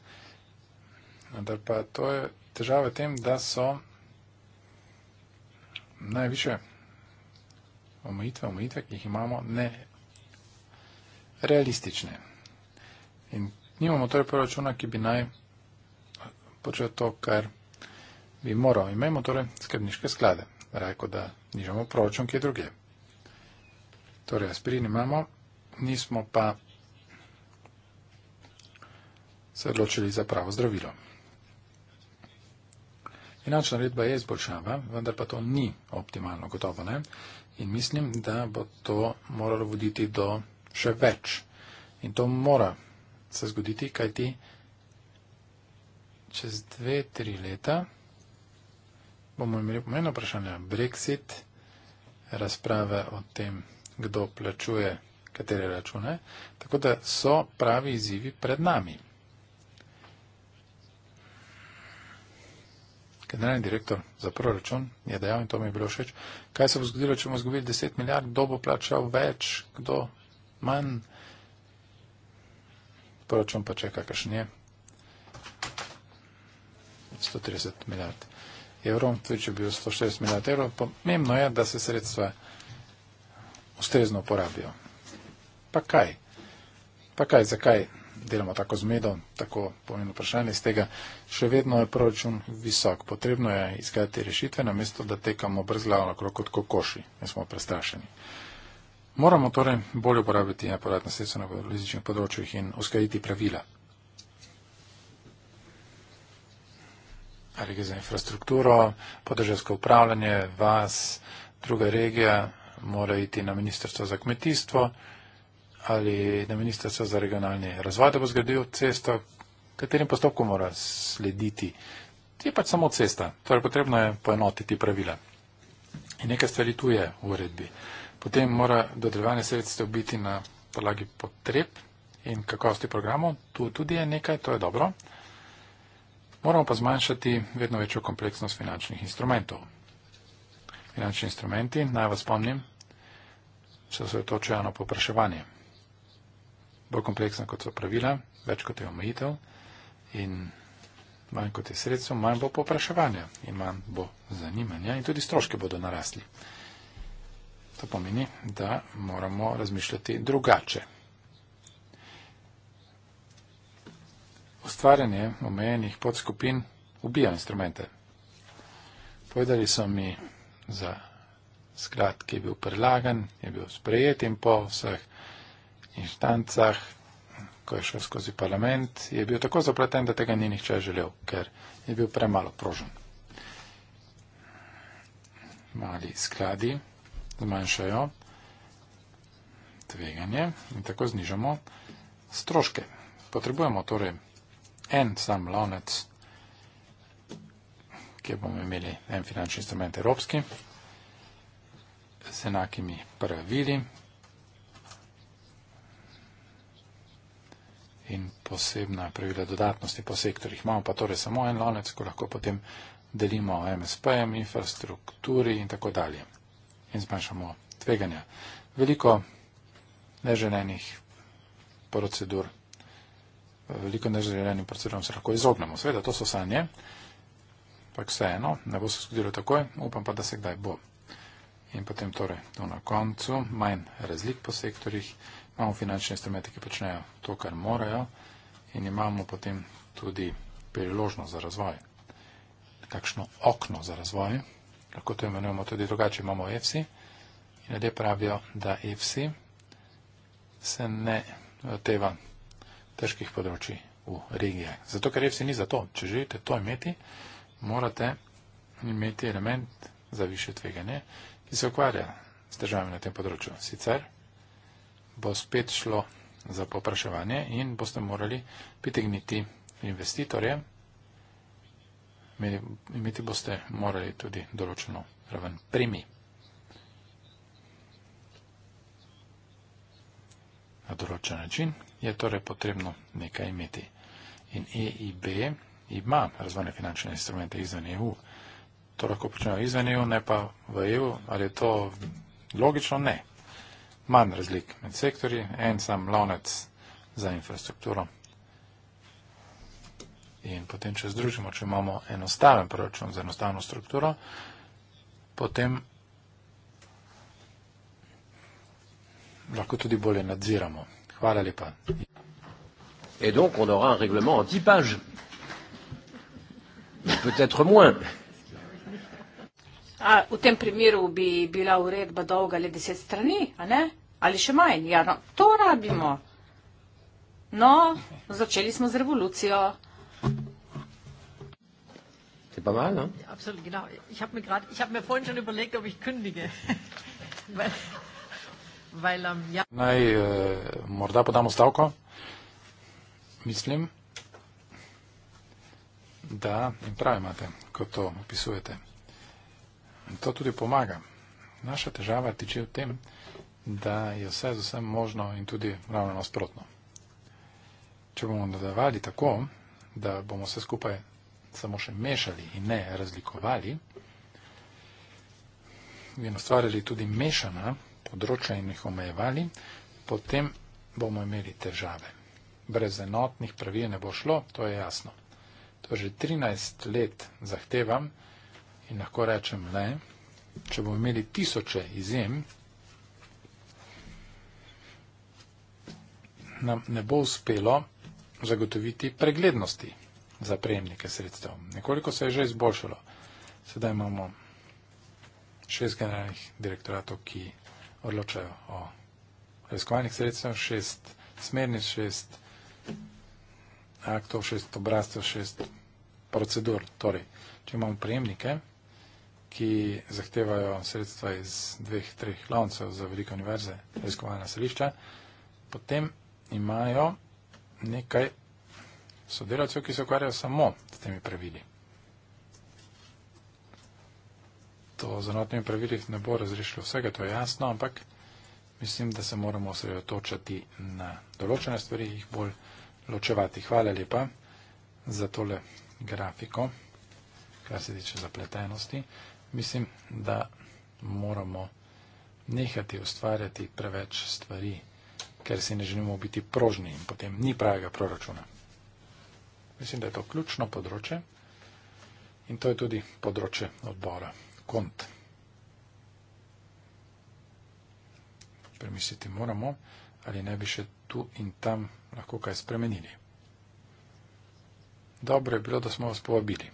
vendar pa to je težava tem, da so najviše omejitve, omejitve, ki jih imamo, ne realistične. In nimamo torej proračuna, ki bi naj počel to, kar bi moral. Imamo torej skrbniške sklade, rajko da nižamo proračun, ki je druge. Torej, aspirin imamo, nismo pa se odločili za pravo zdravilo. Finančna redba je izboljšava, vendar pa to ni optimalno, gotovo ne. In mislim, da bo to moralo voditi do še več. In to mora se zgoditi, kajti čez dve, tri leta bomo imeli pomeno vprašanje Brexit, razprave o tem, kdo plačuje katere račune. Tako da so pravi izzivi pred nami. Generalni direktor za proračun je dejal in to mi je bilo všeč. Kaj se bo zgodilo, če bomo izgubili 10 milijard, kdo bo plačal več, kdo manj? Proračun pa čeka, kakšen je. 130 milijard evrov, tudi če bi bilo 160 milijard evrov, pomembno je, da se sredstva ustrezno porabijo. Pa kaj? Pa kaj, zakaj delamo tako zmedo, tako pomembno vprašanje iz tega? Še vedno je proračun visok, potrebno je iskati rešitve, namesto da tekamo brzglavo okrog kot kokoši, mi smo prestrašeni. Moramo torej bolje uporabiti aparatne sredstva na političnih področjih in uskladiti pravila. regije za infrastrukturo, podržavsko upravljanje, vas, druga regija, mora iti na ministrstvo za kmetijstvo ali na ministrstvo za regionalni razvoj, da bo zgradil cesto, katerim postopku mora slediti. Je pač samo cesta, torej potrebno je poenotiti pravila. In nekaj stvari tu je v uredbi. Potem mora dodrevanje sredstev biti na podlagi potreb in kakovosti programov, tu tudi je nekaj, to je dobro. Moramo pa zmanjšati vedno večjo kompleksnost finančnih instrumentov. Finančni instrumenti, naj vas spomnim, se osredotočajo na popraševanje. Bolj kompleksna kot so pravila, več kot je omejitev in manj kot je sredstvo, manj bo popraševanja in manj bo zanimanja in tudi stroške bodo narasli. To pomeni, da moramo razmišljati drugače. ustvarjanje omejenih podskupin ubija instrumente. Povedali so mi za skrat, ki je bil predlagan, je bil sprejet in po vseh inštancah, ko je šel skozi parlament, je bil tako zapleten, da tega ni nihče želel, ker je bil premalo prožen. Mali skladi zmanjšajo tveganje in tako znižamo stroške. Potrebujemo torej en sam lonec, kjer bomo imeli en finančni instrument evropski z enakimi pravili in posebna pravila dodatnosti po sektorjih. Imamo pa torej samo en lonec, ko lahko potem delimo MSP-jem, infrastrukturi in tako dalje in zmanjšamo tveganja. Veliko neželenih procedur veliko neželjenim procedurom se lahko izognemo. Sveda, to so sanje, pa vseeno, ne bo se zgodilo takoj, upam pa, da se kdaj bo. In potem torej to na koncu, manj razlik po sektorjih, imamo finančne instrumente, ki počnejo to, kar morajo in imamo potem tudi priložnost za razvoj. Kakšno okno za razvoj, lahko to imenujemo tudi drugače, imamo EFSI in ljudje pravijo, da EFSI se ne teva težkih področji v regije. Zato, ker EFSI ni za to. Če želite to imeti, morate imeti element za više tveganje, ki se ukvarja s državami na tem področju. Sicer bo spet šlo za popraševanje in boste morali pitegniti investitorje, imeti boste morali tudi določeno raven premij. na določen način je torej potrebno nekaj imeti. In EIB ima razvojne finančne instrumente izven EU. To lahko počnejo izven EU, ne pa v EU. Ali je to logično? Ne. Manj razlik med sektorji, en sam lonec za infrastrukturo. In potem, če združimo, če imamo enostaven proračun za enostavno strukturo, potem lahko tudi bolje nadziramo Hvala lepa. Et donc on aura un règlement en 10 pages. Peut-être moins. A, v tem primeru bi bila uredba dolga le deset strani, ali še manj. Ja, no, to rabimo. No, začeli smo z revolucijo. Je pa malo? Absolutno. Jaz sem se prej že odločil, da bi kundige. Ja- Naj eh, morda podamo stavko. Mislim, da in prav imate, ko to opisujete. In to tudi pomaga. Naša težava tiče v tem, da je vse z vsem možno in tudi ravno nasprotno. Če bomo nadaljevali tako, da bomo vse skupaj samo še mešali in ne razlikovali, in ustvarjali tudi mešana področja in jih omejevali, potem bomo imeli težave. Brez enotnih pravil ne bo šlo, to je jasno. To že 13 let zahtevam in lahko rečem le, če bomo imeli tisoče izjem, nam ne bo uspelo zagotoviti preglednosti za prejemnike sredstev. Nekoliko se je že izboljšalo. Sedaj imamo šest generalnih direktoratov, ki odločajo o raziskovalnih sredstvih, šest smernic, šest aktov, šest obrazcev, šest procedur. Torej, če imamo prejemnike, ki zahtevajo sredstva iz dveh, treh loncev za velike univerze, raziskovalna središča, potem imajo nekaj sodelavcev, ki se ukvarjajo samo s temi pravili. to z enotnimi pravili ne bo razrešilo vsega, to je jasno, ampak mislim, da se moramo osredotočati na določene stvari, jih bolj ločevati. Hvala lepa za tole grafiko, kar se tiče zapletenosti. Mislim, da moramo nehati ustvarjati preveč stvari, ker si ne želimo biti prožni in potem ni pravega proračuna. Mislim, da je to ključno področje in to je tudi področje odbora kont. Premisliti moramo, ali ne bi še tu in tam lahko kaj spremenili. Dobro je bilo, da smo vas povabili.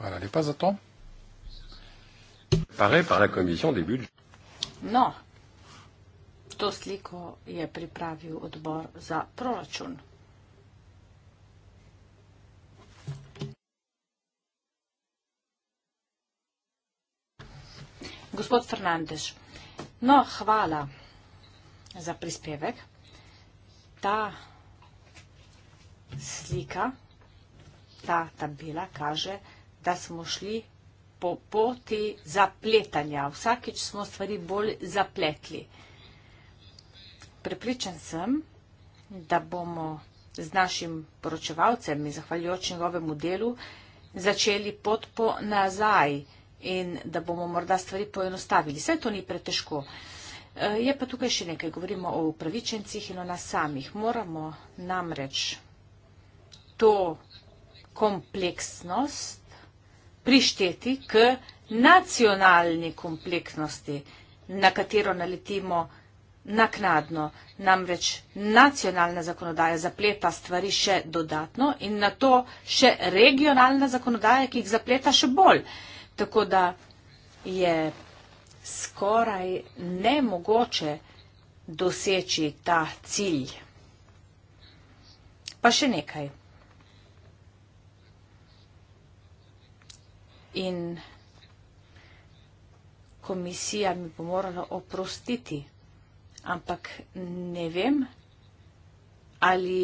Hvala lepa za to. No, to sliko je pripravil odbor za proračun. Gospod Fernandež, no, hvala za prispevek. Ta slika, ta tabela kaže, da smo šli po poti zapletanja. Vsakič smo stvari bolj zapletli. Prepričan sem, da bomo z našim poročevalcem in zahvaljujoč njegovemu delu začeli pot po nazaj in da bomo morda stvari poenostavili. Vse to ni pretežko. E, je pa tukaj še nekaj, govorimo o upravičencih in o nas samih. Moramo namreč to kompleksnost prišteti k nacionalni kompleksnosti, na katero naletimo naknadno. Namreč nacionalna zakonodaja zapleta stvari še dodatno in na to še regionalna zakonodaja, ki jih zapleta še bolj. Uh, Tako da je skoraj nemogoče doseči ta cilj. Pa še nekaj. In komisija mi bo morala oprostiti, ampak ne vem, ali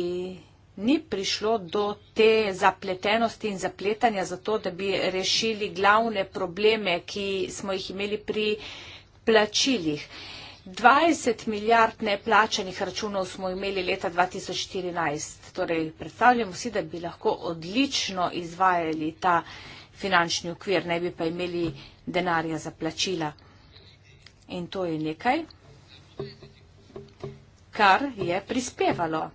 ni prišlo do te zapletenosti in zapletanja zato, da bi rešili glavne probleme, ki smo jih imeli pri plačilih. 20 milijard neplačanih računov smo imeli leta 2014. Torej, predstavljamo si, da bi lahko odlično izvajali ta finančni okvir, ne bi pa imeli denarja za plačila. In to je nekaj, kar je prispevalo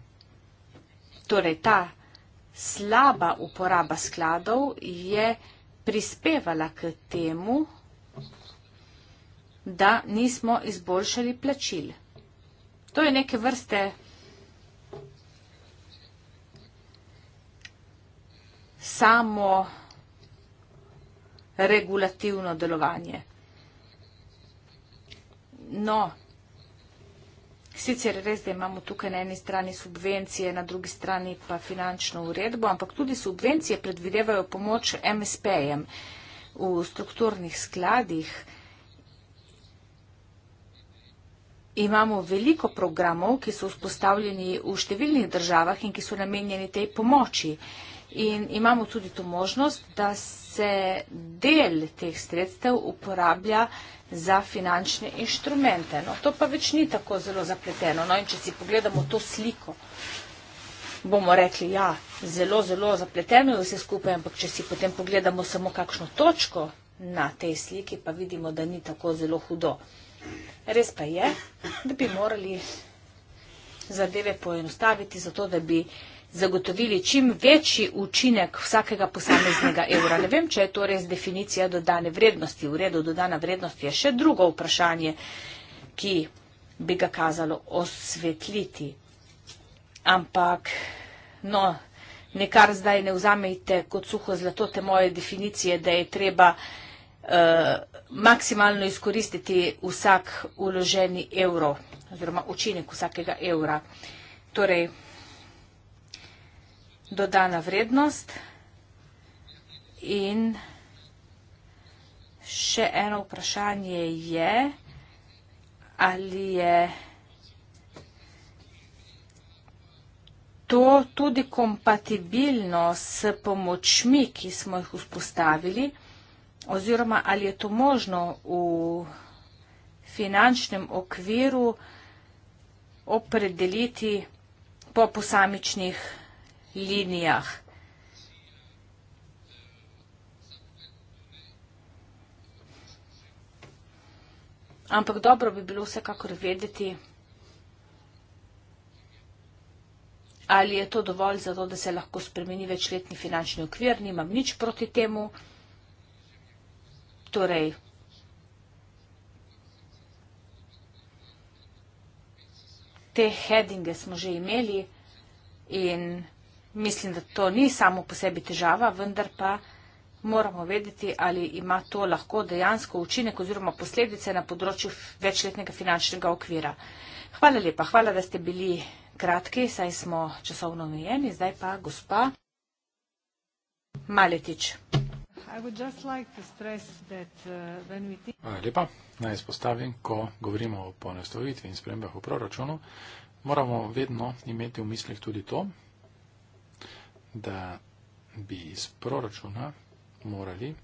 Torej, ta slaba uporaba skladov je prispevala k temu, da nismo izboljšali plačil. To je neke vrste samo regulativno delovanje. No, Sicer res, da imamo tukaj na eni strani subvencije, na drugi strani pa finančno uredbo, ampak tudi subvencije predvidevajo pomoč MSP-jem v strukturnih skladih. Imamo veliko programov, ki so vzpostavljeni v številnih državah in ki so namenjeni tej pomoči. In imamo tudi to možnost, da se del teh sredstev uporablja za finančne inštrumente. No, to pa več ni tako zelo zapleteno. No, in če si pogledamo to sliko, bomo rekli, ja, zelo, zelo zapleteno je vse skupaj, ampak če si potem pogledamo samo kakšno točko na tej sliki, pa vidimo, da ni tako zelo hudo. Res pa je, da bi morali zadeve poenostaviti, zato da bi zagotovili čim večji učinek vsakega posameznega evra. Ne vem, če je to res definicija dodane vrednosti. V redu, dodana vrednost je še drugo vprašanje, ki bi ga kazalo osvetliti. Ampak, no, nekar zdaj ne vzamejte kot suho zlatote moje definicije, da je treba uh, maksimalno izkoristiti vsak uloženi evro oziroma učinek vsakega evra. Torej, dodana vrednost in še eno vprašanje je, ali je to tudi kompatibilno s pomočmi, ki smo jih vzpostavili, oziroma ali je to možno v finančnem okviru opredeliti po posamičnih linijah. Ampak dobro bi bilo vsekakor vedeti, ali je to dovolj za to, da se lahko spremeni večletni finančni okvir, nimam nič proti temu. Torej, te headinge smo že imeli in Mislim, da to ni samo po sebi težava, vendar pa moramo vedeti, ali ima to lahko dejansko učinek oziroma posledice na področju večletnega finančnega okvira. Hvala lepa, hvala, da ste bili kratki, saj smo časovno omejeni. Zdaj pa gospa Maletič. Uh, hvala lepa. Naj izpostavim, ko govorimo o ponestavitvi in spremembah v proračunu, moramo vedno imeti v mislih tudi to, da bi iz proračuna morali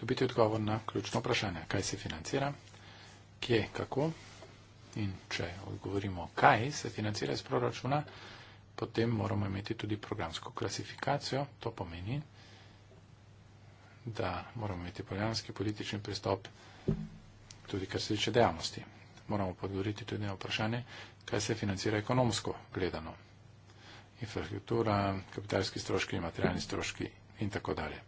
dobiti odgovor na ključno vprašanje, kaj se financira, kje, kako in če odgovorimo, kaj se financira iz proračuna, potem moramo imeti tudi programsko klasifikacijo, to pomeni, da moramo imeti programski politični pristop tudi kar se tiče dejavnosti. Moramo podgovoriti tudi na vprašanje, kaj se financira ekonomsko gledano infrastruktura, kapitalski stroški, materialni stroški in tako dalje.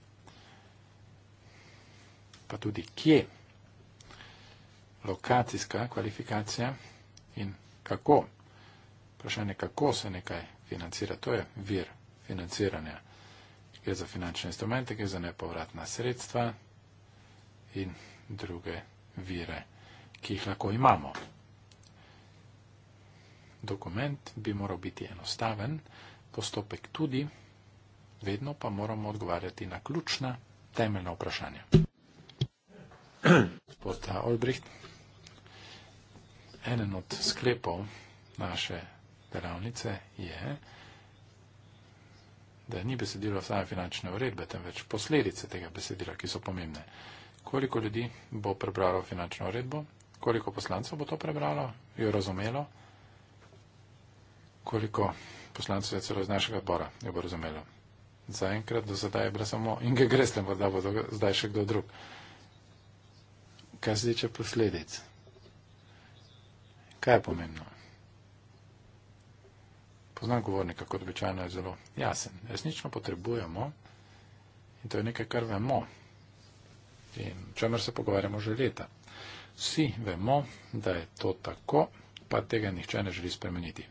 Pa tudi kje, lokacijska kvalifikacija in kako, vprašanje kako se nekaj financira, to je vir financiranja. Gre za finančne instrumente, gre za nepovratna sredstva in druge vire, ki jih lahko imamo dokument bi moral biti enostaven, postopek tudi, vedno pa moramo odgovarjati na ključna temeljna vprašanja. <clears throat> Gospod Olbricht, eden od sklepov naše delavnice je, da ni besedilo same finančne uredbe, temveč posledice tega besedila, ki so pomembne. Koliko ljudi bo prebralo finančno uredbo, koliko poslancev bo to prebralo, jo razumelo, koliko poslancev je celo iz našega odbora, je bo razumelo. Zaenkrat do zdaj je bilo samo Inge Greslem, da bo zdaj še kdo drug. Kaj se tiče posledic? Kaj je pomembno? Poznam govornika, kot običajno je zelo jasen. Resnično potrebujemo in to je nekaj, kar vemo. In čemer se pogovarjamo že leta. Vsi vemo, da je to tako, pa tega nihče ne želi spremeniti.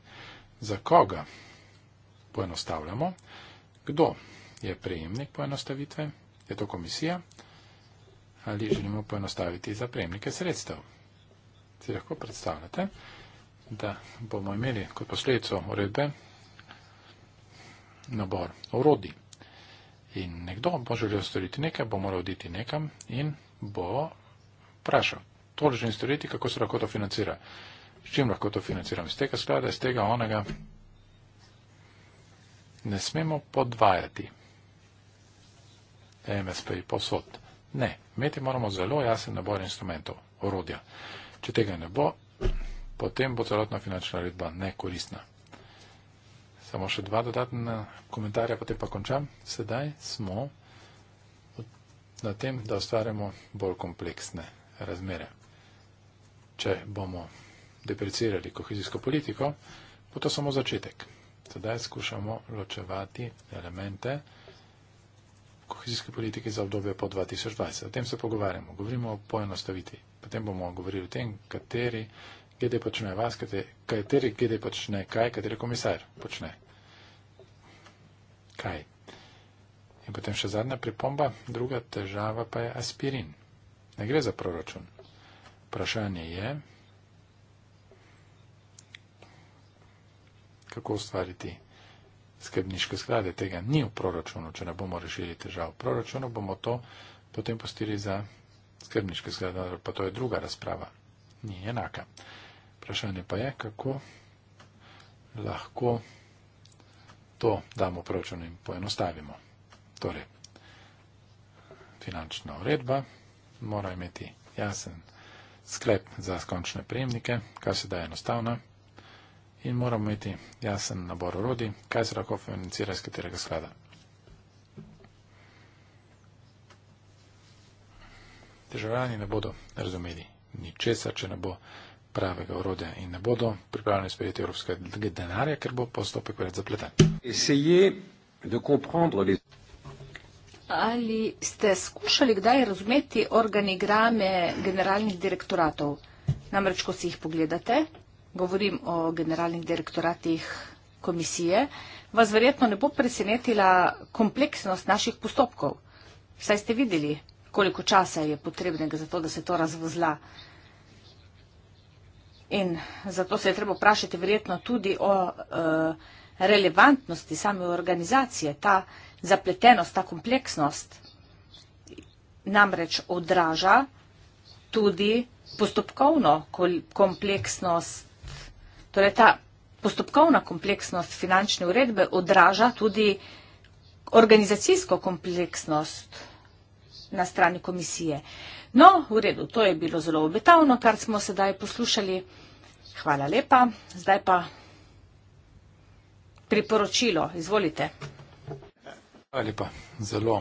Za koga poenostavljamo? Kdo je prejemnik poenostavitve? Je to komisija? Ali želimo poenostaviti za prejemnike sredstev? Si lahko predstavljate, da bomo imeli kot posledico uredbe nabor orodij. In nekdo bo želel storiti nekaj, bo moral oditi nekam in bo vprašal, to želim storiti, kako se lahko to financira. S čim lahko to financiramo? Z tega sklada, z tega onega. Ne smemo podvajati MSP-ji posod. Ne, imeti moramo zelo jasen nabor instrumentov, orodja. Če tega ne bo, potem bo celotna finančna redba nekoristna. Samo še dva dodatna komentarja, potem pa končam. Sedaj smo na tem, da ustvarjamo bolj kompleksne razmere. Če bomo deprecirali kohezijsko politiko, bo to samo začetek. Sedaj skušamo ločevati elemente kohezijske politike za obdobje po 2020. O tem se pogovarjamo, govorimo o poenostavitvi. Potem bomo govorili o tem, kateri GD počne vas, kateri GD počne kaj, kateri komisar počne kaj. In potem še zadnja pripomba, druga težava pa je aspirin. Ne gre za proračun. Vprašanje je, kako ustvariti skrbniške sklade. Tega ni v proračunu, če ne bomo rešili težav. V proračunu bomo to potem postili za skrbniške sklade, pa to je druga razprava. Ni enaka. Vprašanje pa je, kako lahko to damo v proračun in poenostavimo. Torej, finančna uredba mora imeti jasen sklep za skončne prejemnike, kar se da enostavno in moramo imeti jasen nabor urodi, kaj se lahko financira iz katerega sklada. Državljani ne bodo razumeli ničesa, če ne bo pravega urodja in ne bodo pripravljeni sprejeti evropskega denarja, ker bo postopek pred zapleten. Ali ste skušali kdaj razumeti organigrame generalnih direktoratov? Namreč, ko si jih pogledate, govorim o generalnih direktoratih komisije, vas verjetno ne bo presenetila kompleksnost naših postopkov. Saj ste videli, koliko časa je potrebnega za to, da se to razvozla. In zato se je treba vprašati verjetno tudi o uh, relevantnosti same organizacije, ta zapletenost, ta kompleksnost namreč odraža tudi postopkovno kompleksnost Torej ta postopkovna kompleksnost finančne uredbe odraža tudi organizacijsko kompleksnost na strani komisije. No, v redu, to je bilo zelo obetavno, kar smo sedaj poslušali. Hvala lepa. Zdaj pa priporočilo. Izvolite. Hvala lepa. Zelo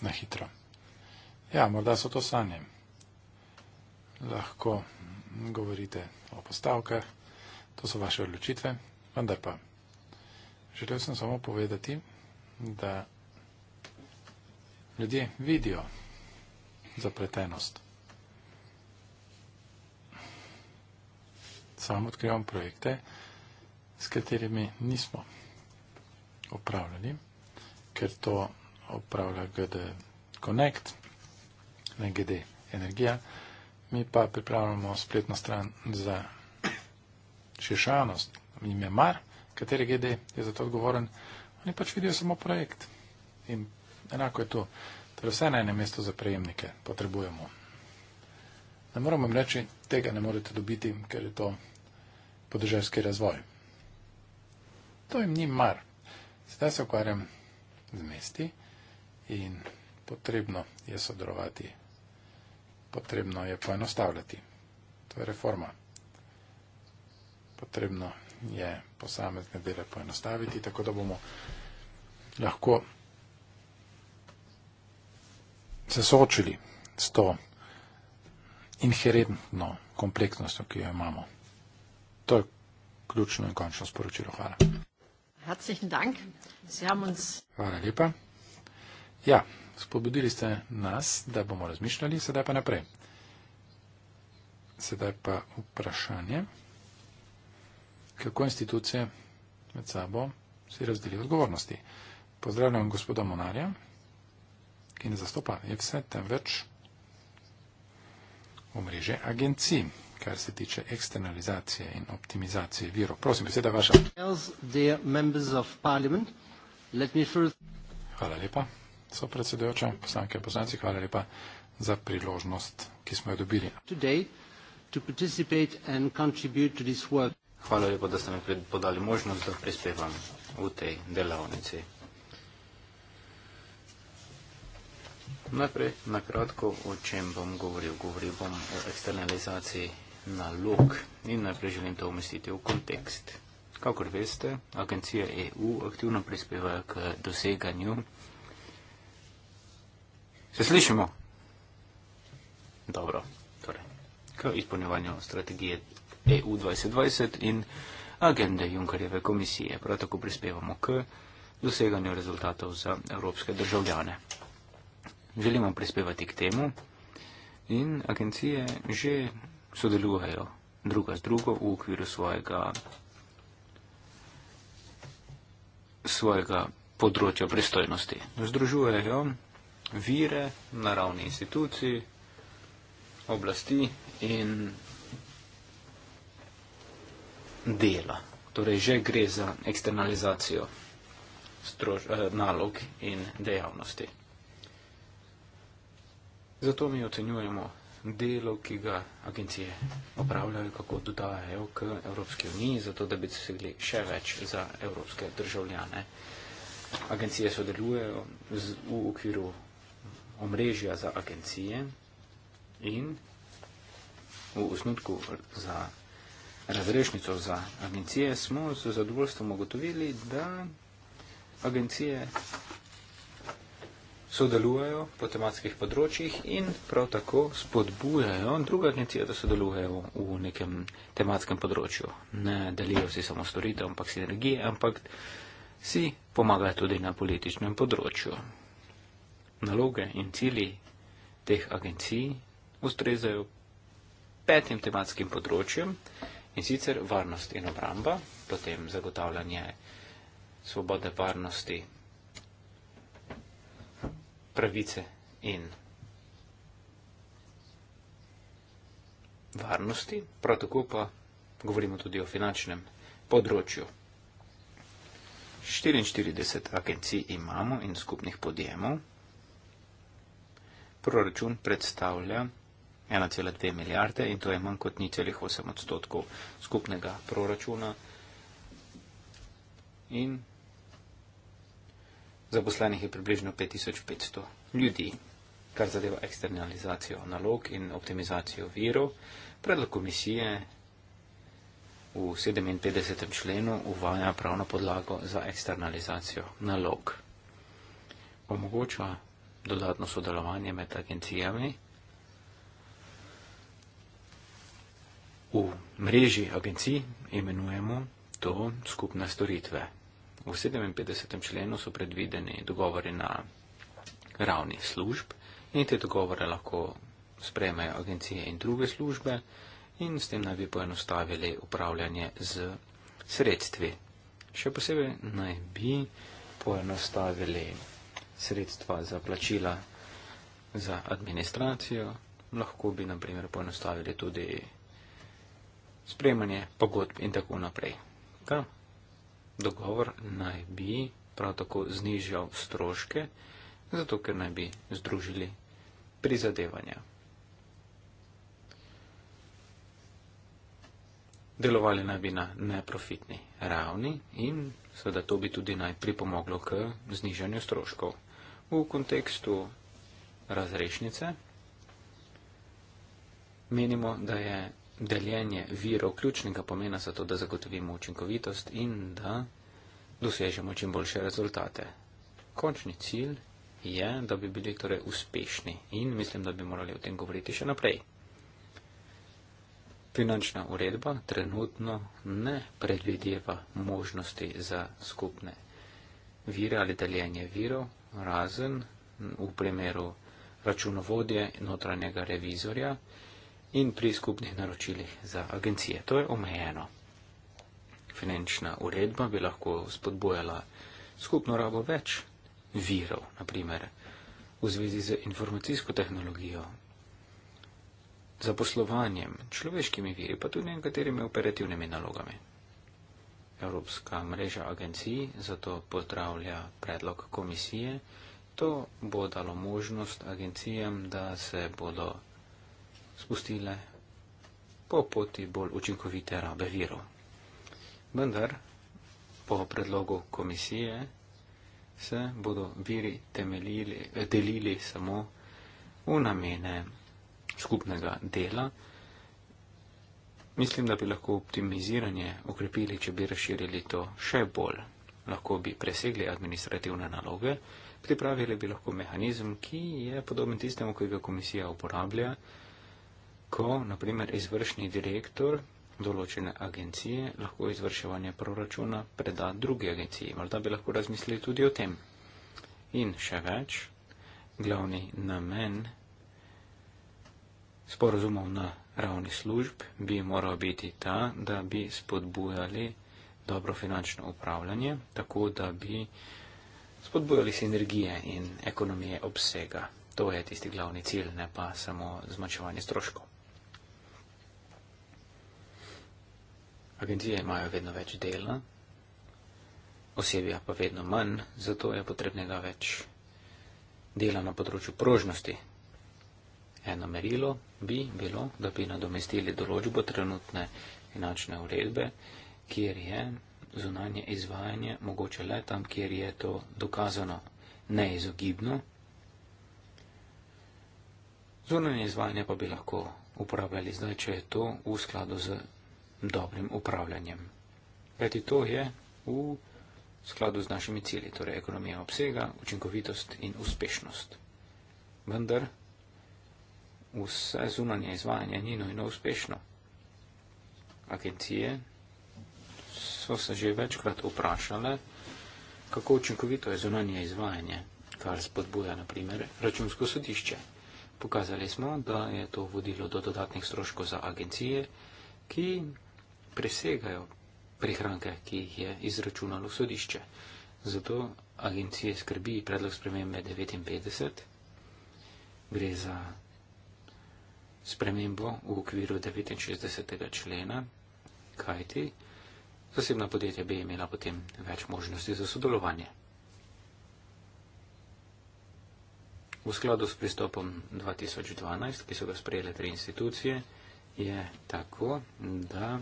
na hitro. Ja, morda so to sanje. Lahko govorite o postavkah to so vaše odločitve, vendar pa želel sem samo povedati, da ljudje vidijo zapletenost. Sam odkrivam projekte, s katerimi nismo upravljali, ker to upravlja GD Connect, ne GD Energija, mi pa pripravljamo spletno stran za šešanost, jim je mar, kateri GD je za to odgovoren, oni pač vidijo samo projekt. In enako je to. Torej vse na enem mestu za prejemnike potrebujemo. Ne moramo vam reči, tega ne morete dobiti, ker je to podeželjski razvoj. To jim ni mar. Sedaj se ukvarjam z mesti in potrebno je sodelovati, potrebno je poenostavljati. To je reforma potrebno je posamezne dele poenostaviti, tako da bomo lahko se soočili s to inherentno kompleksnostjo, ki jo imamo. To je ključno in končno sporočilo. Hvala. Hvala lepa. Ja, spodbudili ste nas, da bomo razmišljali, sedaj pa naprej. Sedaj pa vprašanje kako institucije med sabo si razdelijo odgovornosti. Pozdravljam gospoda Monarja, ki ne zastopa EFSE, temveč omrežje agencij, kar se tiče eksternalizacije in optimizacije virov. Prosim, beseda vaša. Hvala lepa, so predsedujoča, poslanke in poslanci, hvala lepa za priložnost, ki smo jo dobili. Today, to participate and contribute to this work. Hvala lepo, da ste mi podali možnost, da prispevam v tej delavnici. Najprej nakratko, o čem bom govoril. Govoril bom o eksternalizaciji nalog in najprej želim to umestiti v kontekst. Kakor veste, agencije EU aktivno prispevajo k doseganju. Se slišimo? Dobro, torej, k izpolnjevanju strategije 2.0. EU 2020 in agende Junkarjeve komisije. Prav tako prispevamo k doseganju rezultatov za evropske državljane. Želimo prispevati k temu in agencije že sodelujejo druga z drugo v okviru svojega, svojega področja pristojnosti. Združujejo vire na ravni institucij, oblasti in dela. Torej, že gre za eksternalizacijo strož, eh, nalog in dejavnosti. Zato mi ocenjujemo delo, ki ga agencije opravljajo, kako dodajajo k Evropski uniji, zato da bi dosegli še več za evropske državljane. Agencije sodelujejo z, v okviru omrežja za agencije in v osnutku za razrešnico za agencije, smo z zadovoljstvom ugotovili, da agencije sodelujejo po tematskih področjih in prav tako spodbujajo druge agencije, da sodelujejo v nekem tematskem področju. Ne delijo si samo storitev, ampak sinergije, ampak si pomagajo tudi na političnem področju. Naloge in cili teh agencij ustrezajo petim tematskim področjem. In sicer varnost in obramba, potem zagotavljanje svobode varnosti, pravice in varnosti, prav tako pa govorimo tudi o finančnem področju. 44 agencij imamo in skupnih podjemov. Proračun predstavlja 1,2 milijarde in to je manj kot 0,8 odstotkov skupnega proračuna. In zaposlenih je približno 5500 ljudi, kar zadeva eksternalizacijo nalog in optimizacijo virov. Predlog komisije v 57. členu uvaja pravno podlago za eksternalizacijo nalog. Omogoča dodatno sodelovanje med agencijami. V mreži agencij imenujemo to skupne storitve. V 57. členu so predvideni dogovori na ravni služb in te dogovore lahko sprejmejo agencije in druge službe in s tem naj bi poenostavili upravljanje z sredstvi. Še posebej naj bi poenostavili sredstva za plačila za administracijo, lahko bi na primer poenostavili tudi sprejemanje pogodb in tako naprej. Ta dogovor naj bi prav tako znižal stroške, zato ker naj bi združili prizadevanja. Delovali naj bi na neprofitni ravni in seveda to bi tudi naj pripomoglo k znižanju stroškov. V kontekstu razrešnice menimo, da je deljenje virov ključnega pomena za to, da zagotovimo učinkovitost in da dosežemo čim boljše rezultate. Končni cilj je, da bi bili torej uspešni in mislim, da bi morali o tem govoriti še naprej. Finančna uredba trenutno ne predvideva možnosti za skupne vire ali deljenje virov, razen v primeru računovodje in notranjega revizorja, in pri skupnih naročilih za agencije. To je omejeno. Finančna uredba bi lahko spodbojala skupno rabo več virov, naprimer v zvezi z informacijsko tehnologijo, zaposlovanjem, človeškimi viri, pa tudi nekaterimi operativnimi nalogami. Evropska mreža agencij zato pozdravlja predlog komisije. To bo dalo možnost agencijam, da se bodo spustile po poti bolj učinkovite rabe virov. Vendar po predlogu komisije se bodo viri temeljili, delili samo v namene skupnega dela. Mislim, da bi lahko optimiziranje okrepili, če bi razširili to še bolj. Lahko bi presegli administrativne naloge, pripravili bi lahko mehanizem, ki je podoben tistemu, ki ga komisija uporablja ko, naprimer, izvršni direktor določene agencije lahko izvrševanje proračuna preda drugi agenciji. Morda bi lahko razmislili tudi o tem. In še več, glavni namen sporozumov na ravni služb bi moral biti ta, da bi spodbujali dobro finančno upravljanje, tako da bi spodbujali sinergije in ekonomije obsega. To je tisti glavni cilj, ne pa samo zmanjševanje stroškov. Agencije imajo vedno več dela, osebja pa vedno manj, zato je potrebnega več dela na področju prožnosti. Eno merilo bi bilo, da bi nadomestili določbo trenutne finančne uredbe, kjer je zunanje izvajanje mogoče le tam, kjer je to dokazano neizogibno. Zunanje izvajanje pa bi lahko uporabljali zdaj, če je to v skladu z dobrim upravljanjem. Kajti to je v skladu z našimi cilji, torej ekonomija obsega, učinkovitost in uspešnost. Vendar vse zunanje izvajanje ni nojno uspešno. Agencije so se že večkrat vprašale, kako učinkovito je zunanje izvajanje, kar spodbuja naprimer računsko sodišče. Pokazali smo, da je to vodilo do dodatnih stroškov za agencije, ki presegajo prihranke, ki jih je izračunalo sodišče. Zato agencije skrbi predlog spremembe 59. Gre za spremembo v okviru 69. člena, kajti zasebna podjetja bi imela potem več možnosti za sodelovanje. V skladu s pristopom 2012, ki so ga sprejele tri institucije, je tako, da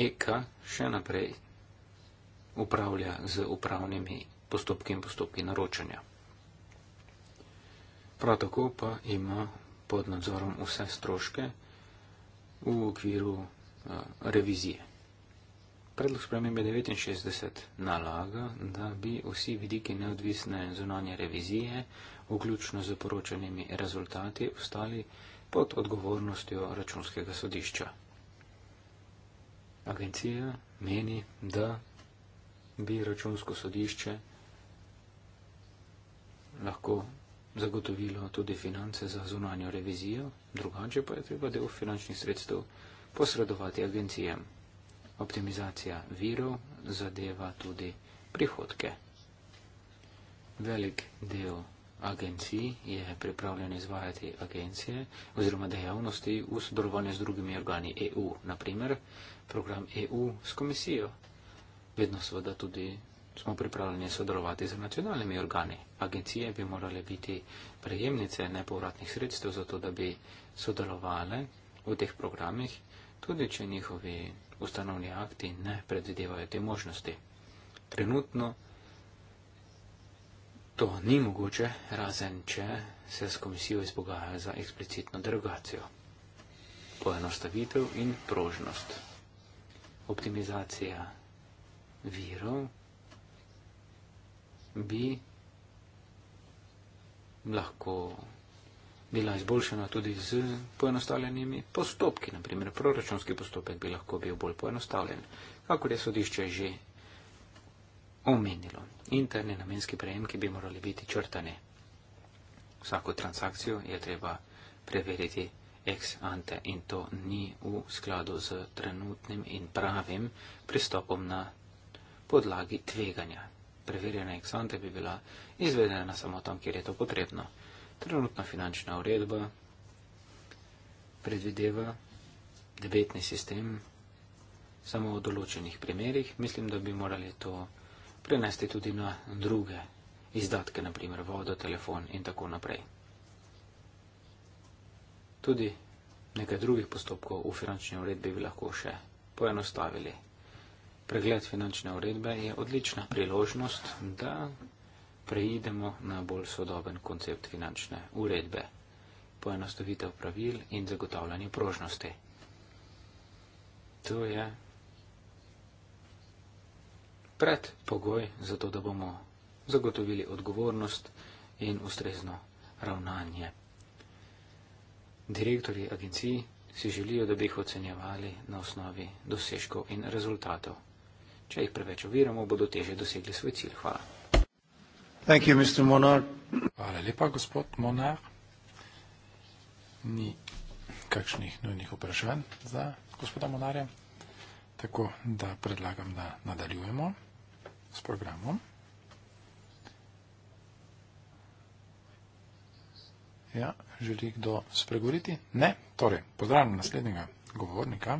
Eka še naprej upravlja z upravnimi postopki in postopki naročanja. Prav tako pa ima pod nadzorom vse stroške v okviru eh, revizije. Predlog spremembe 69 nalaga, da bi vsi vidiki neodvisne zunanje revizije, vključno z poročanimi rezultati, ostali pod odgovornostjo računskega sodišča agencija meni, da bi računsko sodišče lahko zagotovilo tudi finance za zunanjo revizijo, drugače pa je treba del finančnih sredstev posredovati agencijem. Optimizacija virov zadeva tudi prihodke. Velik del agencij je pripravljen izvajati agencije oziroma dejavnosti v sodelovanju z drugimi organi EU, naprimer program EU s komisijo. Vedno seveda tudi smo pripravljeni sodelovati z nacionalnimi organi. Agencije bi morale biti prejemnice nepovratnih sredstev za to, da bi sodelovali v teh programih, tudi če njihovi ustanovni akti ne predvidevajo te možnosti. Trenutno To ni mogoče, razen če se s komisijo izpogajajo za eksplicitno derogacijo. Poenostavitev in prožnost. Optimizacija virov bi lahko bila izboljšana tudi z poenostavljenimi postopki. Naprimer, proračunski postopek bi lahko bil bolj poenostavljen, kakor je sodišče že omenilo interni namenski prejemki bi morali biti črtani. Vsako transakcijo je treba preveriti ex ante in to ni v skladu z trenutnim in pravim pristopom na podlagi tveganja. Preverjena ex ante bi bila izvedena samo tam, kjer je to potrebno. Trenutna finančna uredba predvideva debetni sistem samo v določenih primerjih. Mislim, da bi morali to prenesti tudi na druge izdatke, naprimer vodo, telefon in tako naprej. Tudi nekaj drugih postopkov v finančni uredbi bi lahko še poenostavili. Pregled finančne uredbe je odlična priložnost, da preidemo na bolj sodoben koncept finančne uredbe, poenostavitev pravil in zagotavljanje prožnosti. To je predpogoj za to, da bomo zagotovili odgovornost in ustrezno ravnanje. Direktori agencij si želijo, da bi jih ocenjevali na osnovi dosežkov in rezultatov. Če jih preveč oviramo, bodo teže dosegli svoj cilj. Hvala. Thank you, Mr. Monar. Hvala lepa, gospod Monar. Ni kakšnih nujnih vprašanj za gospoda Monarja. Tako da predlagam, da nadaljujemo s programom. Ja, želi kdo spregovoriti? Ne, torej, pozdravljam naslednjega govornika.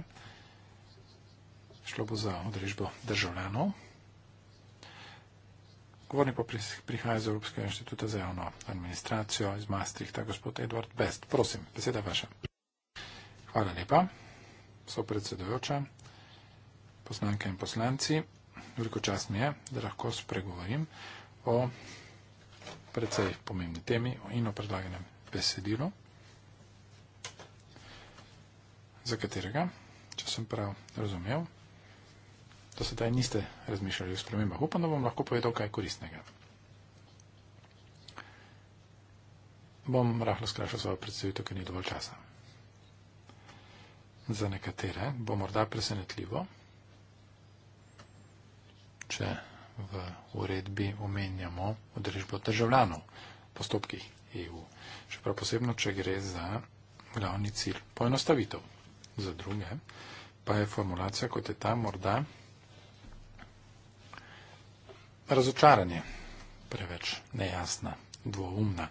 Šlo bo za odrežbo državljanov. Govornik pa prihaja iz Evropskega inštituta za javno administracijo iz Maastrichta, gospod Edward Best. Prosim, beseda vaša. Hvala lepa. So predsedojoča, poslanke in poslanci veliko čas mi je, da lahko spregovorim o predvsej pomembni temi in o predlaganem besedilu, za katerega, če sem prav razumel, do sedaj niste razmišljali o spremembah. Upam, da bom lahko povedal kaj koristnega. Bom rahlo skrašal svojo predstavitev, ker ni dovolj časa. Za nekatere bo morda presenetljivo, da bom če v uredbi omenjamo odrežbo državljanov v postopkih EU. Še prav posebno, če gre za glavni cilj poenostavitev. Za druge pa je formulacija, kot je ta, morda razočaranje preveč nejasna, dvoumna,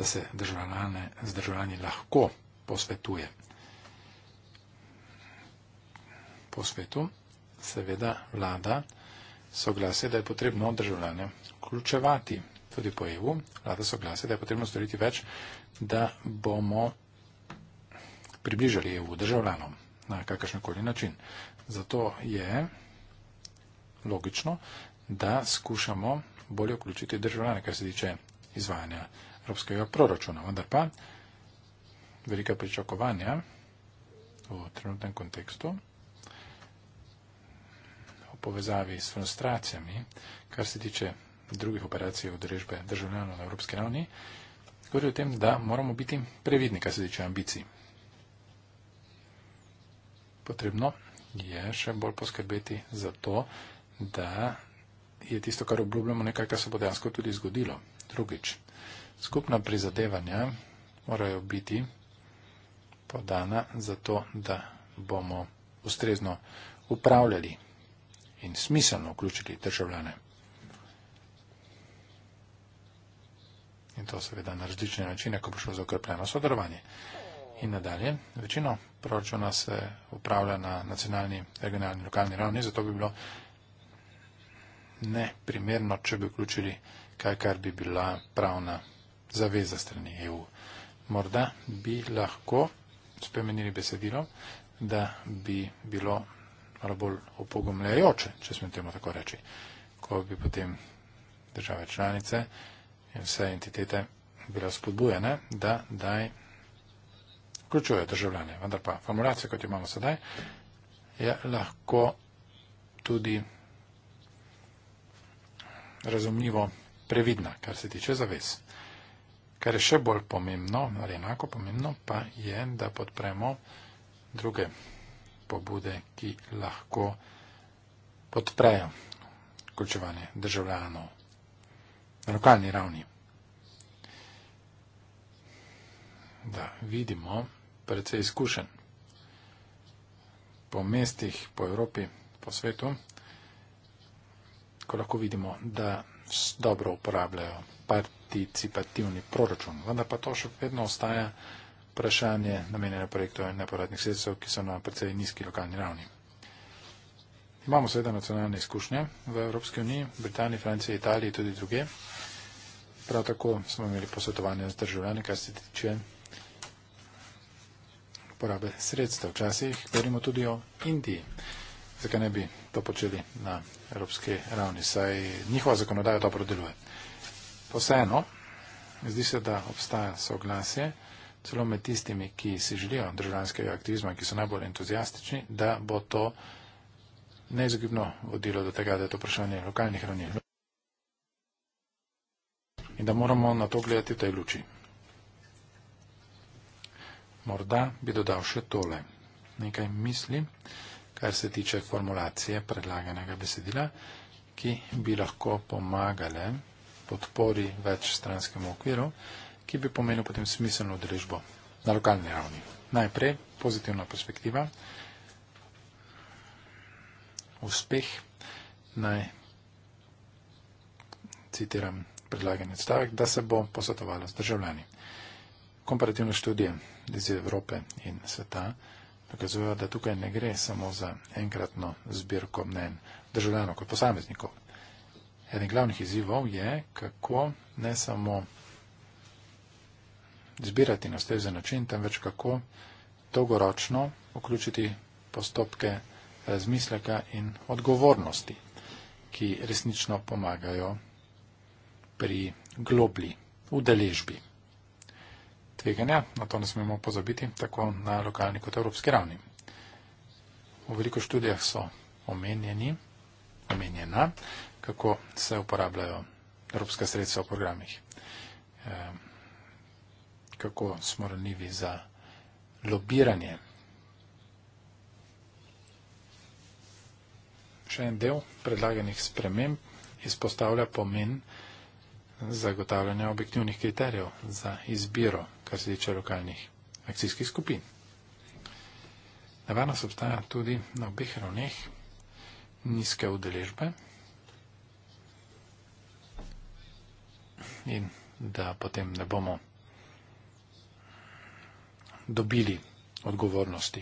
da se državljane z državljani lahko posvetuje. Po svetu seveda vlada soglasje, da je potrebno državljane vključevati tudi po EU. Vlada soglasje, da je potrebno storiti več, da bomo približali EU državljanom na kakršenkoli način. Zato je logično, da skušamo bolje vključiti državljane, kar se tiče izvajanja evropskega proračuna. Vendar pa velika pričakovanja v trenutnem kontekstu povezavi s frustracijami, kar se tiče drugih operacij odrežbe državljanov na evropski ravni, govori o tem, da moramo biti previdni, kar se tiče ambicij. Potrebno je še bolj poskrbeti za to, da je tisto, kar obljubljamo, nekaj, kar se bo dejansko tudi zgodilo. Drugič, skupna prizadevanja morajo biti podana za to, da bomo ustrezno upravljali in smiselno vključiti državljane. In to seveda na različne načine, ko bo šlo za okrepljeno sodelovanje. In nadalje, večino proračuna se upravlja na nacionalni, regionalni, lokalni ravni, zato bi bilo neprimerno, če bi vključili kaj, kar bi bila pravna zaveza strani EU. Morda bi lahko spremenili besedilo, da bi bilo malo bolj opogumljajoče, če smem temu tako reči, ko bi potem države članice in vse entitete bile spodbujene, da daj vključujejo državljane. Vendar pa formulacija, kot jo imamo sedaj, je lahko tudi razumljivo previdna, kar se tiče zavez. Kar je še bolj pomembno, ali enako pomembno, pa je, da podpremo druge pobude, ki lahko podprejo vključevanje državljanov na lokalni ravni. Da vidimo, predvsej izkušen po mestih, po Evropi, po svetu, ko lahko vidimo, da dobro uporabljajo participativni proračun. Vendar pa to še vedno ostaja vprašanje namenjeno projektov in neporadnih sredstev, ki so na precej nizki lokalni ravni. Imamo seveda nacionalne izkušnje v Evropski uniji, Britaniji, Franciji, Italiji, tudi druge. Prav tako smo imeli posvetovanje z državljani, kar se tiče uporabe sredstev. Včasih govorimo tudi o Indiji. Zakaj ne bi to počeli na evropski ravni, saj njihova zakonodaja dobro deluje. Vseeno, zdi se, da obstaja soglasje, celo med tistimi, ki si želijo državljanskega aktivizma, ki so najbolj entuzijastični, da bo to neizogibno vodilo do tega, da je to vprašanje lokalnih ravni. In da moramo na to gledati v tej luči. Morda bi dodal še tole. Nekaj misli, kar se tiče formulacije predlaganega besedila, ki bi lahko pomagale podpori večstranskemu okviru, ki bi pomenil potem smiselno udeležbo na lokalni ravni. Najprej pozitivna perspektiva. Uspeh naj citiram predlagan odstavek, da se bo posvetovalo z državljani. Komparativne študije iz Evrope in sveta dokazujejo, da tukaj ne gre samo za enkratno zbirko mnen državljanov kot posameznikov. Eden glavnih izzivov je, kako ne samo zbirati na steze način, temveč kako dolgoročno vključiti postopke razmisleka in odgovornosti, ki resnično pomagajo pri globli udeležbi. Tveganja, na to ne smemo pozabiti, tako na lokalni kot evropski ravni. V veliko študijah so omenjeni, omenjena, kako se uporabljajo evropska sredstva v programih. E, kako smo ranljivi za lobiranje. Še en del predlaganih sprememb izpostavlja pomen zagotavljanja objektivnih kriterijev za izbiro, kar se tiče lokalnih akcijskih skupin. Nevarnost obstaja tudi na obeh ravneh nizke udeležbe in da potem ne bomo dobili odgovornosti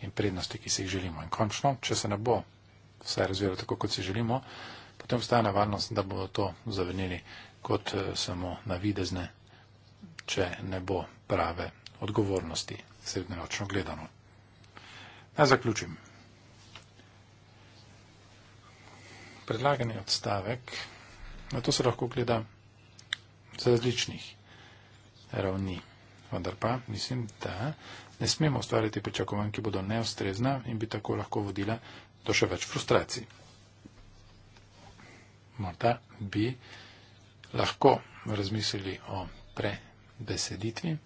in prednosti, ki si jih želimo. In končno, če se ne bo vse razvijalo tako, kot si želimo, potem obstaja nevarnost, da bodo to zavrnili kot eh, samo navidezne, če ne bo prave odgovornosti, srednjeročno gledano. Naj zaključim. Predlagani odstavek, na to se lahko gleda z različnih ravni vendar pa mislim, da ne smemo ustvarjati pričakovanj, ki bodo neostrezna in bi tako lahko vodila do še več frustracij. Morda bi lahko razmislili o prebeseditvi,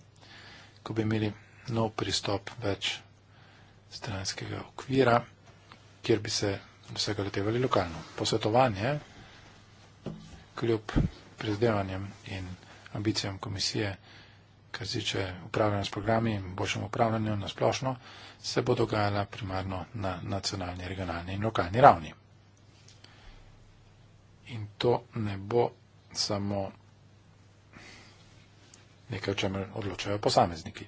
ko bi imeli nov pristop več stranskega okvira, kjer bi se vsega letevali lokalno. Posvetovanje kljub prizdevanjem in ambicijam komisije kar ziče upravljanja s programi in boljšem upravljanju na splošno, se bo dogajala primarno na nacionalni, regionalni in lokalni ravni. In to ne bo samo nekaj, o čemer odločajo posamezniki.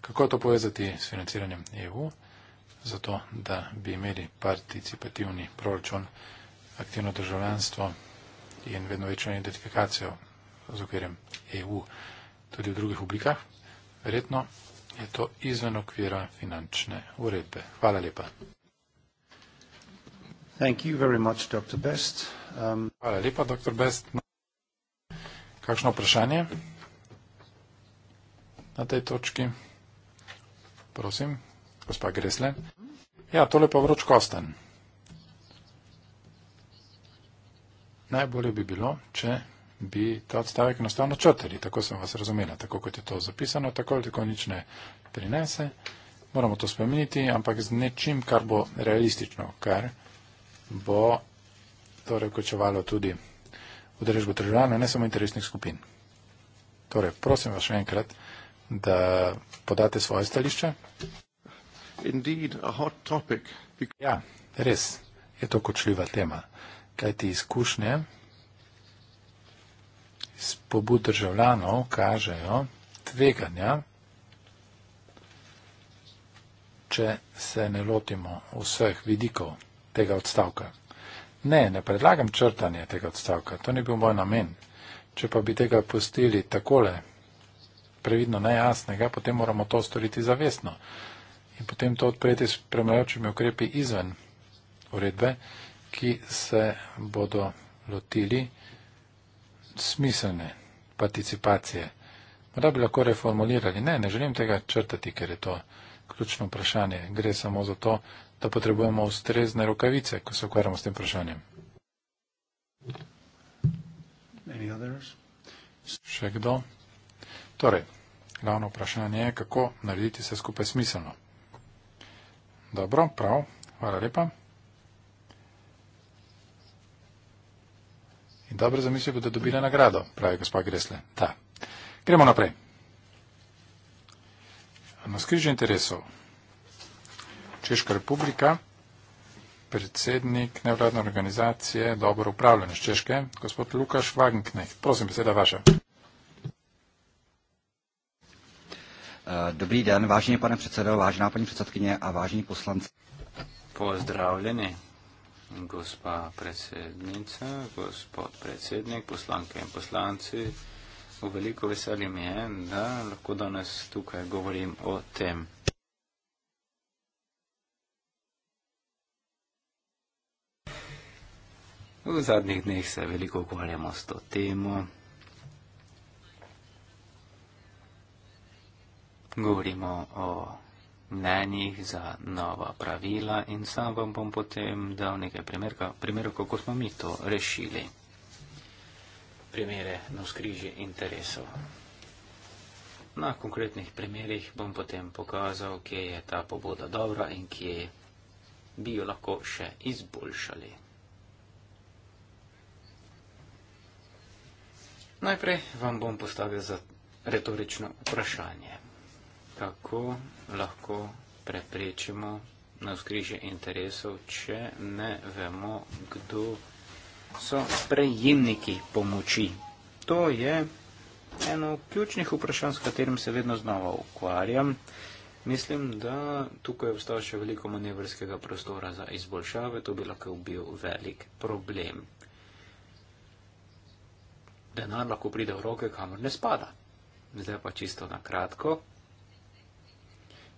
Kako to povezati s financiranjem EU, zato da bi imeli participativni proračun, aktivno državljanstvo in vedno večjo identifikacijo z okvirjem EU? tudi v drugih oblikah. Verjetno je to izven okvira finančne uredbe. Hvala lepa. Much, um... Hvala lepa, dr. Best. No, kakšno vprašanje na tej točki? Prosim, gospa Gresle. Ja, tole pa vroč kosten. Najbolje bi bilo, če bi ta odstavek enostavno črtali, tako sem vas razumela, tako kot je to zapisano, tako ali tako nič ne prinese. Moramo to spremeniti, ampak z nečim, kar bo realistično, kar bo torej vključevalo tudi udeležbo državljanov, ne samo interesnih skupin. Torej, prosim vas še enkrat, da podate svoje stališče. Indeed, ja, res je to kočljiva tema, kajti izkušnje pobud državljanov kažejo tveganja, če se ne lotimo vseh vidikov tega odstavka. Ne, ne predlagam črtanje tega odstavka, to ni bil moj namen. Če pa bi tega pustili takole, previdno nejasnega, potem moramo to storiti zavestno. In potem to odpreti s premajočimi ukrepi izven uredbe, ki se bodo lotili smiselne participacije. Morda bi lahko reformulirali. Ne, ne želim tega črtati, ker je to ključno vprašanje. Gre samo za to, da potrebujemo ustrezne rokavice, ko se ukvarjamo s tem vprašanjem. Še kdo? Torej, glavno vprašanje je, kako narediti vse skupaj smiselno. Dobro, prav, hvala lepa. in dobro zamislil, da dobila nagrado, pravi gospa Gresle. Da. Gremo naprej. Na skrižju interesov. Češka republika, predsednik nevladne organizacije Dobro upravljanje Češke, gospod Lukaš Vagenknecht. Prosim, beseda vaša. Eh, dobrý den, vážený pane předsedo, vážená paní předsedkyně a vážení poslanci. Pozdravljeni gospa predsednica, gospod predsednik, poslanke in poslanci. V veliko veselje mi je, da lahko danes tukaj govorim o tem. V zadnjih dneh se veliko ukvarjamo s to temo. Govorimo o mnenjih, za nova pravila in sam vam bom potem dal nekaj primerov, kako smo mi to rešili. Primere na skriži interesov. Na konkretnih primerjih bom potem pokazal, kje je ta pobuda dobra in kje bi jo lahko še izboljšali. Najprej vam bom postavil za retorično vprašanje. Kako lahko preprečimo navzkrižje interesov, če ne vemo, kdo so prejemniki pomoči. To je eno ključnih vprašanj, s katerim se vedno znova ukvarjam. Mislim, da tukaj je obstajalo še veliko manevrskega prostora za izboljšave, to bi lahko bil velik problem. Denar lahko pride v roke, kamor ne spada. Zdaj pa čisto na kratko,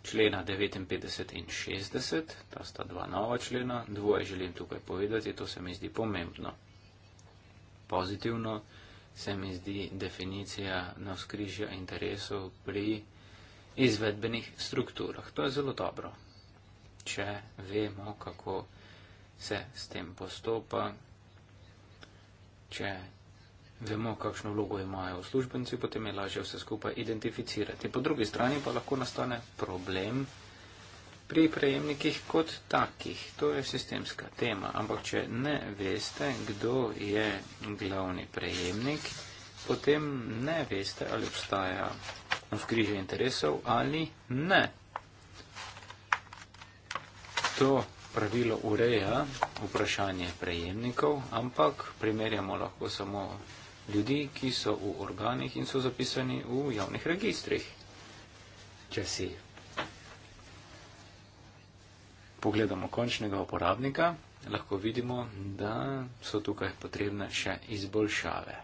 člena 59 in 60, ta sta dva nova člena, dvoje želim tukaj povedati, to se mi zdi pomembno. Pozitivno se mi zdi definicija navskrižja interesov pri izvedbenih strukturah. To je zelo dobro, če vemo, kako se s tem postopa, če vemo, kakšno vlogo imajo uslužbenci, potem je lažje vse skupaj identificirati. Po drugi strani pa lahko nastane problem pri prejemnikih kot takih. To je sistemska tema. Ampak če ne veste, kdo je glavni prejemnik, potem ne veste, ali obstaja v križe interesov ali ne. To pravilo ureja vprašanje prejemnikov, ampak primerjamo lahko samo ljudi, ki so v organih in so zapisani v javnih registrih. Če si pogledamo končnega uporabnika, lahko vidimo, da so tukaj potrebne še izboljšave.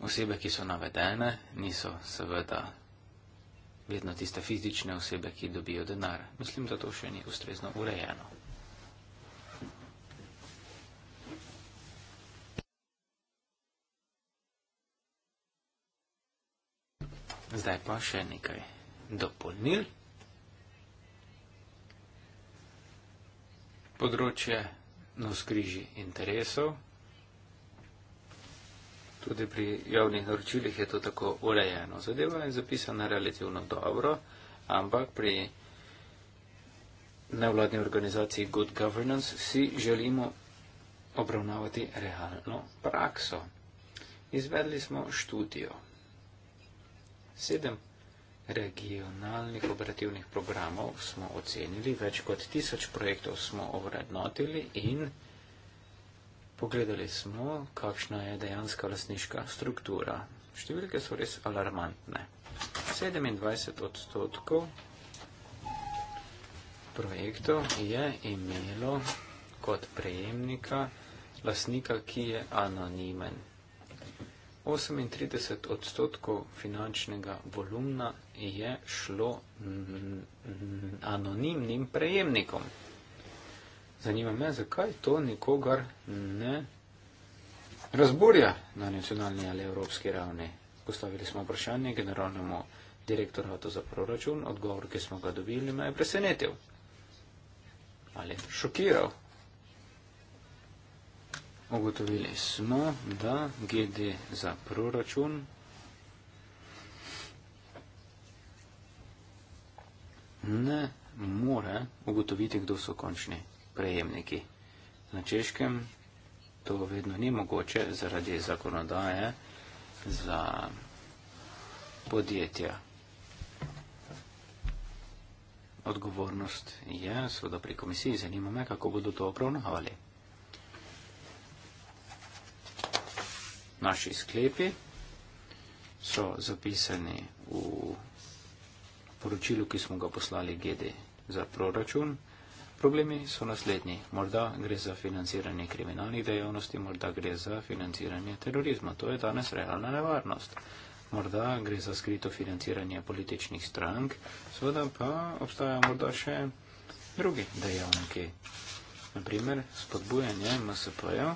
Osebe, ki so navedene, niso seveda vedno tiste fizične osebe, ki dobijo denar. Mislim, da to še ni ustrezno urejeno. Zdaj pa še nekaj dopolnil. Področje na skriži interesov. Tudi pri javnih naročilih je to tako urejeno. Zadeva je zapisana relativno dobro, ampak pri nevladni organizaciji Good Governance si želimo obravnavati realno prakso. Izvedli smo študijo. Sedem regionalnih operativnih programov smo ocenili, več kot tisoč projektov smo ovrednotili in pogledali smo, kakšna je dejanska lasniška struktura. Številke so res alarmantne. 27 odstotkov projektov je imelo kot prejemnika lasnika, ki je anonimen. 38 odstotkov finančnega volumna je šlo anonimnim prejemnikom. Zanima me, zakaj to nikogar ne razburja na nacionalni ali evropski ravni. Postavili smo vprašanje generalnemu direktoratu za proračun, odgovor, ki smo ga dobili, me je presenetil ali šokiral. Ugotovili smo, da GD za proračun ne more ugotoviti, kdo so končni prejemniki. Na češkem to vedno ni mogoče zaradi zakonodaje za podjetja. Odgovornost je, seveda pri komisiji, zanima me, kako bodo to obravnavali. naši sklepi so zapisani v poročilu, ki smo ga poslali GD za proračun. Problemi so naslednji. Morda gre za financiranje kriminalnih dejavnosti, morda gre za financiranje terorizma. To je danes realna nevarnost. Morda gre za skrito financiranje političnih strank, seveda pa obstajajo morda še drugi dejavniki. Naprimer, spodbujanje MSP-jev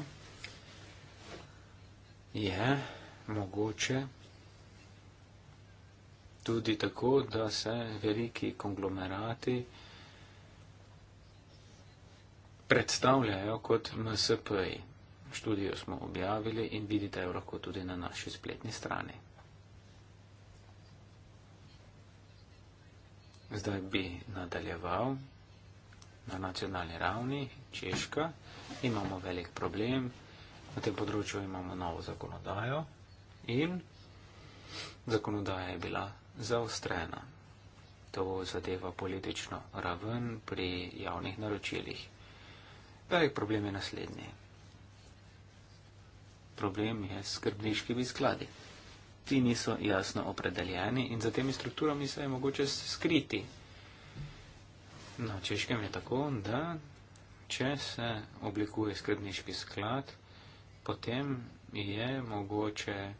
je mogoče tudi tako, da se veliki konglomerati predstavljajo kot MSP-ji. Študijo smo objavili in vidite jo lahko tudi na naši spletni strani. Zdaj bi nadaljeval na nacionalni ravni Češka. Imamo velik problem na tem področju imamo novo zakonodajo in zakonodaja je bila zaostrena. To zadeva politično raven pri javnih naročilih. Velik problem je naslednji. Problem je skrbniški skladi. Ti niso jasno opredeljeni in za temi strukturami se je mogoče skriti. Na no, češkem je tako, da če se oblikuje skrbniški sklad, potem je mogoče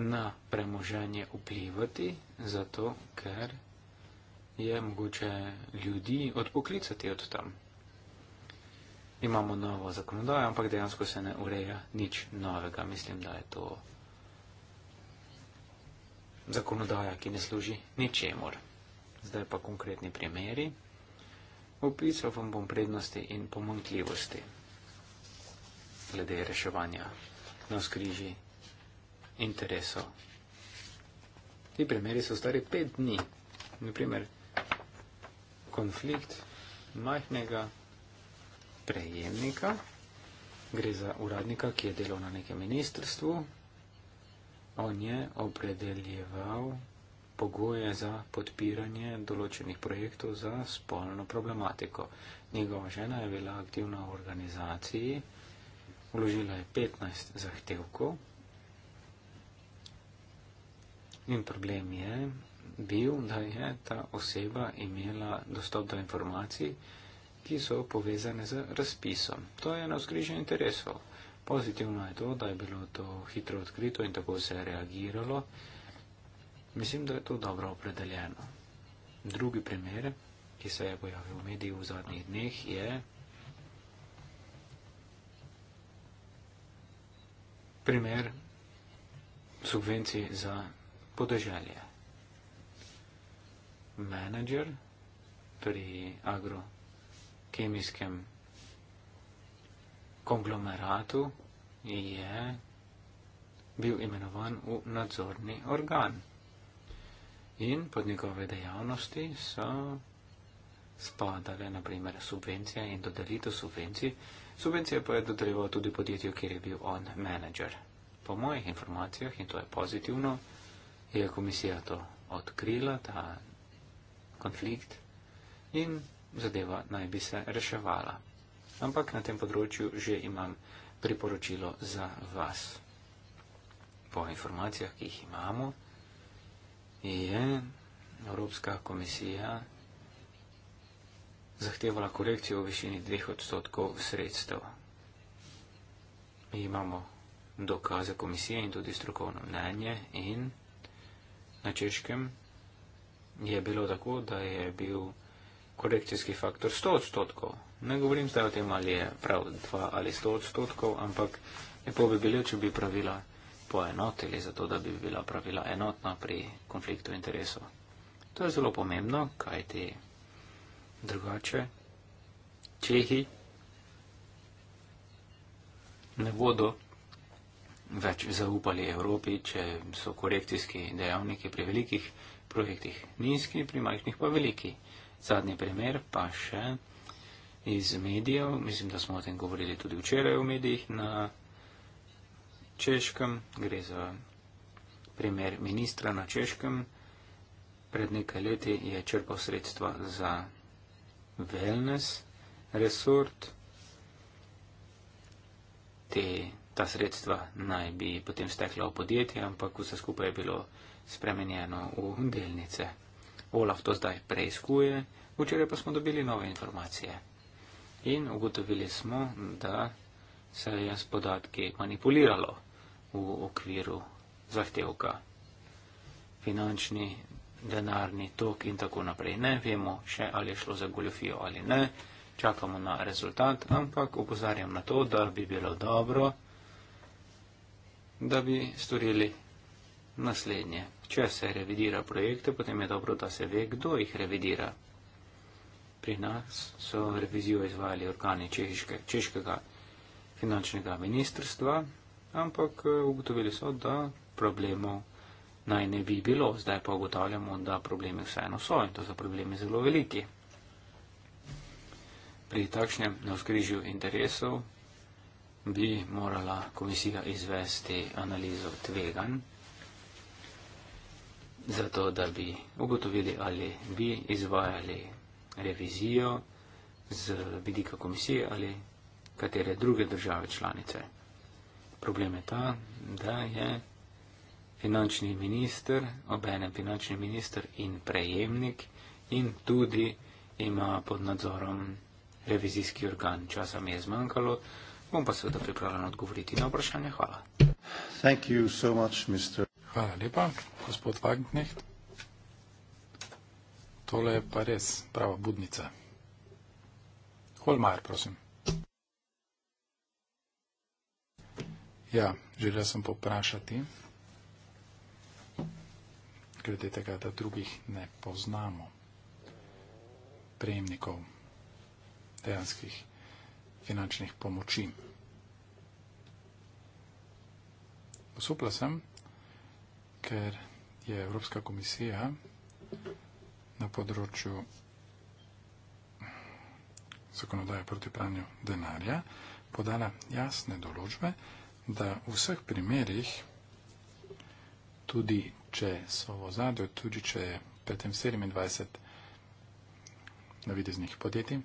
na premoženje vplivati, zato ker je mogoče ljudi odpoklicati od tam. Imamo novo zakonodajo, ampak dejansko se ne ureja nič novega. Mislim, da je to zakonodaja, ki ne služi ničemor. Zdaj pa konkretni primeri. Opisal vam bom prednosti in pomankljivosti glede reševanja na skriži interesov. Ti primeri so stari pet dni. Naprimer, konflikt majhnega prejemnika, gre za uradnika, ki je delal na nekem ministrstvu, on je opredeljeval pogoje za podpiranje določenih projektov za spolno problematiko. Njegova žena je bila aktivna v organizaciji, vložila je 15 zahtevkov in problem je bil, da je ta oseba imela dostop do informacij, ki so povezane z razpisom. To je na vzgrižen interesov. Pozitivno je to, da je bilo to hitro odkrito in tako se je reagiralo. Mislim, da je to dobro opredeljeno. Drugi primer, ki se je pojavil v mediji v zadnjih dneh, je primer subvencij za podeželje. Menedžer pri agrokemijskem konglomeratu je bil imenovan v nadzorni organ. In pod njegove dejavnosti so spadale naprimer subvencije in dodelitev subvencij, Subvencije pa je dodeljeval tudi podjetju, kjer je bil on menedžer. Po mojih informacijah, in to je pozitivno, je komisija to odkrila, ta konflikt, in zadeva naj bi se reševala. Ampak na tem področju že imam priporočilo za vas. Po informacijah, ki jih imamo, je Evropska komisija zahtevala korekcijo v višini 2 odstotkov sredstev. Mi imamo dokaze komisije in tudi strokovno mnenje in na češkem je bilo tako, da je bil korekcijski faktor 100 odstotkov. Ne govorim zdaj o tem, ali je prav 2 ali 100 odstotkov, ampak lepo bi bilo, če bi pravila poenotili, zato da bi bila pravila enotna pri konfliktu interesov. To je zelo pomembno, kaj ti. Te drugače, čehi ne bodo več zaupali Evropi, če so korekcijski dejavniki pri velikih projektih nizki, pri majhnih pa veliki. Zadnji primer pa še iz medijev, mislim, da smo o tem govorili tudi včeraj v medijih na Češkem, gre za primer ministra na Češkem. Pred nekaj leti je črpal sredstva za wellness resort. Te, ta sredstva naj bi potem stekla v podjetje, ampak vse skupaj je bilo spremenjeno v delnice. Olaf to zdaj preizkuje, včeraj pa smo dobili nove informacije. In ugotovili smo, da se je s podatki manipuliralo v okviru zahtevka. Finančni denarni tok in tako naprej. Ne vemo še, ali je šlo za goljofijo ali ne, čakamo na rezultat, ampak upozarjam na to, da bi bilo dobro, da bi storili naslednje. Če se revidira projekte, potem je dobro, da se ve, kdo jih revidira. Pri nas so revizijo izvajali organi Češke, Češkega finančnega ministrstva, ampak eh, ugotovili so, da problemov naj ne bi bilo, zdaj pa ugotavljamo, da problemi vseeno so in to so problemi zelo veliki. Pri takšnem navskrižju interesov bi morala komisija izvesti analizo tveganj, zato da bi ugotovili ali bi izvajali revizijo z vidika komisije ali katere druge države članice. Problem je ta, da je finančni minister, obenem finančni minister in prejemnik in tudi ima pod nadzorom revizijski organ. Časa mi je zmanjkalo, bom pa seveda pripravljen odgovoriti na vprašanje. Hvala. Thank you so much, Mr. Hvala lepa, gospod Wagenknecht. Tole je pa res prava budnica. Holmar, prosim. Ja, želel sem poprašati glede tega, da drugih ne poznamo, prejemnikov dejanskih finančnih pomoči. Posupla sem, ker je Evropska komisija na področju zakonodaje proti pranju denarja podala jasne določbe, da v vseh primerih tudi če so v ozadju, tudi če je petem 27 navideznih podjetij,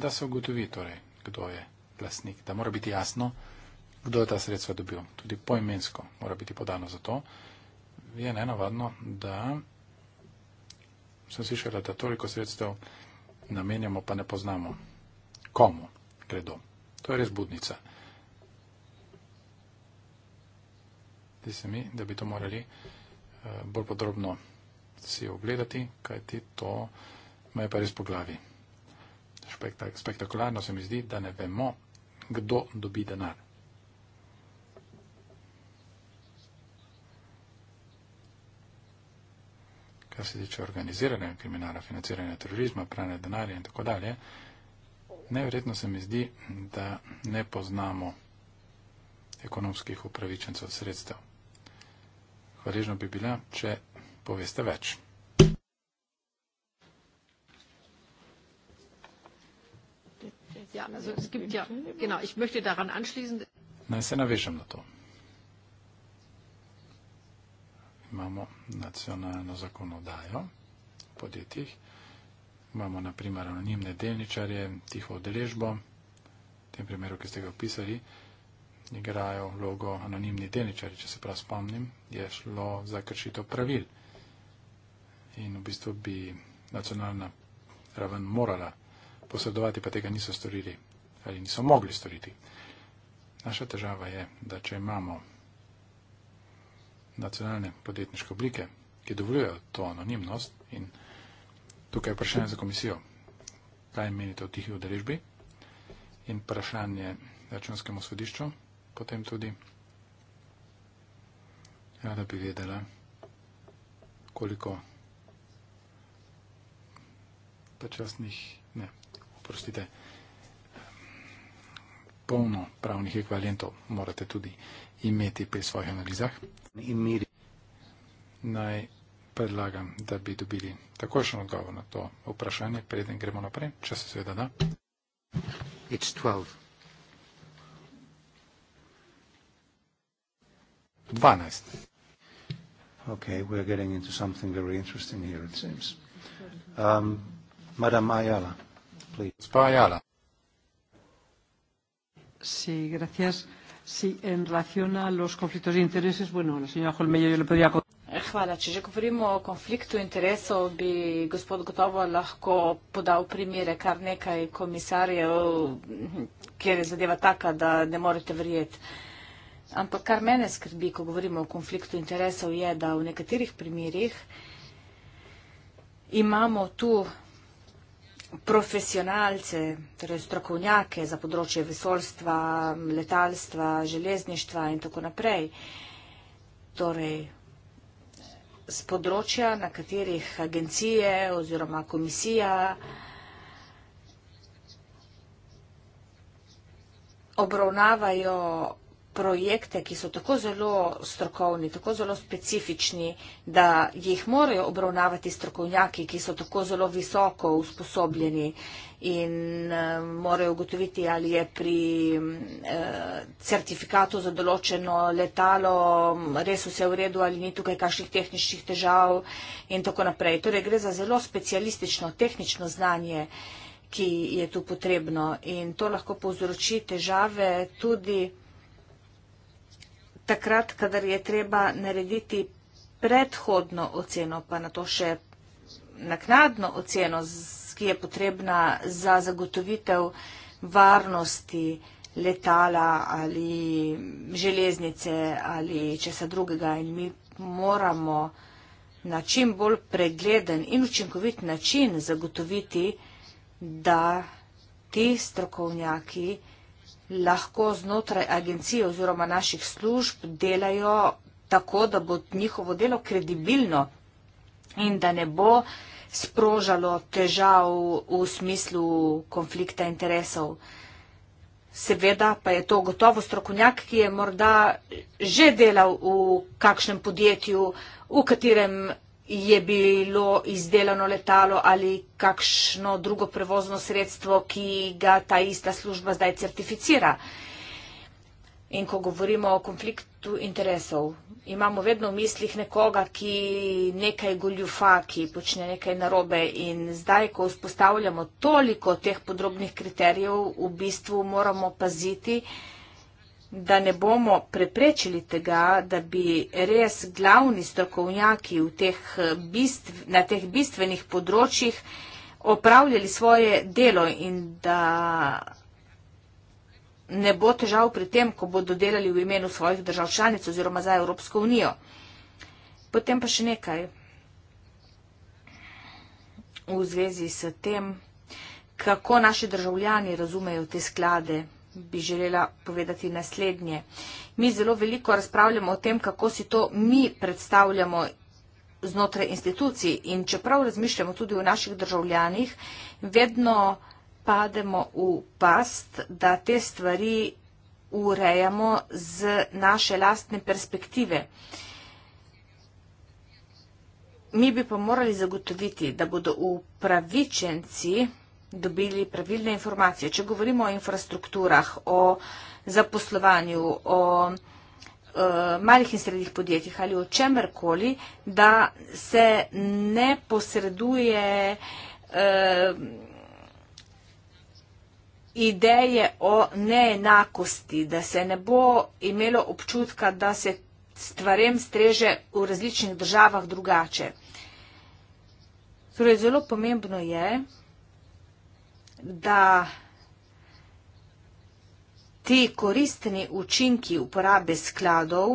da se ugotovi torej, kdo je glasnik, da mora biti jasno, kdo je ta sredstva dobil. Tudi poimensko mora biti podano za to. Je nenavadno, da sem slišala, da toliko sredstev namenjamo, pa ne poznamo, komu gredo. To je res budnica. zdi se mi, da bi to morali eh, bolj podrobno si ogledati, kajti to me je pa res po glavi. Spektakularno se mi zdi, da ne vemo, kdo dobi denar. Kar se tiče organiziranega kriminala, financiranja terorizma, pranja denarja in tako dalje, nevredno se mi zdi, da ne poznamo ekonomskih upravičencev sredstev. Hvaležno bi bila, če poveste več. Ja, ja, Naj se navežem na to. Imamo nacionalno zakonodajo v podjetjih, imamo naprimer anonimne delničarje, tiho odeležbo, v tem primeru, ki ste ga opisali, igrajo vlogo anonimni delničari, če se prav spomnim, je šlo za kršitev pravil. In v bistvu bi nacionalna raven morala posredovati, pa tega niso storili ali niso mogli storiti. Naša težava je, da če imamo nacionalne podjetniške oblike, ki dovoljujejo to anonimnost in tukaj je vprašanje za komisijo, kaj menite o tih udeležbi in vprašanje računskemu sodišču, potem tudi, ja, da bi vedela, koliko počasnih, ne, oprostite, polno pravnih ekvalentov morate tudi imeti pri svojih analizah. Naj predlagam, da bi dobili takošen odgovor na to vprašanje, preden gremo naprej, če se seveda da. It's 12. 12. Okay, we're getting into something very interesting here, it seems. Um, Madam Ayala, please. Ayala. Sí, gracias. Sí, en relación a los conflictos de intereses, bueno, la señora Holmeyo yo le podría Hvala. Če že govorimo o konfliktu interesov, bi gospod gotovo lahko podal primere kar nekaj komisarjev, kjer je zadeva taka, da ne morete verjeti. Ampak kar mene skrbi, ko govorimo o konfliktu interesov, je, da v nekaterih primerjih imamo tu profesionalce, torej strokovnjake za področje vesolstva, letalstva, železništva in tako naprej. Torej, z področja, na katerih agencije oziroma komisija obravnavajo projekte, ki so tako zelo strokovni, tako zelo specifični, da jih morajo obravnavati strokovnjaki, ki so tako zelo visoko usposobljeni in eh, morajo ugotoviti, ali je pri eh, certifikatu za določeno letalo mm, res vse v redu ali ni tukaj kakšnih tehničnih težav in tako naprej. Torej gre za zelo specialistično, tehnično znanje ki je tu potrebno in to lahko povzroči težave tudi takrat, kadar je treba narediti predhodno oceno, pa na to še naknadno oceno, ki je potrebna za zagotovitev varnosti letala ali železnice ali česa drugega in mi moramo na čim bolj pregleden in učinkovit način zagotoviti, da ti strokovnjaki lahko znotraj agencije oziroma naših služb delajo tako, da bo njihovo delo kredibilno in da ne bo sprožalo težav v smislu konflikta interesov. Seveda pa je to gotovo strokovnjak, ki je morda že delal v kakšnem podjetju, v katerem je bilo izdelano letalo ali kakšno drugo prevozno sredstvo, ki ga ta ista služba zdaj certificira. In ko govorimo o konfliktu interesov, imamo vedno v mislih nekoga, ki nekaj goljufa, ki počne nekaj narobe in zdaj, ko vzpostavljamo toliko teh podrobnih kriterijev, v bistvu moramo paziti, da ne bomo preprečili tega, da bi res glavni strokovnjaki teh bistv, na teh bistvenih področjih opravljali svoje delo in da ne bo težav pri tem, ko bodo delali v imenu svojih držav članic oziroma za Evropsko unijo. Potem pa še nekaj v zvezi s tem, kako naši državljani razumejo te sklade bi želela povedati naslednje. Mi zelo veliko razpravljamo o tem, kako si to mi predstavljamo znotraj institucij in čeprav razmišljamo tudi o naših državljanih, vedno pademo v past, da te stvari urejamo z naše lastne perspektive. Mi bi pa morali zagotoviti, da bodo upravičenci dobili pravilne informacije. Če govorimo o infrastrukturah, o zaposlovanju, o e, malih in srednjih podjetjih ali o čemerkoli, da se ne posreduje e, ideje o neenakosti, da se ne bo imelo občutka, da se stvarem streže v različnih državah drugače. Torej, zelo pomembno je, da se ne bo imelo občutka, da se stvarem streže v različnih državah drugače. Zelo pomembno je, da ti koristni učinki uporabe skladov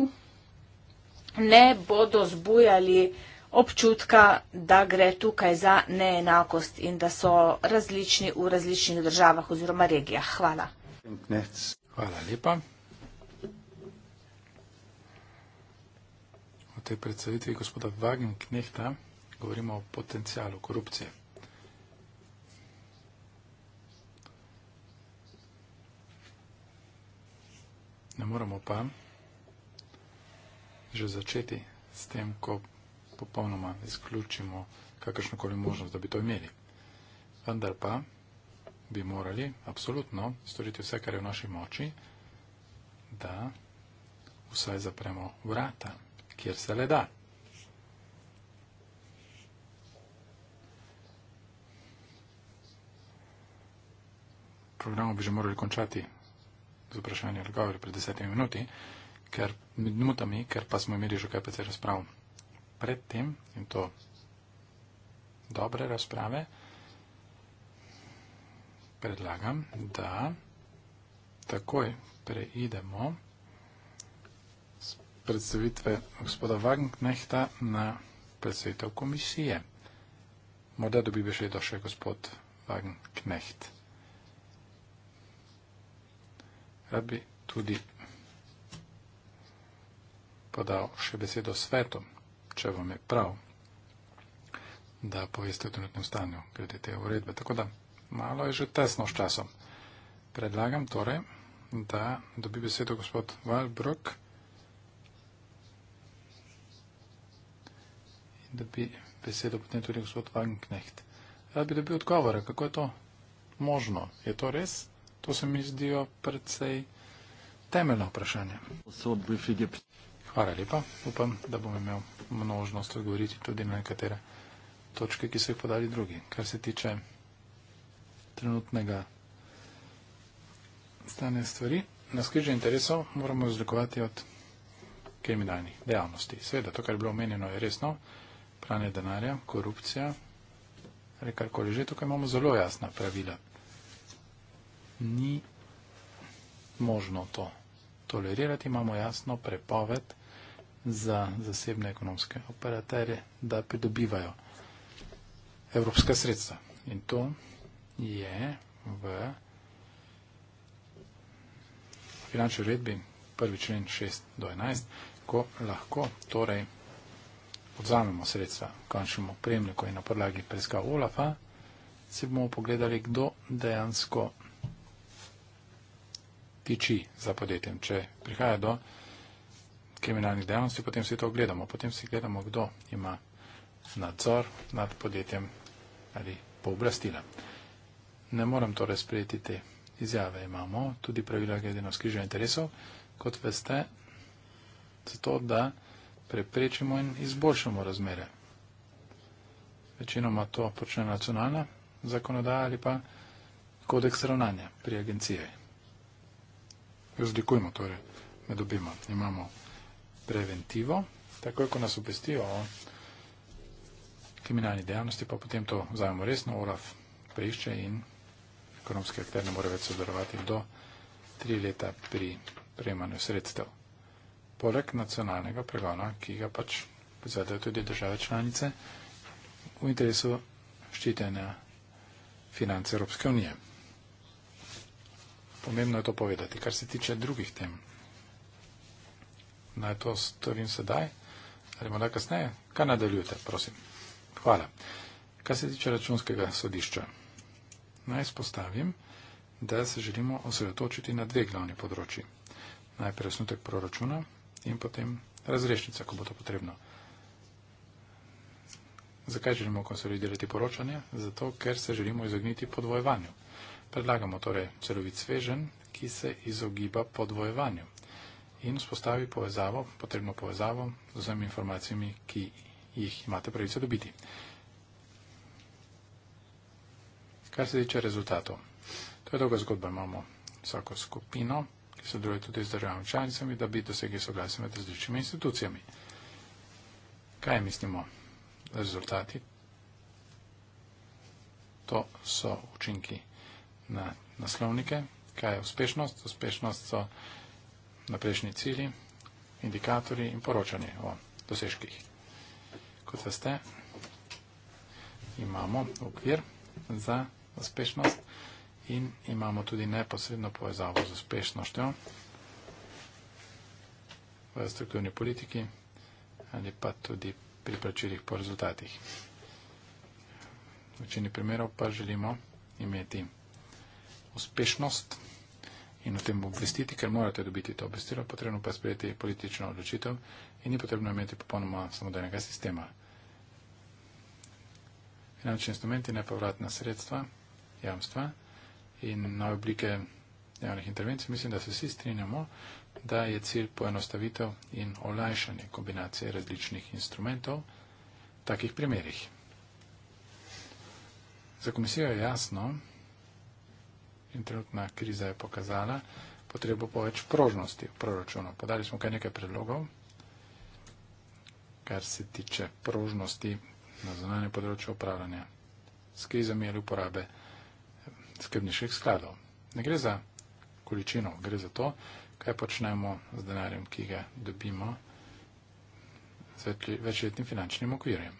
ne bodo zbujali občutka, da gre tukaj za neenakost in da so različni v različnih državah oziroma regijah. Hvala. Hvala lepa. O tej predstavitvi gospoda Wagenknechta govorimo o potencijalu korupcije. ne moramo pa že začeti s tem, ko popolnoma izključimo kakršnokoli možnost, da bi to imeli. Vendar pa bi morali absolutno storiti vse, kar je v naši moči, da vsaj zapremo vrata, kjer se le da. Program bi že morali končati z vprašanjem in odgovori pred desetimi minuti, ker, minutami, ker pa smo imeli že kaj precej razprav predtem in to dobre razprave, predlagam, da takoj preidemo z predstavitve gospoda Wagenknechta na predstavitev komisije. Morda dobi besedo še gospod Wagenknecht. rabi tudi podal še besedo svetom, če vam je prav, da poveste o trenutnem stanju glede te uredbe. Tako da malo je že tesno s časom. Predlagam torej, da dobi besedo gospod Walbrook. da bi besedo potem tudi gospod Wagenknecht. Rad bi dobil odgovore, kako je to možno. Je to res? To se mi zdijo predvsej temeljno vprašanje. Hvala lepa. Upam, da bom imel možnost odgovoriti tudi na nekatere točke, ki so jih podali drugi. Kar se tiče trenutnega stanja stvari, naskrižje interesov moramo razlikovati od kriminalnih dejavnosti. Seveda, to, kar je bilo omenjeno, je resno. Pranje denarja, korupcija, rekar koli že, tukaj imamo zelo jasna pravila ni možno to tolerirati. Imamo jasno prepoved za zasebne ekonomske operaterje, da pridobivajo evropska sredstva. In to je v finančni redbi prvi člen 6 do 11, ko lahko torej odzamemo sredstva končnemu prejemniku in na podlagi preiskav OLAFA, si bomo pogledali, kdo dejansko tiči za podjetjem. Če prihaja do kriminalnih dejavnosti, potem si to ogledamo. Potem si gledamo, kdo ima nadzor nad podjetjem ali pooblastila. Ne moram torej sprejeti te izjave. Imamo tudi pravila glede na skriženje interesov, kot veste, zato, da preprečimo in izboljšamo razmere. Večinoma to počne nacionalna zakonodaja ali pa kodeks ravnanja pri agenciji razlikujemo torej med obima. Imamo preventivo, tako kot nas upestijo o kriminalni dejavnosti, pa potem to vzajemo resno, Olaf preišče in ekonomski akter ne more več sodelovati do tri leta pri prejemanju sredstev. Poleg nacionalnega pregona, ki ga pač izvedajo tudi države članice, v interesu štitenja finance Evropske unije pomembno je to povedati. Kar se tiče drugih tem, naj to storim sedaj, ali morda kasneje, kaj nadaljujete, prosim. Hvala. Kar se tiče računskega sodišča, naj spostavim, da se želimo osredotočiti na dve glavni področji. Najprej osnutek proračuna in potem razrešnica, ko bo to potrebno. Zakaj želimo konsolidirati poročanje? Zato, ker se želimo izogniti podvojevanju. Predlagamo torej črvic svežen, ki se izogiba podvojevanju in vzpostavi povezavo, potrebno povezavo z vsemi informacijami, ki jih imate pravice dobiti. Kar se tiče rezultatov, to je dolga zgodba, imamo vsako skupino, ki se druge tudi z državami članicami, da bi dosegli soglasje med različnimi institucijami. Kaj mislimo rezultati? To so učinki na naslovnike. Kaj je uspešnost? Uspešnost so naprejšnji cilji, indikatorji in poročanje o dosežkih. Kot veste, imamo okvir za uspešnost in imamo tudi neposredno povezavo z uspešnoštjo v strukturni politiki ali pa tudi pri plačilih po rezultatih. V večini primerov pa želimo imeti uspešnost in o tem obvestiti, ker morate dobiti to obvestilo, potrebno pa je sprejeti politično odločitev in ni potrebno imeti popolnoma samodejnega sistema. Finančni instrumenti, nepovratna sredstva, jamstva in nove oblike javnih intervencij, mislim, da se vsi strinjamo, da je cilj poenostavitev in olajšanje kombinacije različnih instrumentov v takih primerih. Za komisijo je jasno, in trenutna kriza je pokazala potrebo po več prožnosti v proračunu. Podali smo kar nekaj predlogov, kar se tiče prožnosti na zunanje področje upravljanja s krizami ali uporabe eh, skrbniških skladov. Ne gre za količino, gre za to, kaj počnemo z denarjem, ki ga dobimo z večletnim finančnim okvirjem.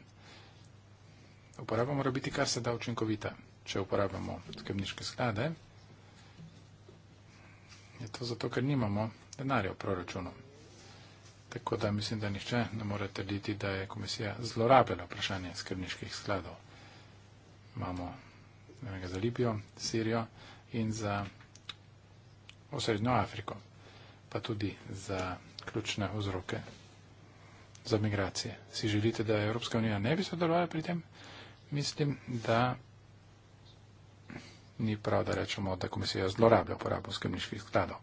Uporaba mora biti kar se da učinkovita. Če uporabljamo skrbniške sklade, je to zato, ker nimamo denarja v proračunu. Tako da mislim, da nihče ne more trditi, da je komisija zlorabila vprašanje skrbniških skladov. Imamo ga za Libijo, Sirijo in za osrednjo Afriko, pa tudi za ključne vzroke za migracije. Si želite, da Evropska unija ne bi sodelovala pri tem? Mislim, da ni prav, da rečemo, da komisija zlorablja uporabo skrbniških skladov.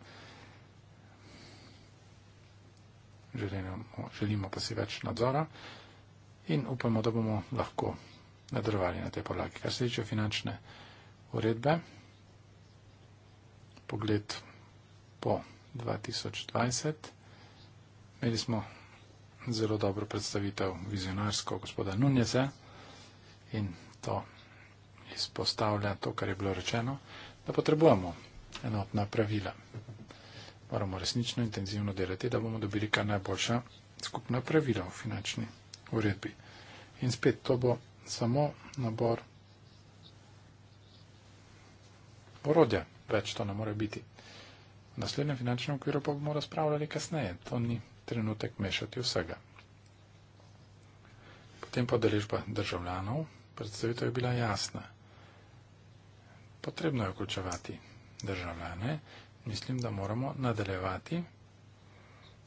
Želimo, želimo pa si več nadzora in upamo, da bomo lahko nadrvali na te podlagi. Kar se tiče finančne uredbe, pogled po 2020, imeli smo zelo dobro predstavitev vizionarsko gospoda Nunjeze in to izpostavlja to, kar je bilo rečeno, da potrebujemo enotna pravila. Moramo resnično intenzivno delati, da bomo dobili kar najboljša skupna pravila v finančni uredbi. In spet to bo samo nabor orodja, več to ne more biti. V naslednjem finančnem okviru pa bomo razpravljali kasneje. To ni trenutek mešati vsega. Potem pa deležba državljanov. Predstavitev je bila jasna potrebno je vključevati državljane, mislim, da moramo nadaljevati,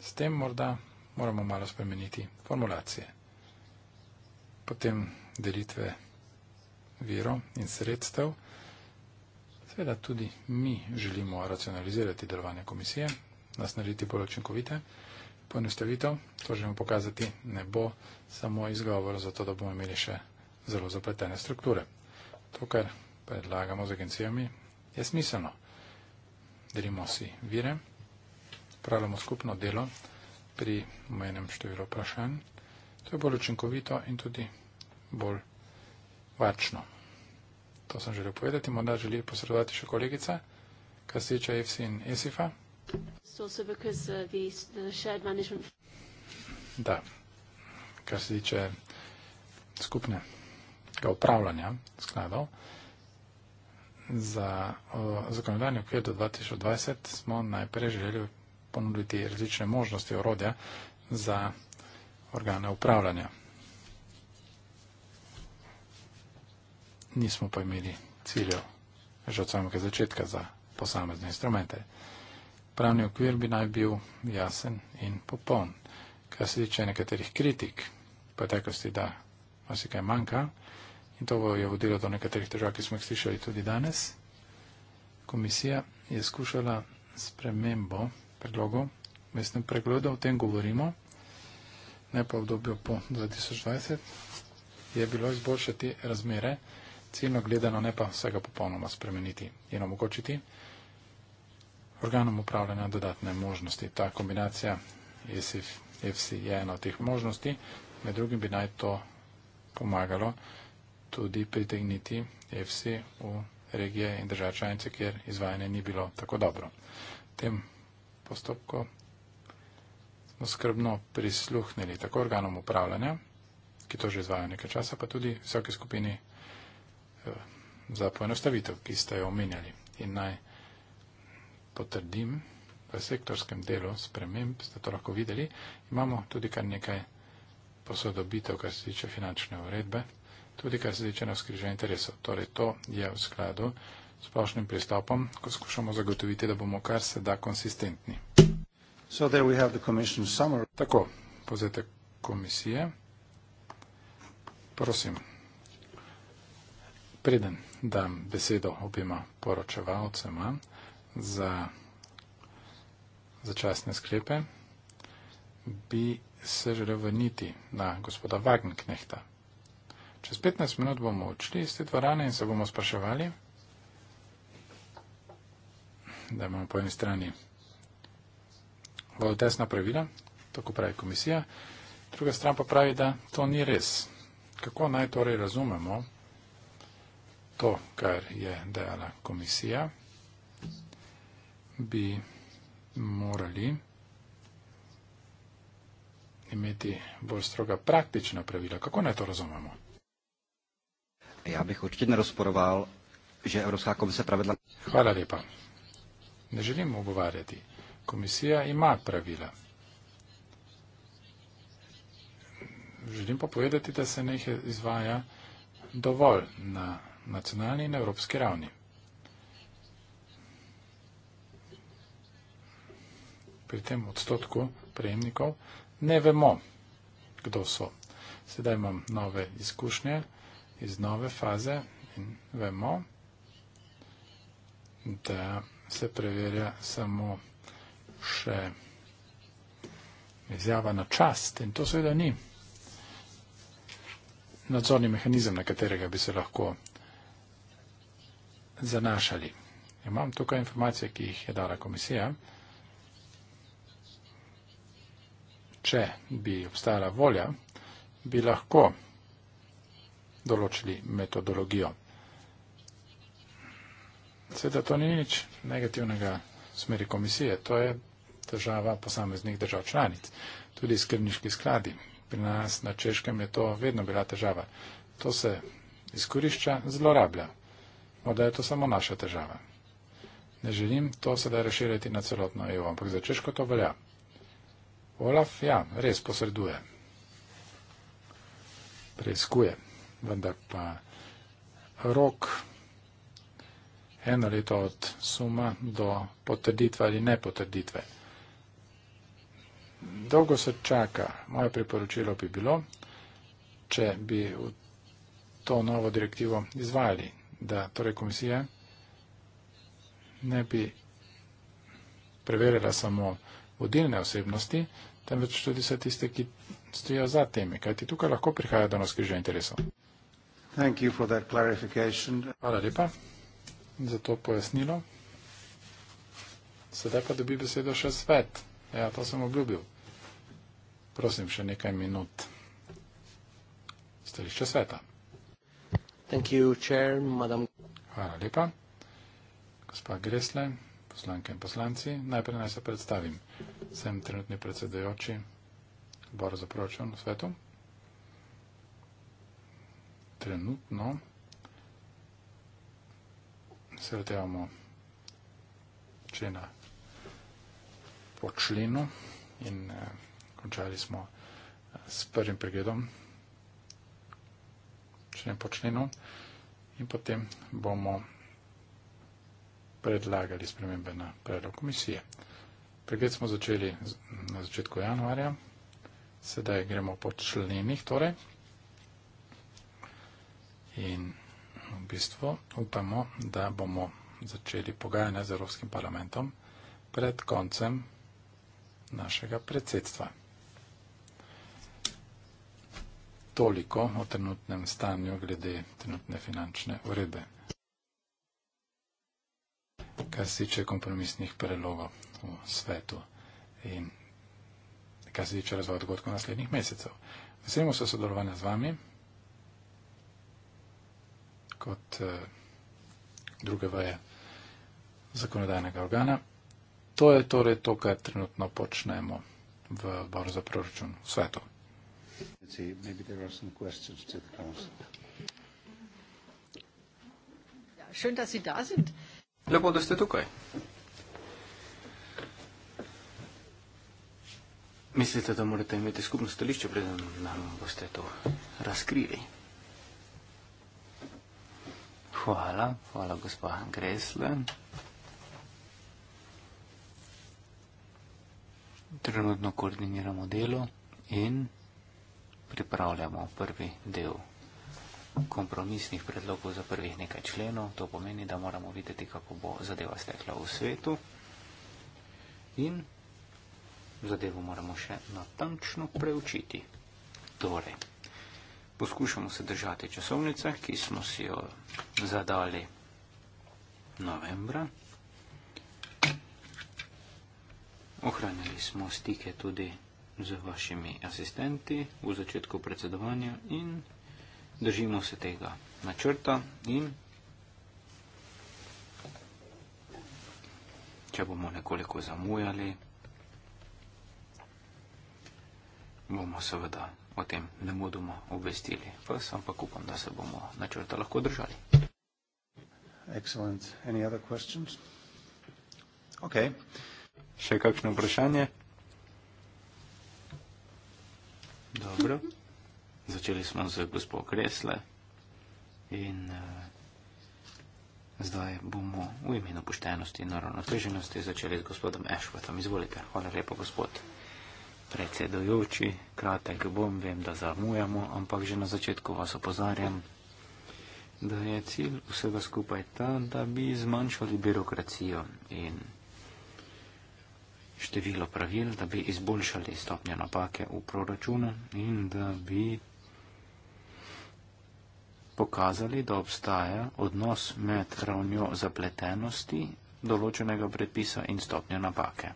s tem morda moramo malo spremeniti formulacije. Potem delitve viro in sredstev. Seveda tudi mi želimo racionalizirati delovanje komisije, nas narediti bolj očinkovite, poenostavitev, to želimo pokazati, ne bo samo izgovor za to, da bomo imeli še zelo zapletene strukture. To, kar predlagamo z agencijami, je smiselno. Delimo si vire, pravljamo skupno delo pri omenjem številu vprašanj. To je bolj učinkovito in tudi bolj varčno. To sem želel povedati, morda želi posredovati še kolegica, kar se tiče EFSI in ESIFA. Uh, da, kar se tiče skupnega upravljanja skladov za zakonodajni okvir do 2020 smo najprej želeli ponuditi različne možnosti orodja za organe upravljanja. Nismo pa imeli ciljev že od samega začetka za posamezne instrumente. Pravni okvir bi naj bil jasen in popoln. Kar se tiče nekaterih kritik v preteklosti, da vas je kaj manjka, In to je vodilo do nekaterih težav, ki smo jih slišali tudi danes. Komisija je skušala spremembo predlogov, mestnem pregledu, o tem govorimo, ne pa v obdobju po 2020, je bilo izboljšati razmere, ciljno gledano, ne pa vsega popolnoma spremeniti in omogočiti organom upravljanja dodatne možnosti. Ta kombinacija ESF-FC je ena od teh možnosti, med drugim bi naj to pomagalo tudi pritegniti EFSI v regije in države članice, kjer izvajanje ni bilo tako dobro. V tem postopku smo skrbno prisluhnili tako organom upravljanja, ki to že izvajajo nekaj časa, pa tudi visoke skupini eh, za poenostavitev, ki ste jo omenjali. In naj potrdim, v sektorskem delu sprememb ste to lahko videli, imamo tudi kar nekaj posodobitev, kar se tiče finančne uredbe tudi kar se tiče navskriženja interesov. Torej, to je v skladu s splošnim pristopom, ko skušamo zagotoviti, da bomo kar se da konsistentni. Tako, pozete komisije. Prosim, preden dam besedo objema poročevalcema za začasne sklepe, bi se želel vrniti na gospoda Wagenknehta. Čez 15 minut bomo odšli iz te dvorane in se bomo spraševali, da imamo po eni strani vodotesna pravila, tako pravi komisija, druga stran pa pravi, da to ni res. Kako naj torej razumemo to, kar je dejala komisija, bi morali imeti bolj stroga praktična pravila. Kako naj to razumemo? Já bych určitě nerozporoval, že Evropská komise pravidla... Hvala lepa. Neželim obovarjati. Komisija ima pravila. Želim pa povedati, da se nekaj izvaja dovolj na nacionalni in evropski ravni. Pri tem odstotku prejemnikov ne vemo, kdo so. Sedaj imam nove izkušnje, ki so iz nove faze in vemo, da se preverja samo še izjava na čast in to seveda ni nadzorni mehanizem, na katerega bi se lahko zanašali. Imam tukaj informacije, ki jih je dala komisija. Če bi obstajala volja, bi lahko določili metodologijo. Seveda to ni nič negativnega v smeri komisije, to je država posameznih držav članic, tudi skrbniški skladi. Pri nas na Češkem je to vedno bila težava. To se izkorišča, zlorablja. Morda je to samo naša težava. Ne želim to sedaj razširiti na celotno EU, ampak za Češko to velja. Olaf, ja, res posreduje. Preiskuje vendar pa rok eno leto od suma do potrditve ali ne potrditve. Dolgo se čaka, moje priporočilo bi bilo, če bi to novo direktivo izvajali, da torej komisija ne bi preverjala samo vodilne osebnosti, temveč tudi se tiste, ki stojijo za temi, kajti tukaj lahko prihaja do nas križa interesov. Thank you for that clarification. Hvala lepa za to pojasnilo. Sedaj pa dobi besedo še svet. Ja, to sem obljubil. Prosim, še nekaj minut. Stališče sveta. Thank you, chair, madam. Hvala lepa. Gospa Gresle, poslanke in poslanci, najprej naj se predstavim. Sem trenutni predsedajoči odbora za proračun v svetu, trenutno se vrtevamo člena po členu in eh, končali smo eh, s prvim pregledom člen po členu in potem bomo predlagali spremembe na predlog komisije. Pregled smo začeli na začetku januarja, sedaj gremo po členih, torej, In v bistvu upamo, da bomo začeli pogajanja z Evropskim parlamentom pred koncem našega predsedstva. Toliko o trenutnem stanju glede trenutne finančne uredbe. Kar se tiče kompromisnih prelogov v svetu in kar se tiče razvoja dogodkov naslednjih mesecev. Veselimo se sodelovanja z vami kot eh, druge vaje zakonodajnega organa. To je torej to, kar trenutno počnemo v odboru za proračun v svetu. Ja, Lepo, da ste tukaj. Mislite, da morate imeti skupno stališče, preden nam boste to razkrili? Hvala, hvala gospa Gresle. Trenutno koordiniramo delo in pripravljamo prvi del kompromisnih predlogov za prvih nekaj členov. To pomeni, da moramo videti, kako bo zadeva stekla v svetu. In zadevo moramo še natančno preučiti. Torej poskušamo se držati časovnice, ki smo si jo zadali novembra. Ohranili smo stike tudi z vašimi asistenti v začetku predsedovanja in držimo se tega načrta in če bomo nekoliko zamujali, bomo seveda o tem ne bodo obvestili vas, ampak upam, da se bomo načrta lahko držali. Okay. Še kakšno vprašanje? Dobro. Začeli smo z gospod Kresle in uh, zdaj bomo v imenu poštenosti in naravnoteženosti začeli z gospodom Ešvetom. Izvolite. Hvala lepa, gospod predsedujoči, kratek bom, vem, da zamujamo, ampak že na začetku vas opozarjam, da je cilj vsega skupaj ta, da bi zmanjšali birokracijo in število pravil, da bi izboljšali stopnje napake v proračunu in da bi pokazali, da obstaja odnos med ravnjo zapletenosti določenega predpisa in stopnja napake.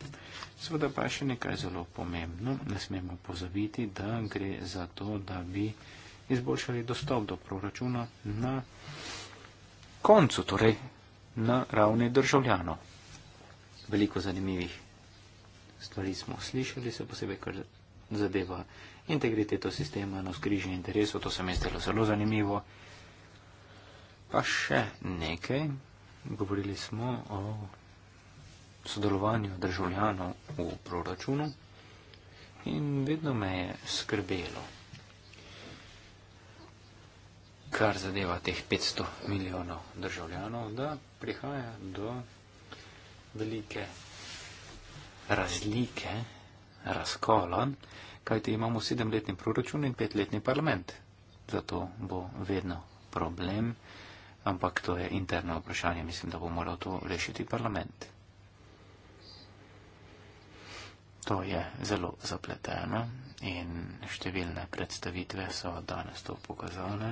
Sveda pa še nekaj zelo pomembno, ne smemo pozaviti, da gre za to, da bi izboljšali dostop do proračuna na koncu, torej na ravni državljanov. Veliko zanimivih stvari smo slišali, se posebej, kar zadeva integriteto sistema na skrižni interesu, to se mi zdelo zelo zanimivo. Pa še nekaj, Govorili smo o sodelovanju državljanov v proračunu in vedno me je skrbelo, kar zadeva teh 500 milijonov državljanov, da prihaja do velike razlike, razkola, kajti imamo sedemletni proračun in petletni parlament. Zato bo vedno problem ampak to je interno vprašanje, mislim, da bo moral to rešiti parlament. To je zelo zapleteno in številne predstavitve so danes to pokazale.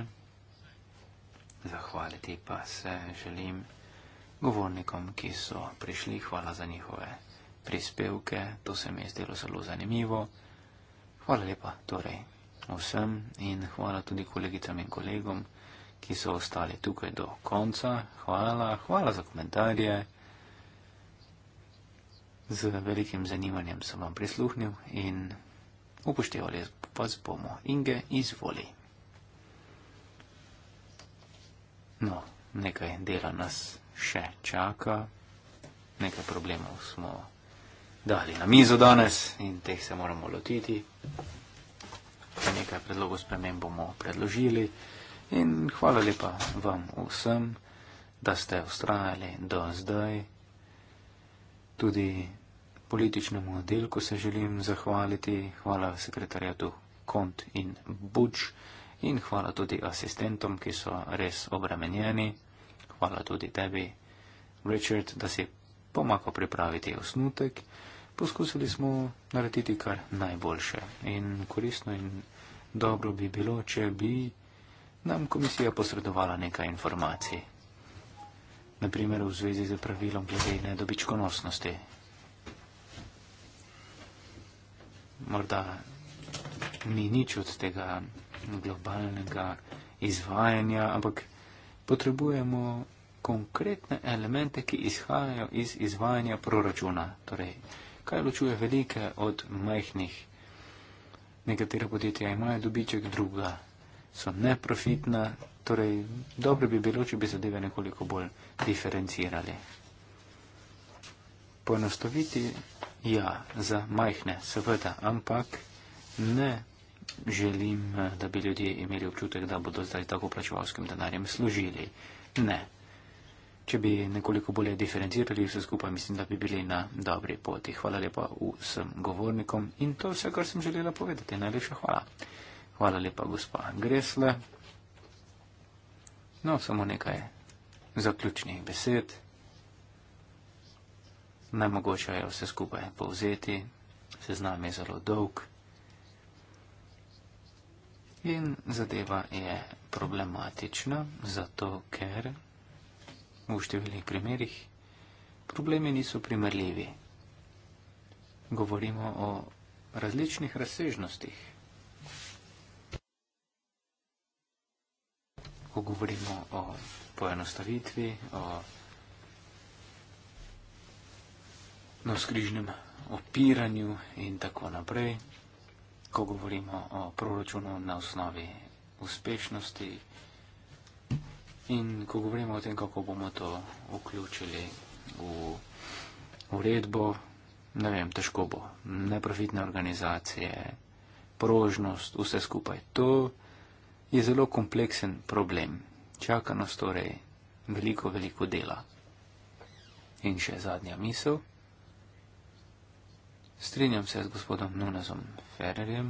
Zahvaliti pa se želim govornikom, ki so prišli. Hvala za njihove prispevke. To se mi je zdelo zelo zanimivo. Hvala lepa torej vsem in hvala tudi kolegicam in kolegom ki so ostali tukaj do konca. Hvala, hvala za komentarje. Z velikim zanimanjem sem vam prisluhnil in upoštevali pa bomo Inge izvoli. No, nekaj dela nas še čaka, nekaj problemov smo dali na mizo danes in teh se moramo lotiti. Nekaj predlogov spremem bomo predložili. In hvala lepa vam vsem, da ste ustrajali do zdaj. Tudi političnemu oddelku se želim zahvaliti. Hvala sekretarjatu Kont in Buč. In hvala tudi asistentom, ki so res obremenjeni. Hvala tudi tebi, Richard, da si pomako pripraviti osnutek. Poskusili smo narediti kar najboljše. In koristno in dobro bi bilo, če bi nam komisija posredovala nekaj informacij. Naprimer v zvezi z pravilom glede nedobičkonosnosti. Morda ni nič od tega globalnega izvajanja, ampak potrebujemo konkretne elemente, ki izhajajo iz izvajanja proračuna. Torej, kaj ločuje velike od majhnih? Nekatera podjetja imajo dobiček, druga so neprofitna, torej dobro bi bilo, če bi zadeve nekoliko bolj diferencirali. Poenostaviti, ja, za majhne, seveda, ampak ne želim, da bi ljudje imeli občutek, da bodo zdaj tako plačevalskim denarjem služili. Ne. Če bi nekoliko bolje diferencirali vse skupaj, mislim, da bi bili na dobri poti. Hvala lepa vsem govornikom in to je vse, kar sem želela povedati. Najlepša hvala. Hvala lepa, gospa Gresle. No, samo nekaj zaključnih besed. Najmogoče je vse skupaj povzeti, seznam je zelo dolg in zadeva je problematična, zato ker v številnih primerjih problemi niso primerljivi. Govorimo o različnih razsežnostih lahko govorimo o poenostavitvi, o navskrižnem opiranju in tako naprej, ko govorimo o proračunu na osnovi uspešnosti in ko govorimo o tem, kako bomo to vključili v uredbo, ne vem, težko bo, neprofitne organizacije, prožnost, vse skupaj to je zelo kompleksen problem. Čaka nas torej veliko, veliko dela. In še zadnja misel. Strinjam se z gospodom Nunezom Ferrerjem,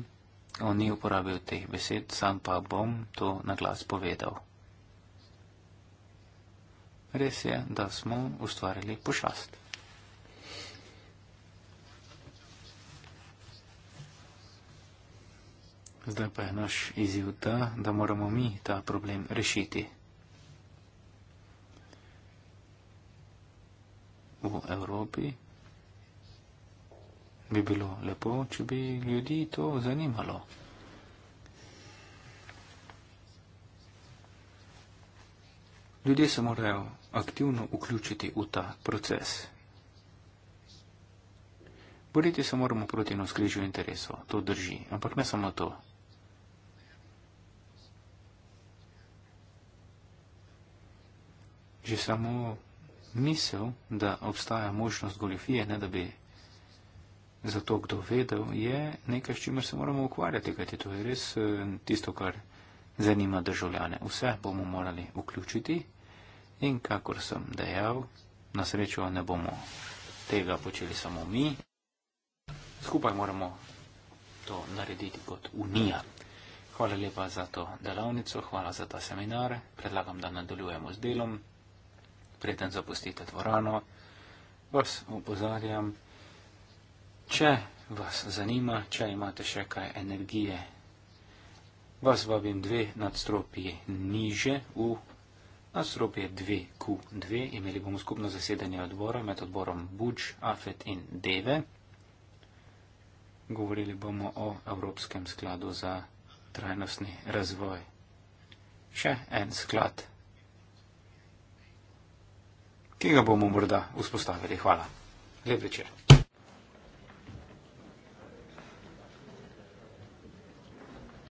on ni uporabil teh besed, sam pa bom to na glas povedal. Res je, da smo ustvarili pošast. Zdaj pa je naš izjiv ta, da moramo mi ta problem rešiti. V Evropi bi bilo lepo, če bi ljudi to zanimalo. Ljudje se morajo aktivno vključiti v ta proces. Boriti se moramo proti nasklišju interesov, to drži, ampak ne samo to. že samo misel, da obstaja možnost goljofije, ne da bi za to kdo vedel, je nekaj, s čimer se moramo ukvarjati, kajti to je res eh, tisto, kar zanima državljane. Vse bomo morali vključiti in, kakor sem dejal, na srečo ne bomo tega počeli samo mi. Skupaj moramo to narediti kot unija. Hvala lepa za to delavnico, hvala za ta seminar. Predlagam, da nadaljujemo z delom preden zapustite dvorano, vas upozarjam, če vas zanima, če imate še kaj energije, vas vabim dve nadstropi niže v nadstropje 2Q2. Imeli bomo skupno zasedanje odbora med odborom Buč, Afet in Deve. Govorili bomo o Evropskem skladu za trajnostni razvoj. Še en sklad ki ga bomo morda vzpostavili. Hvala. Lep večer.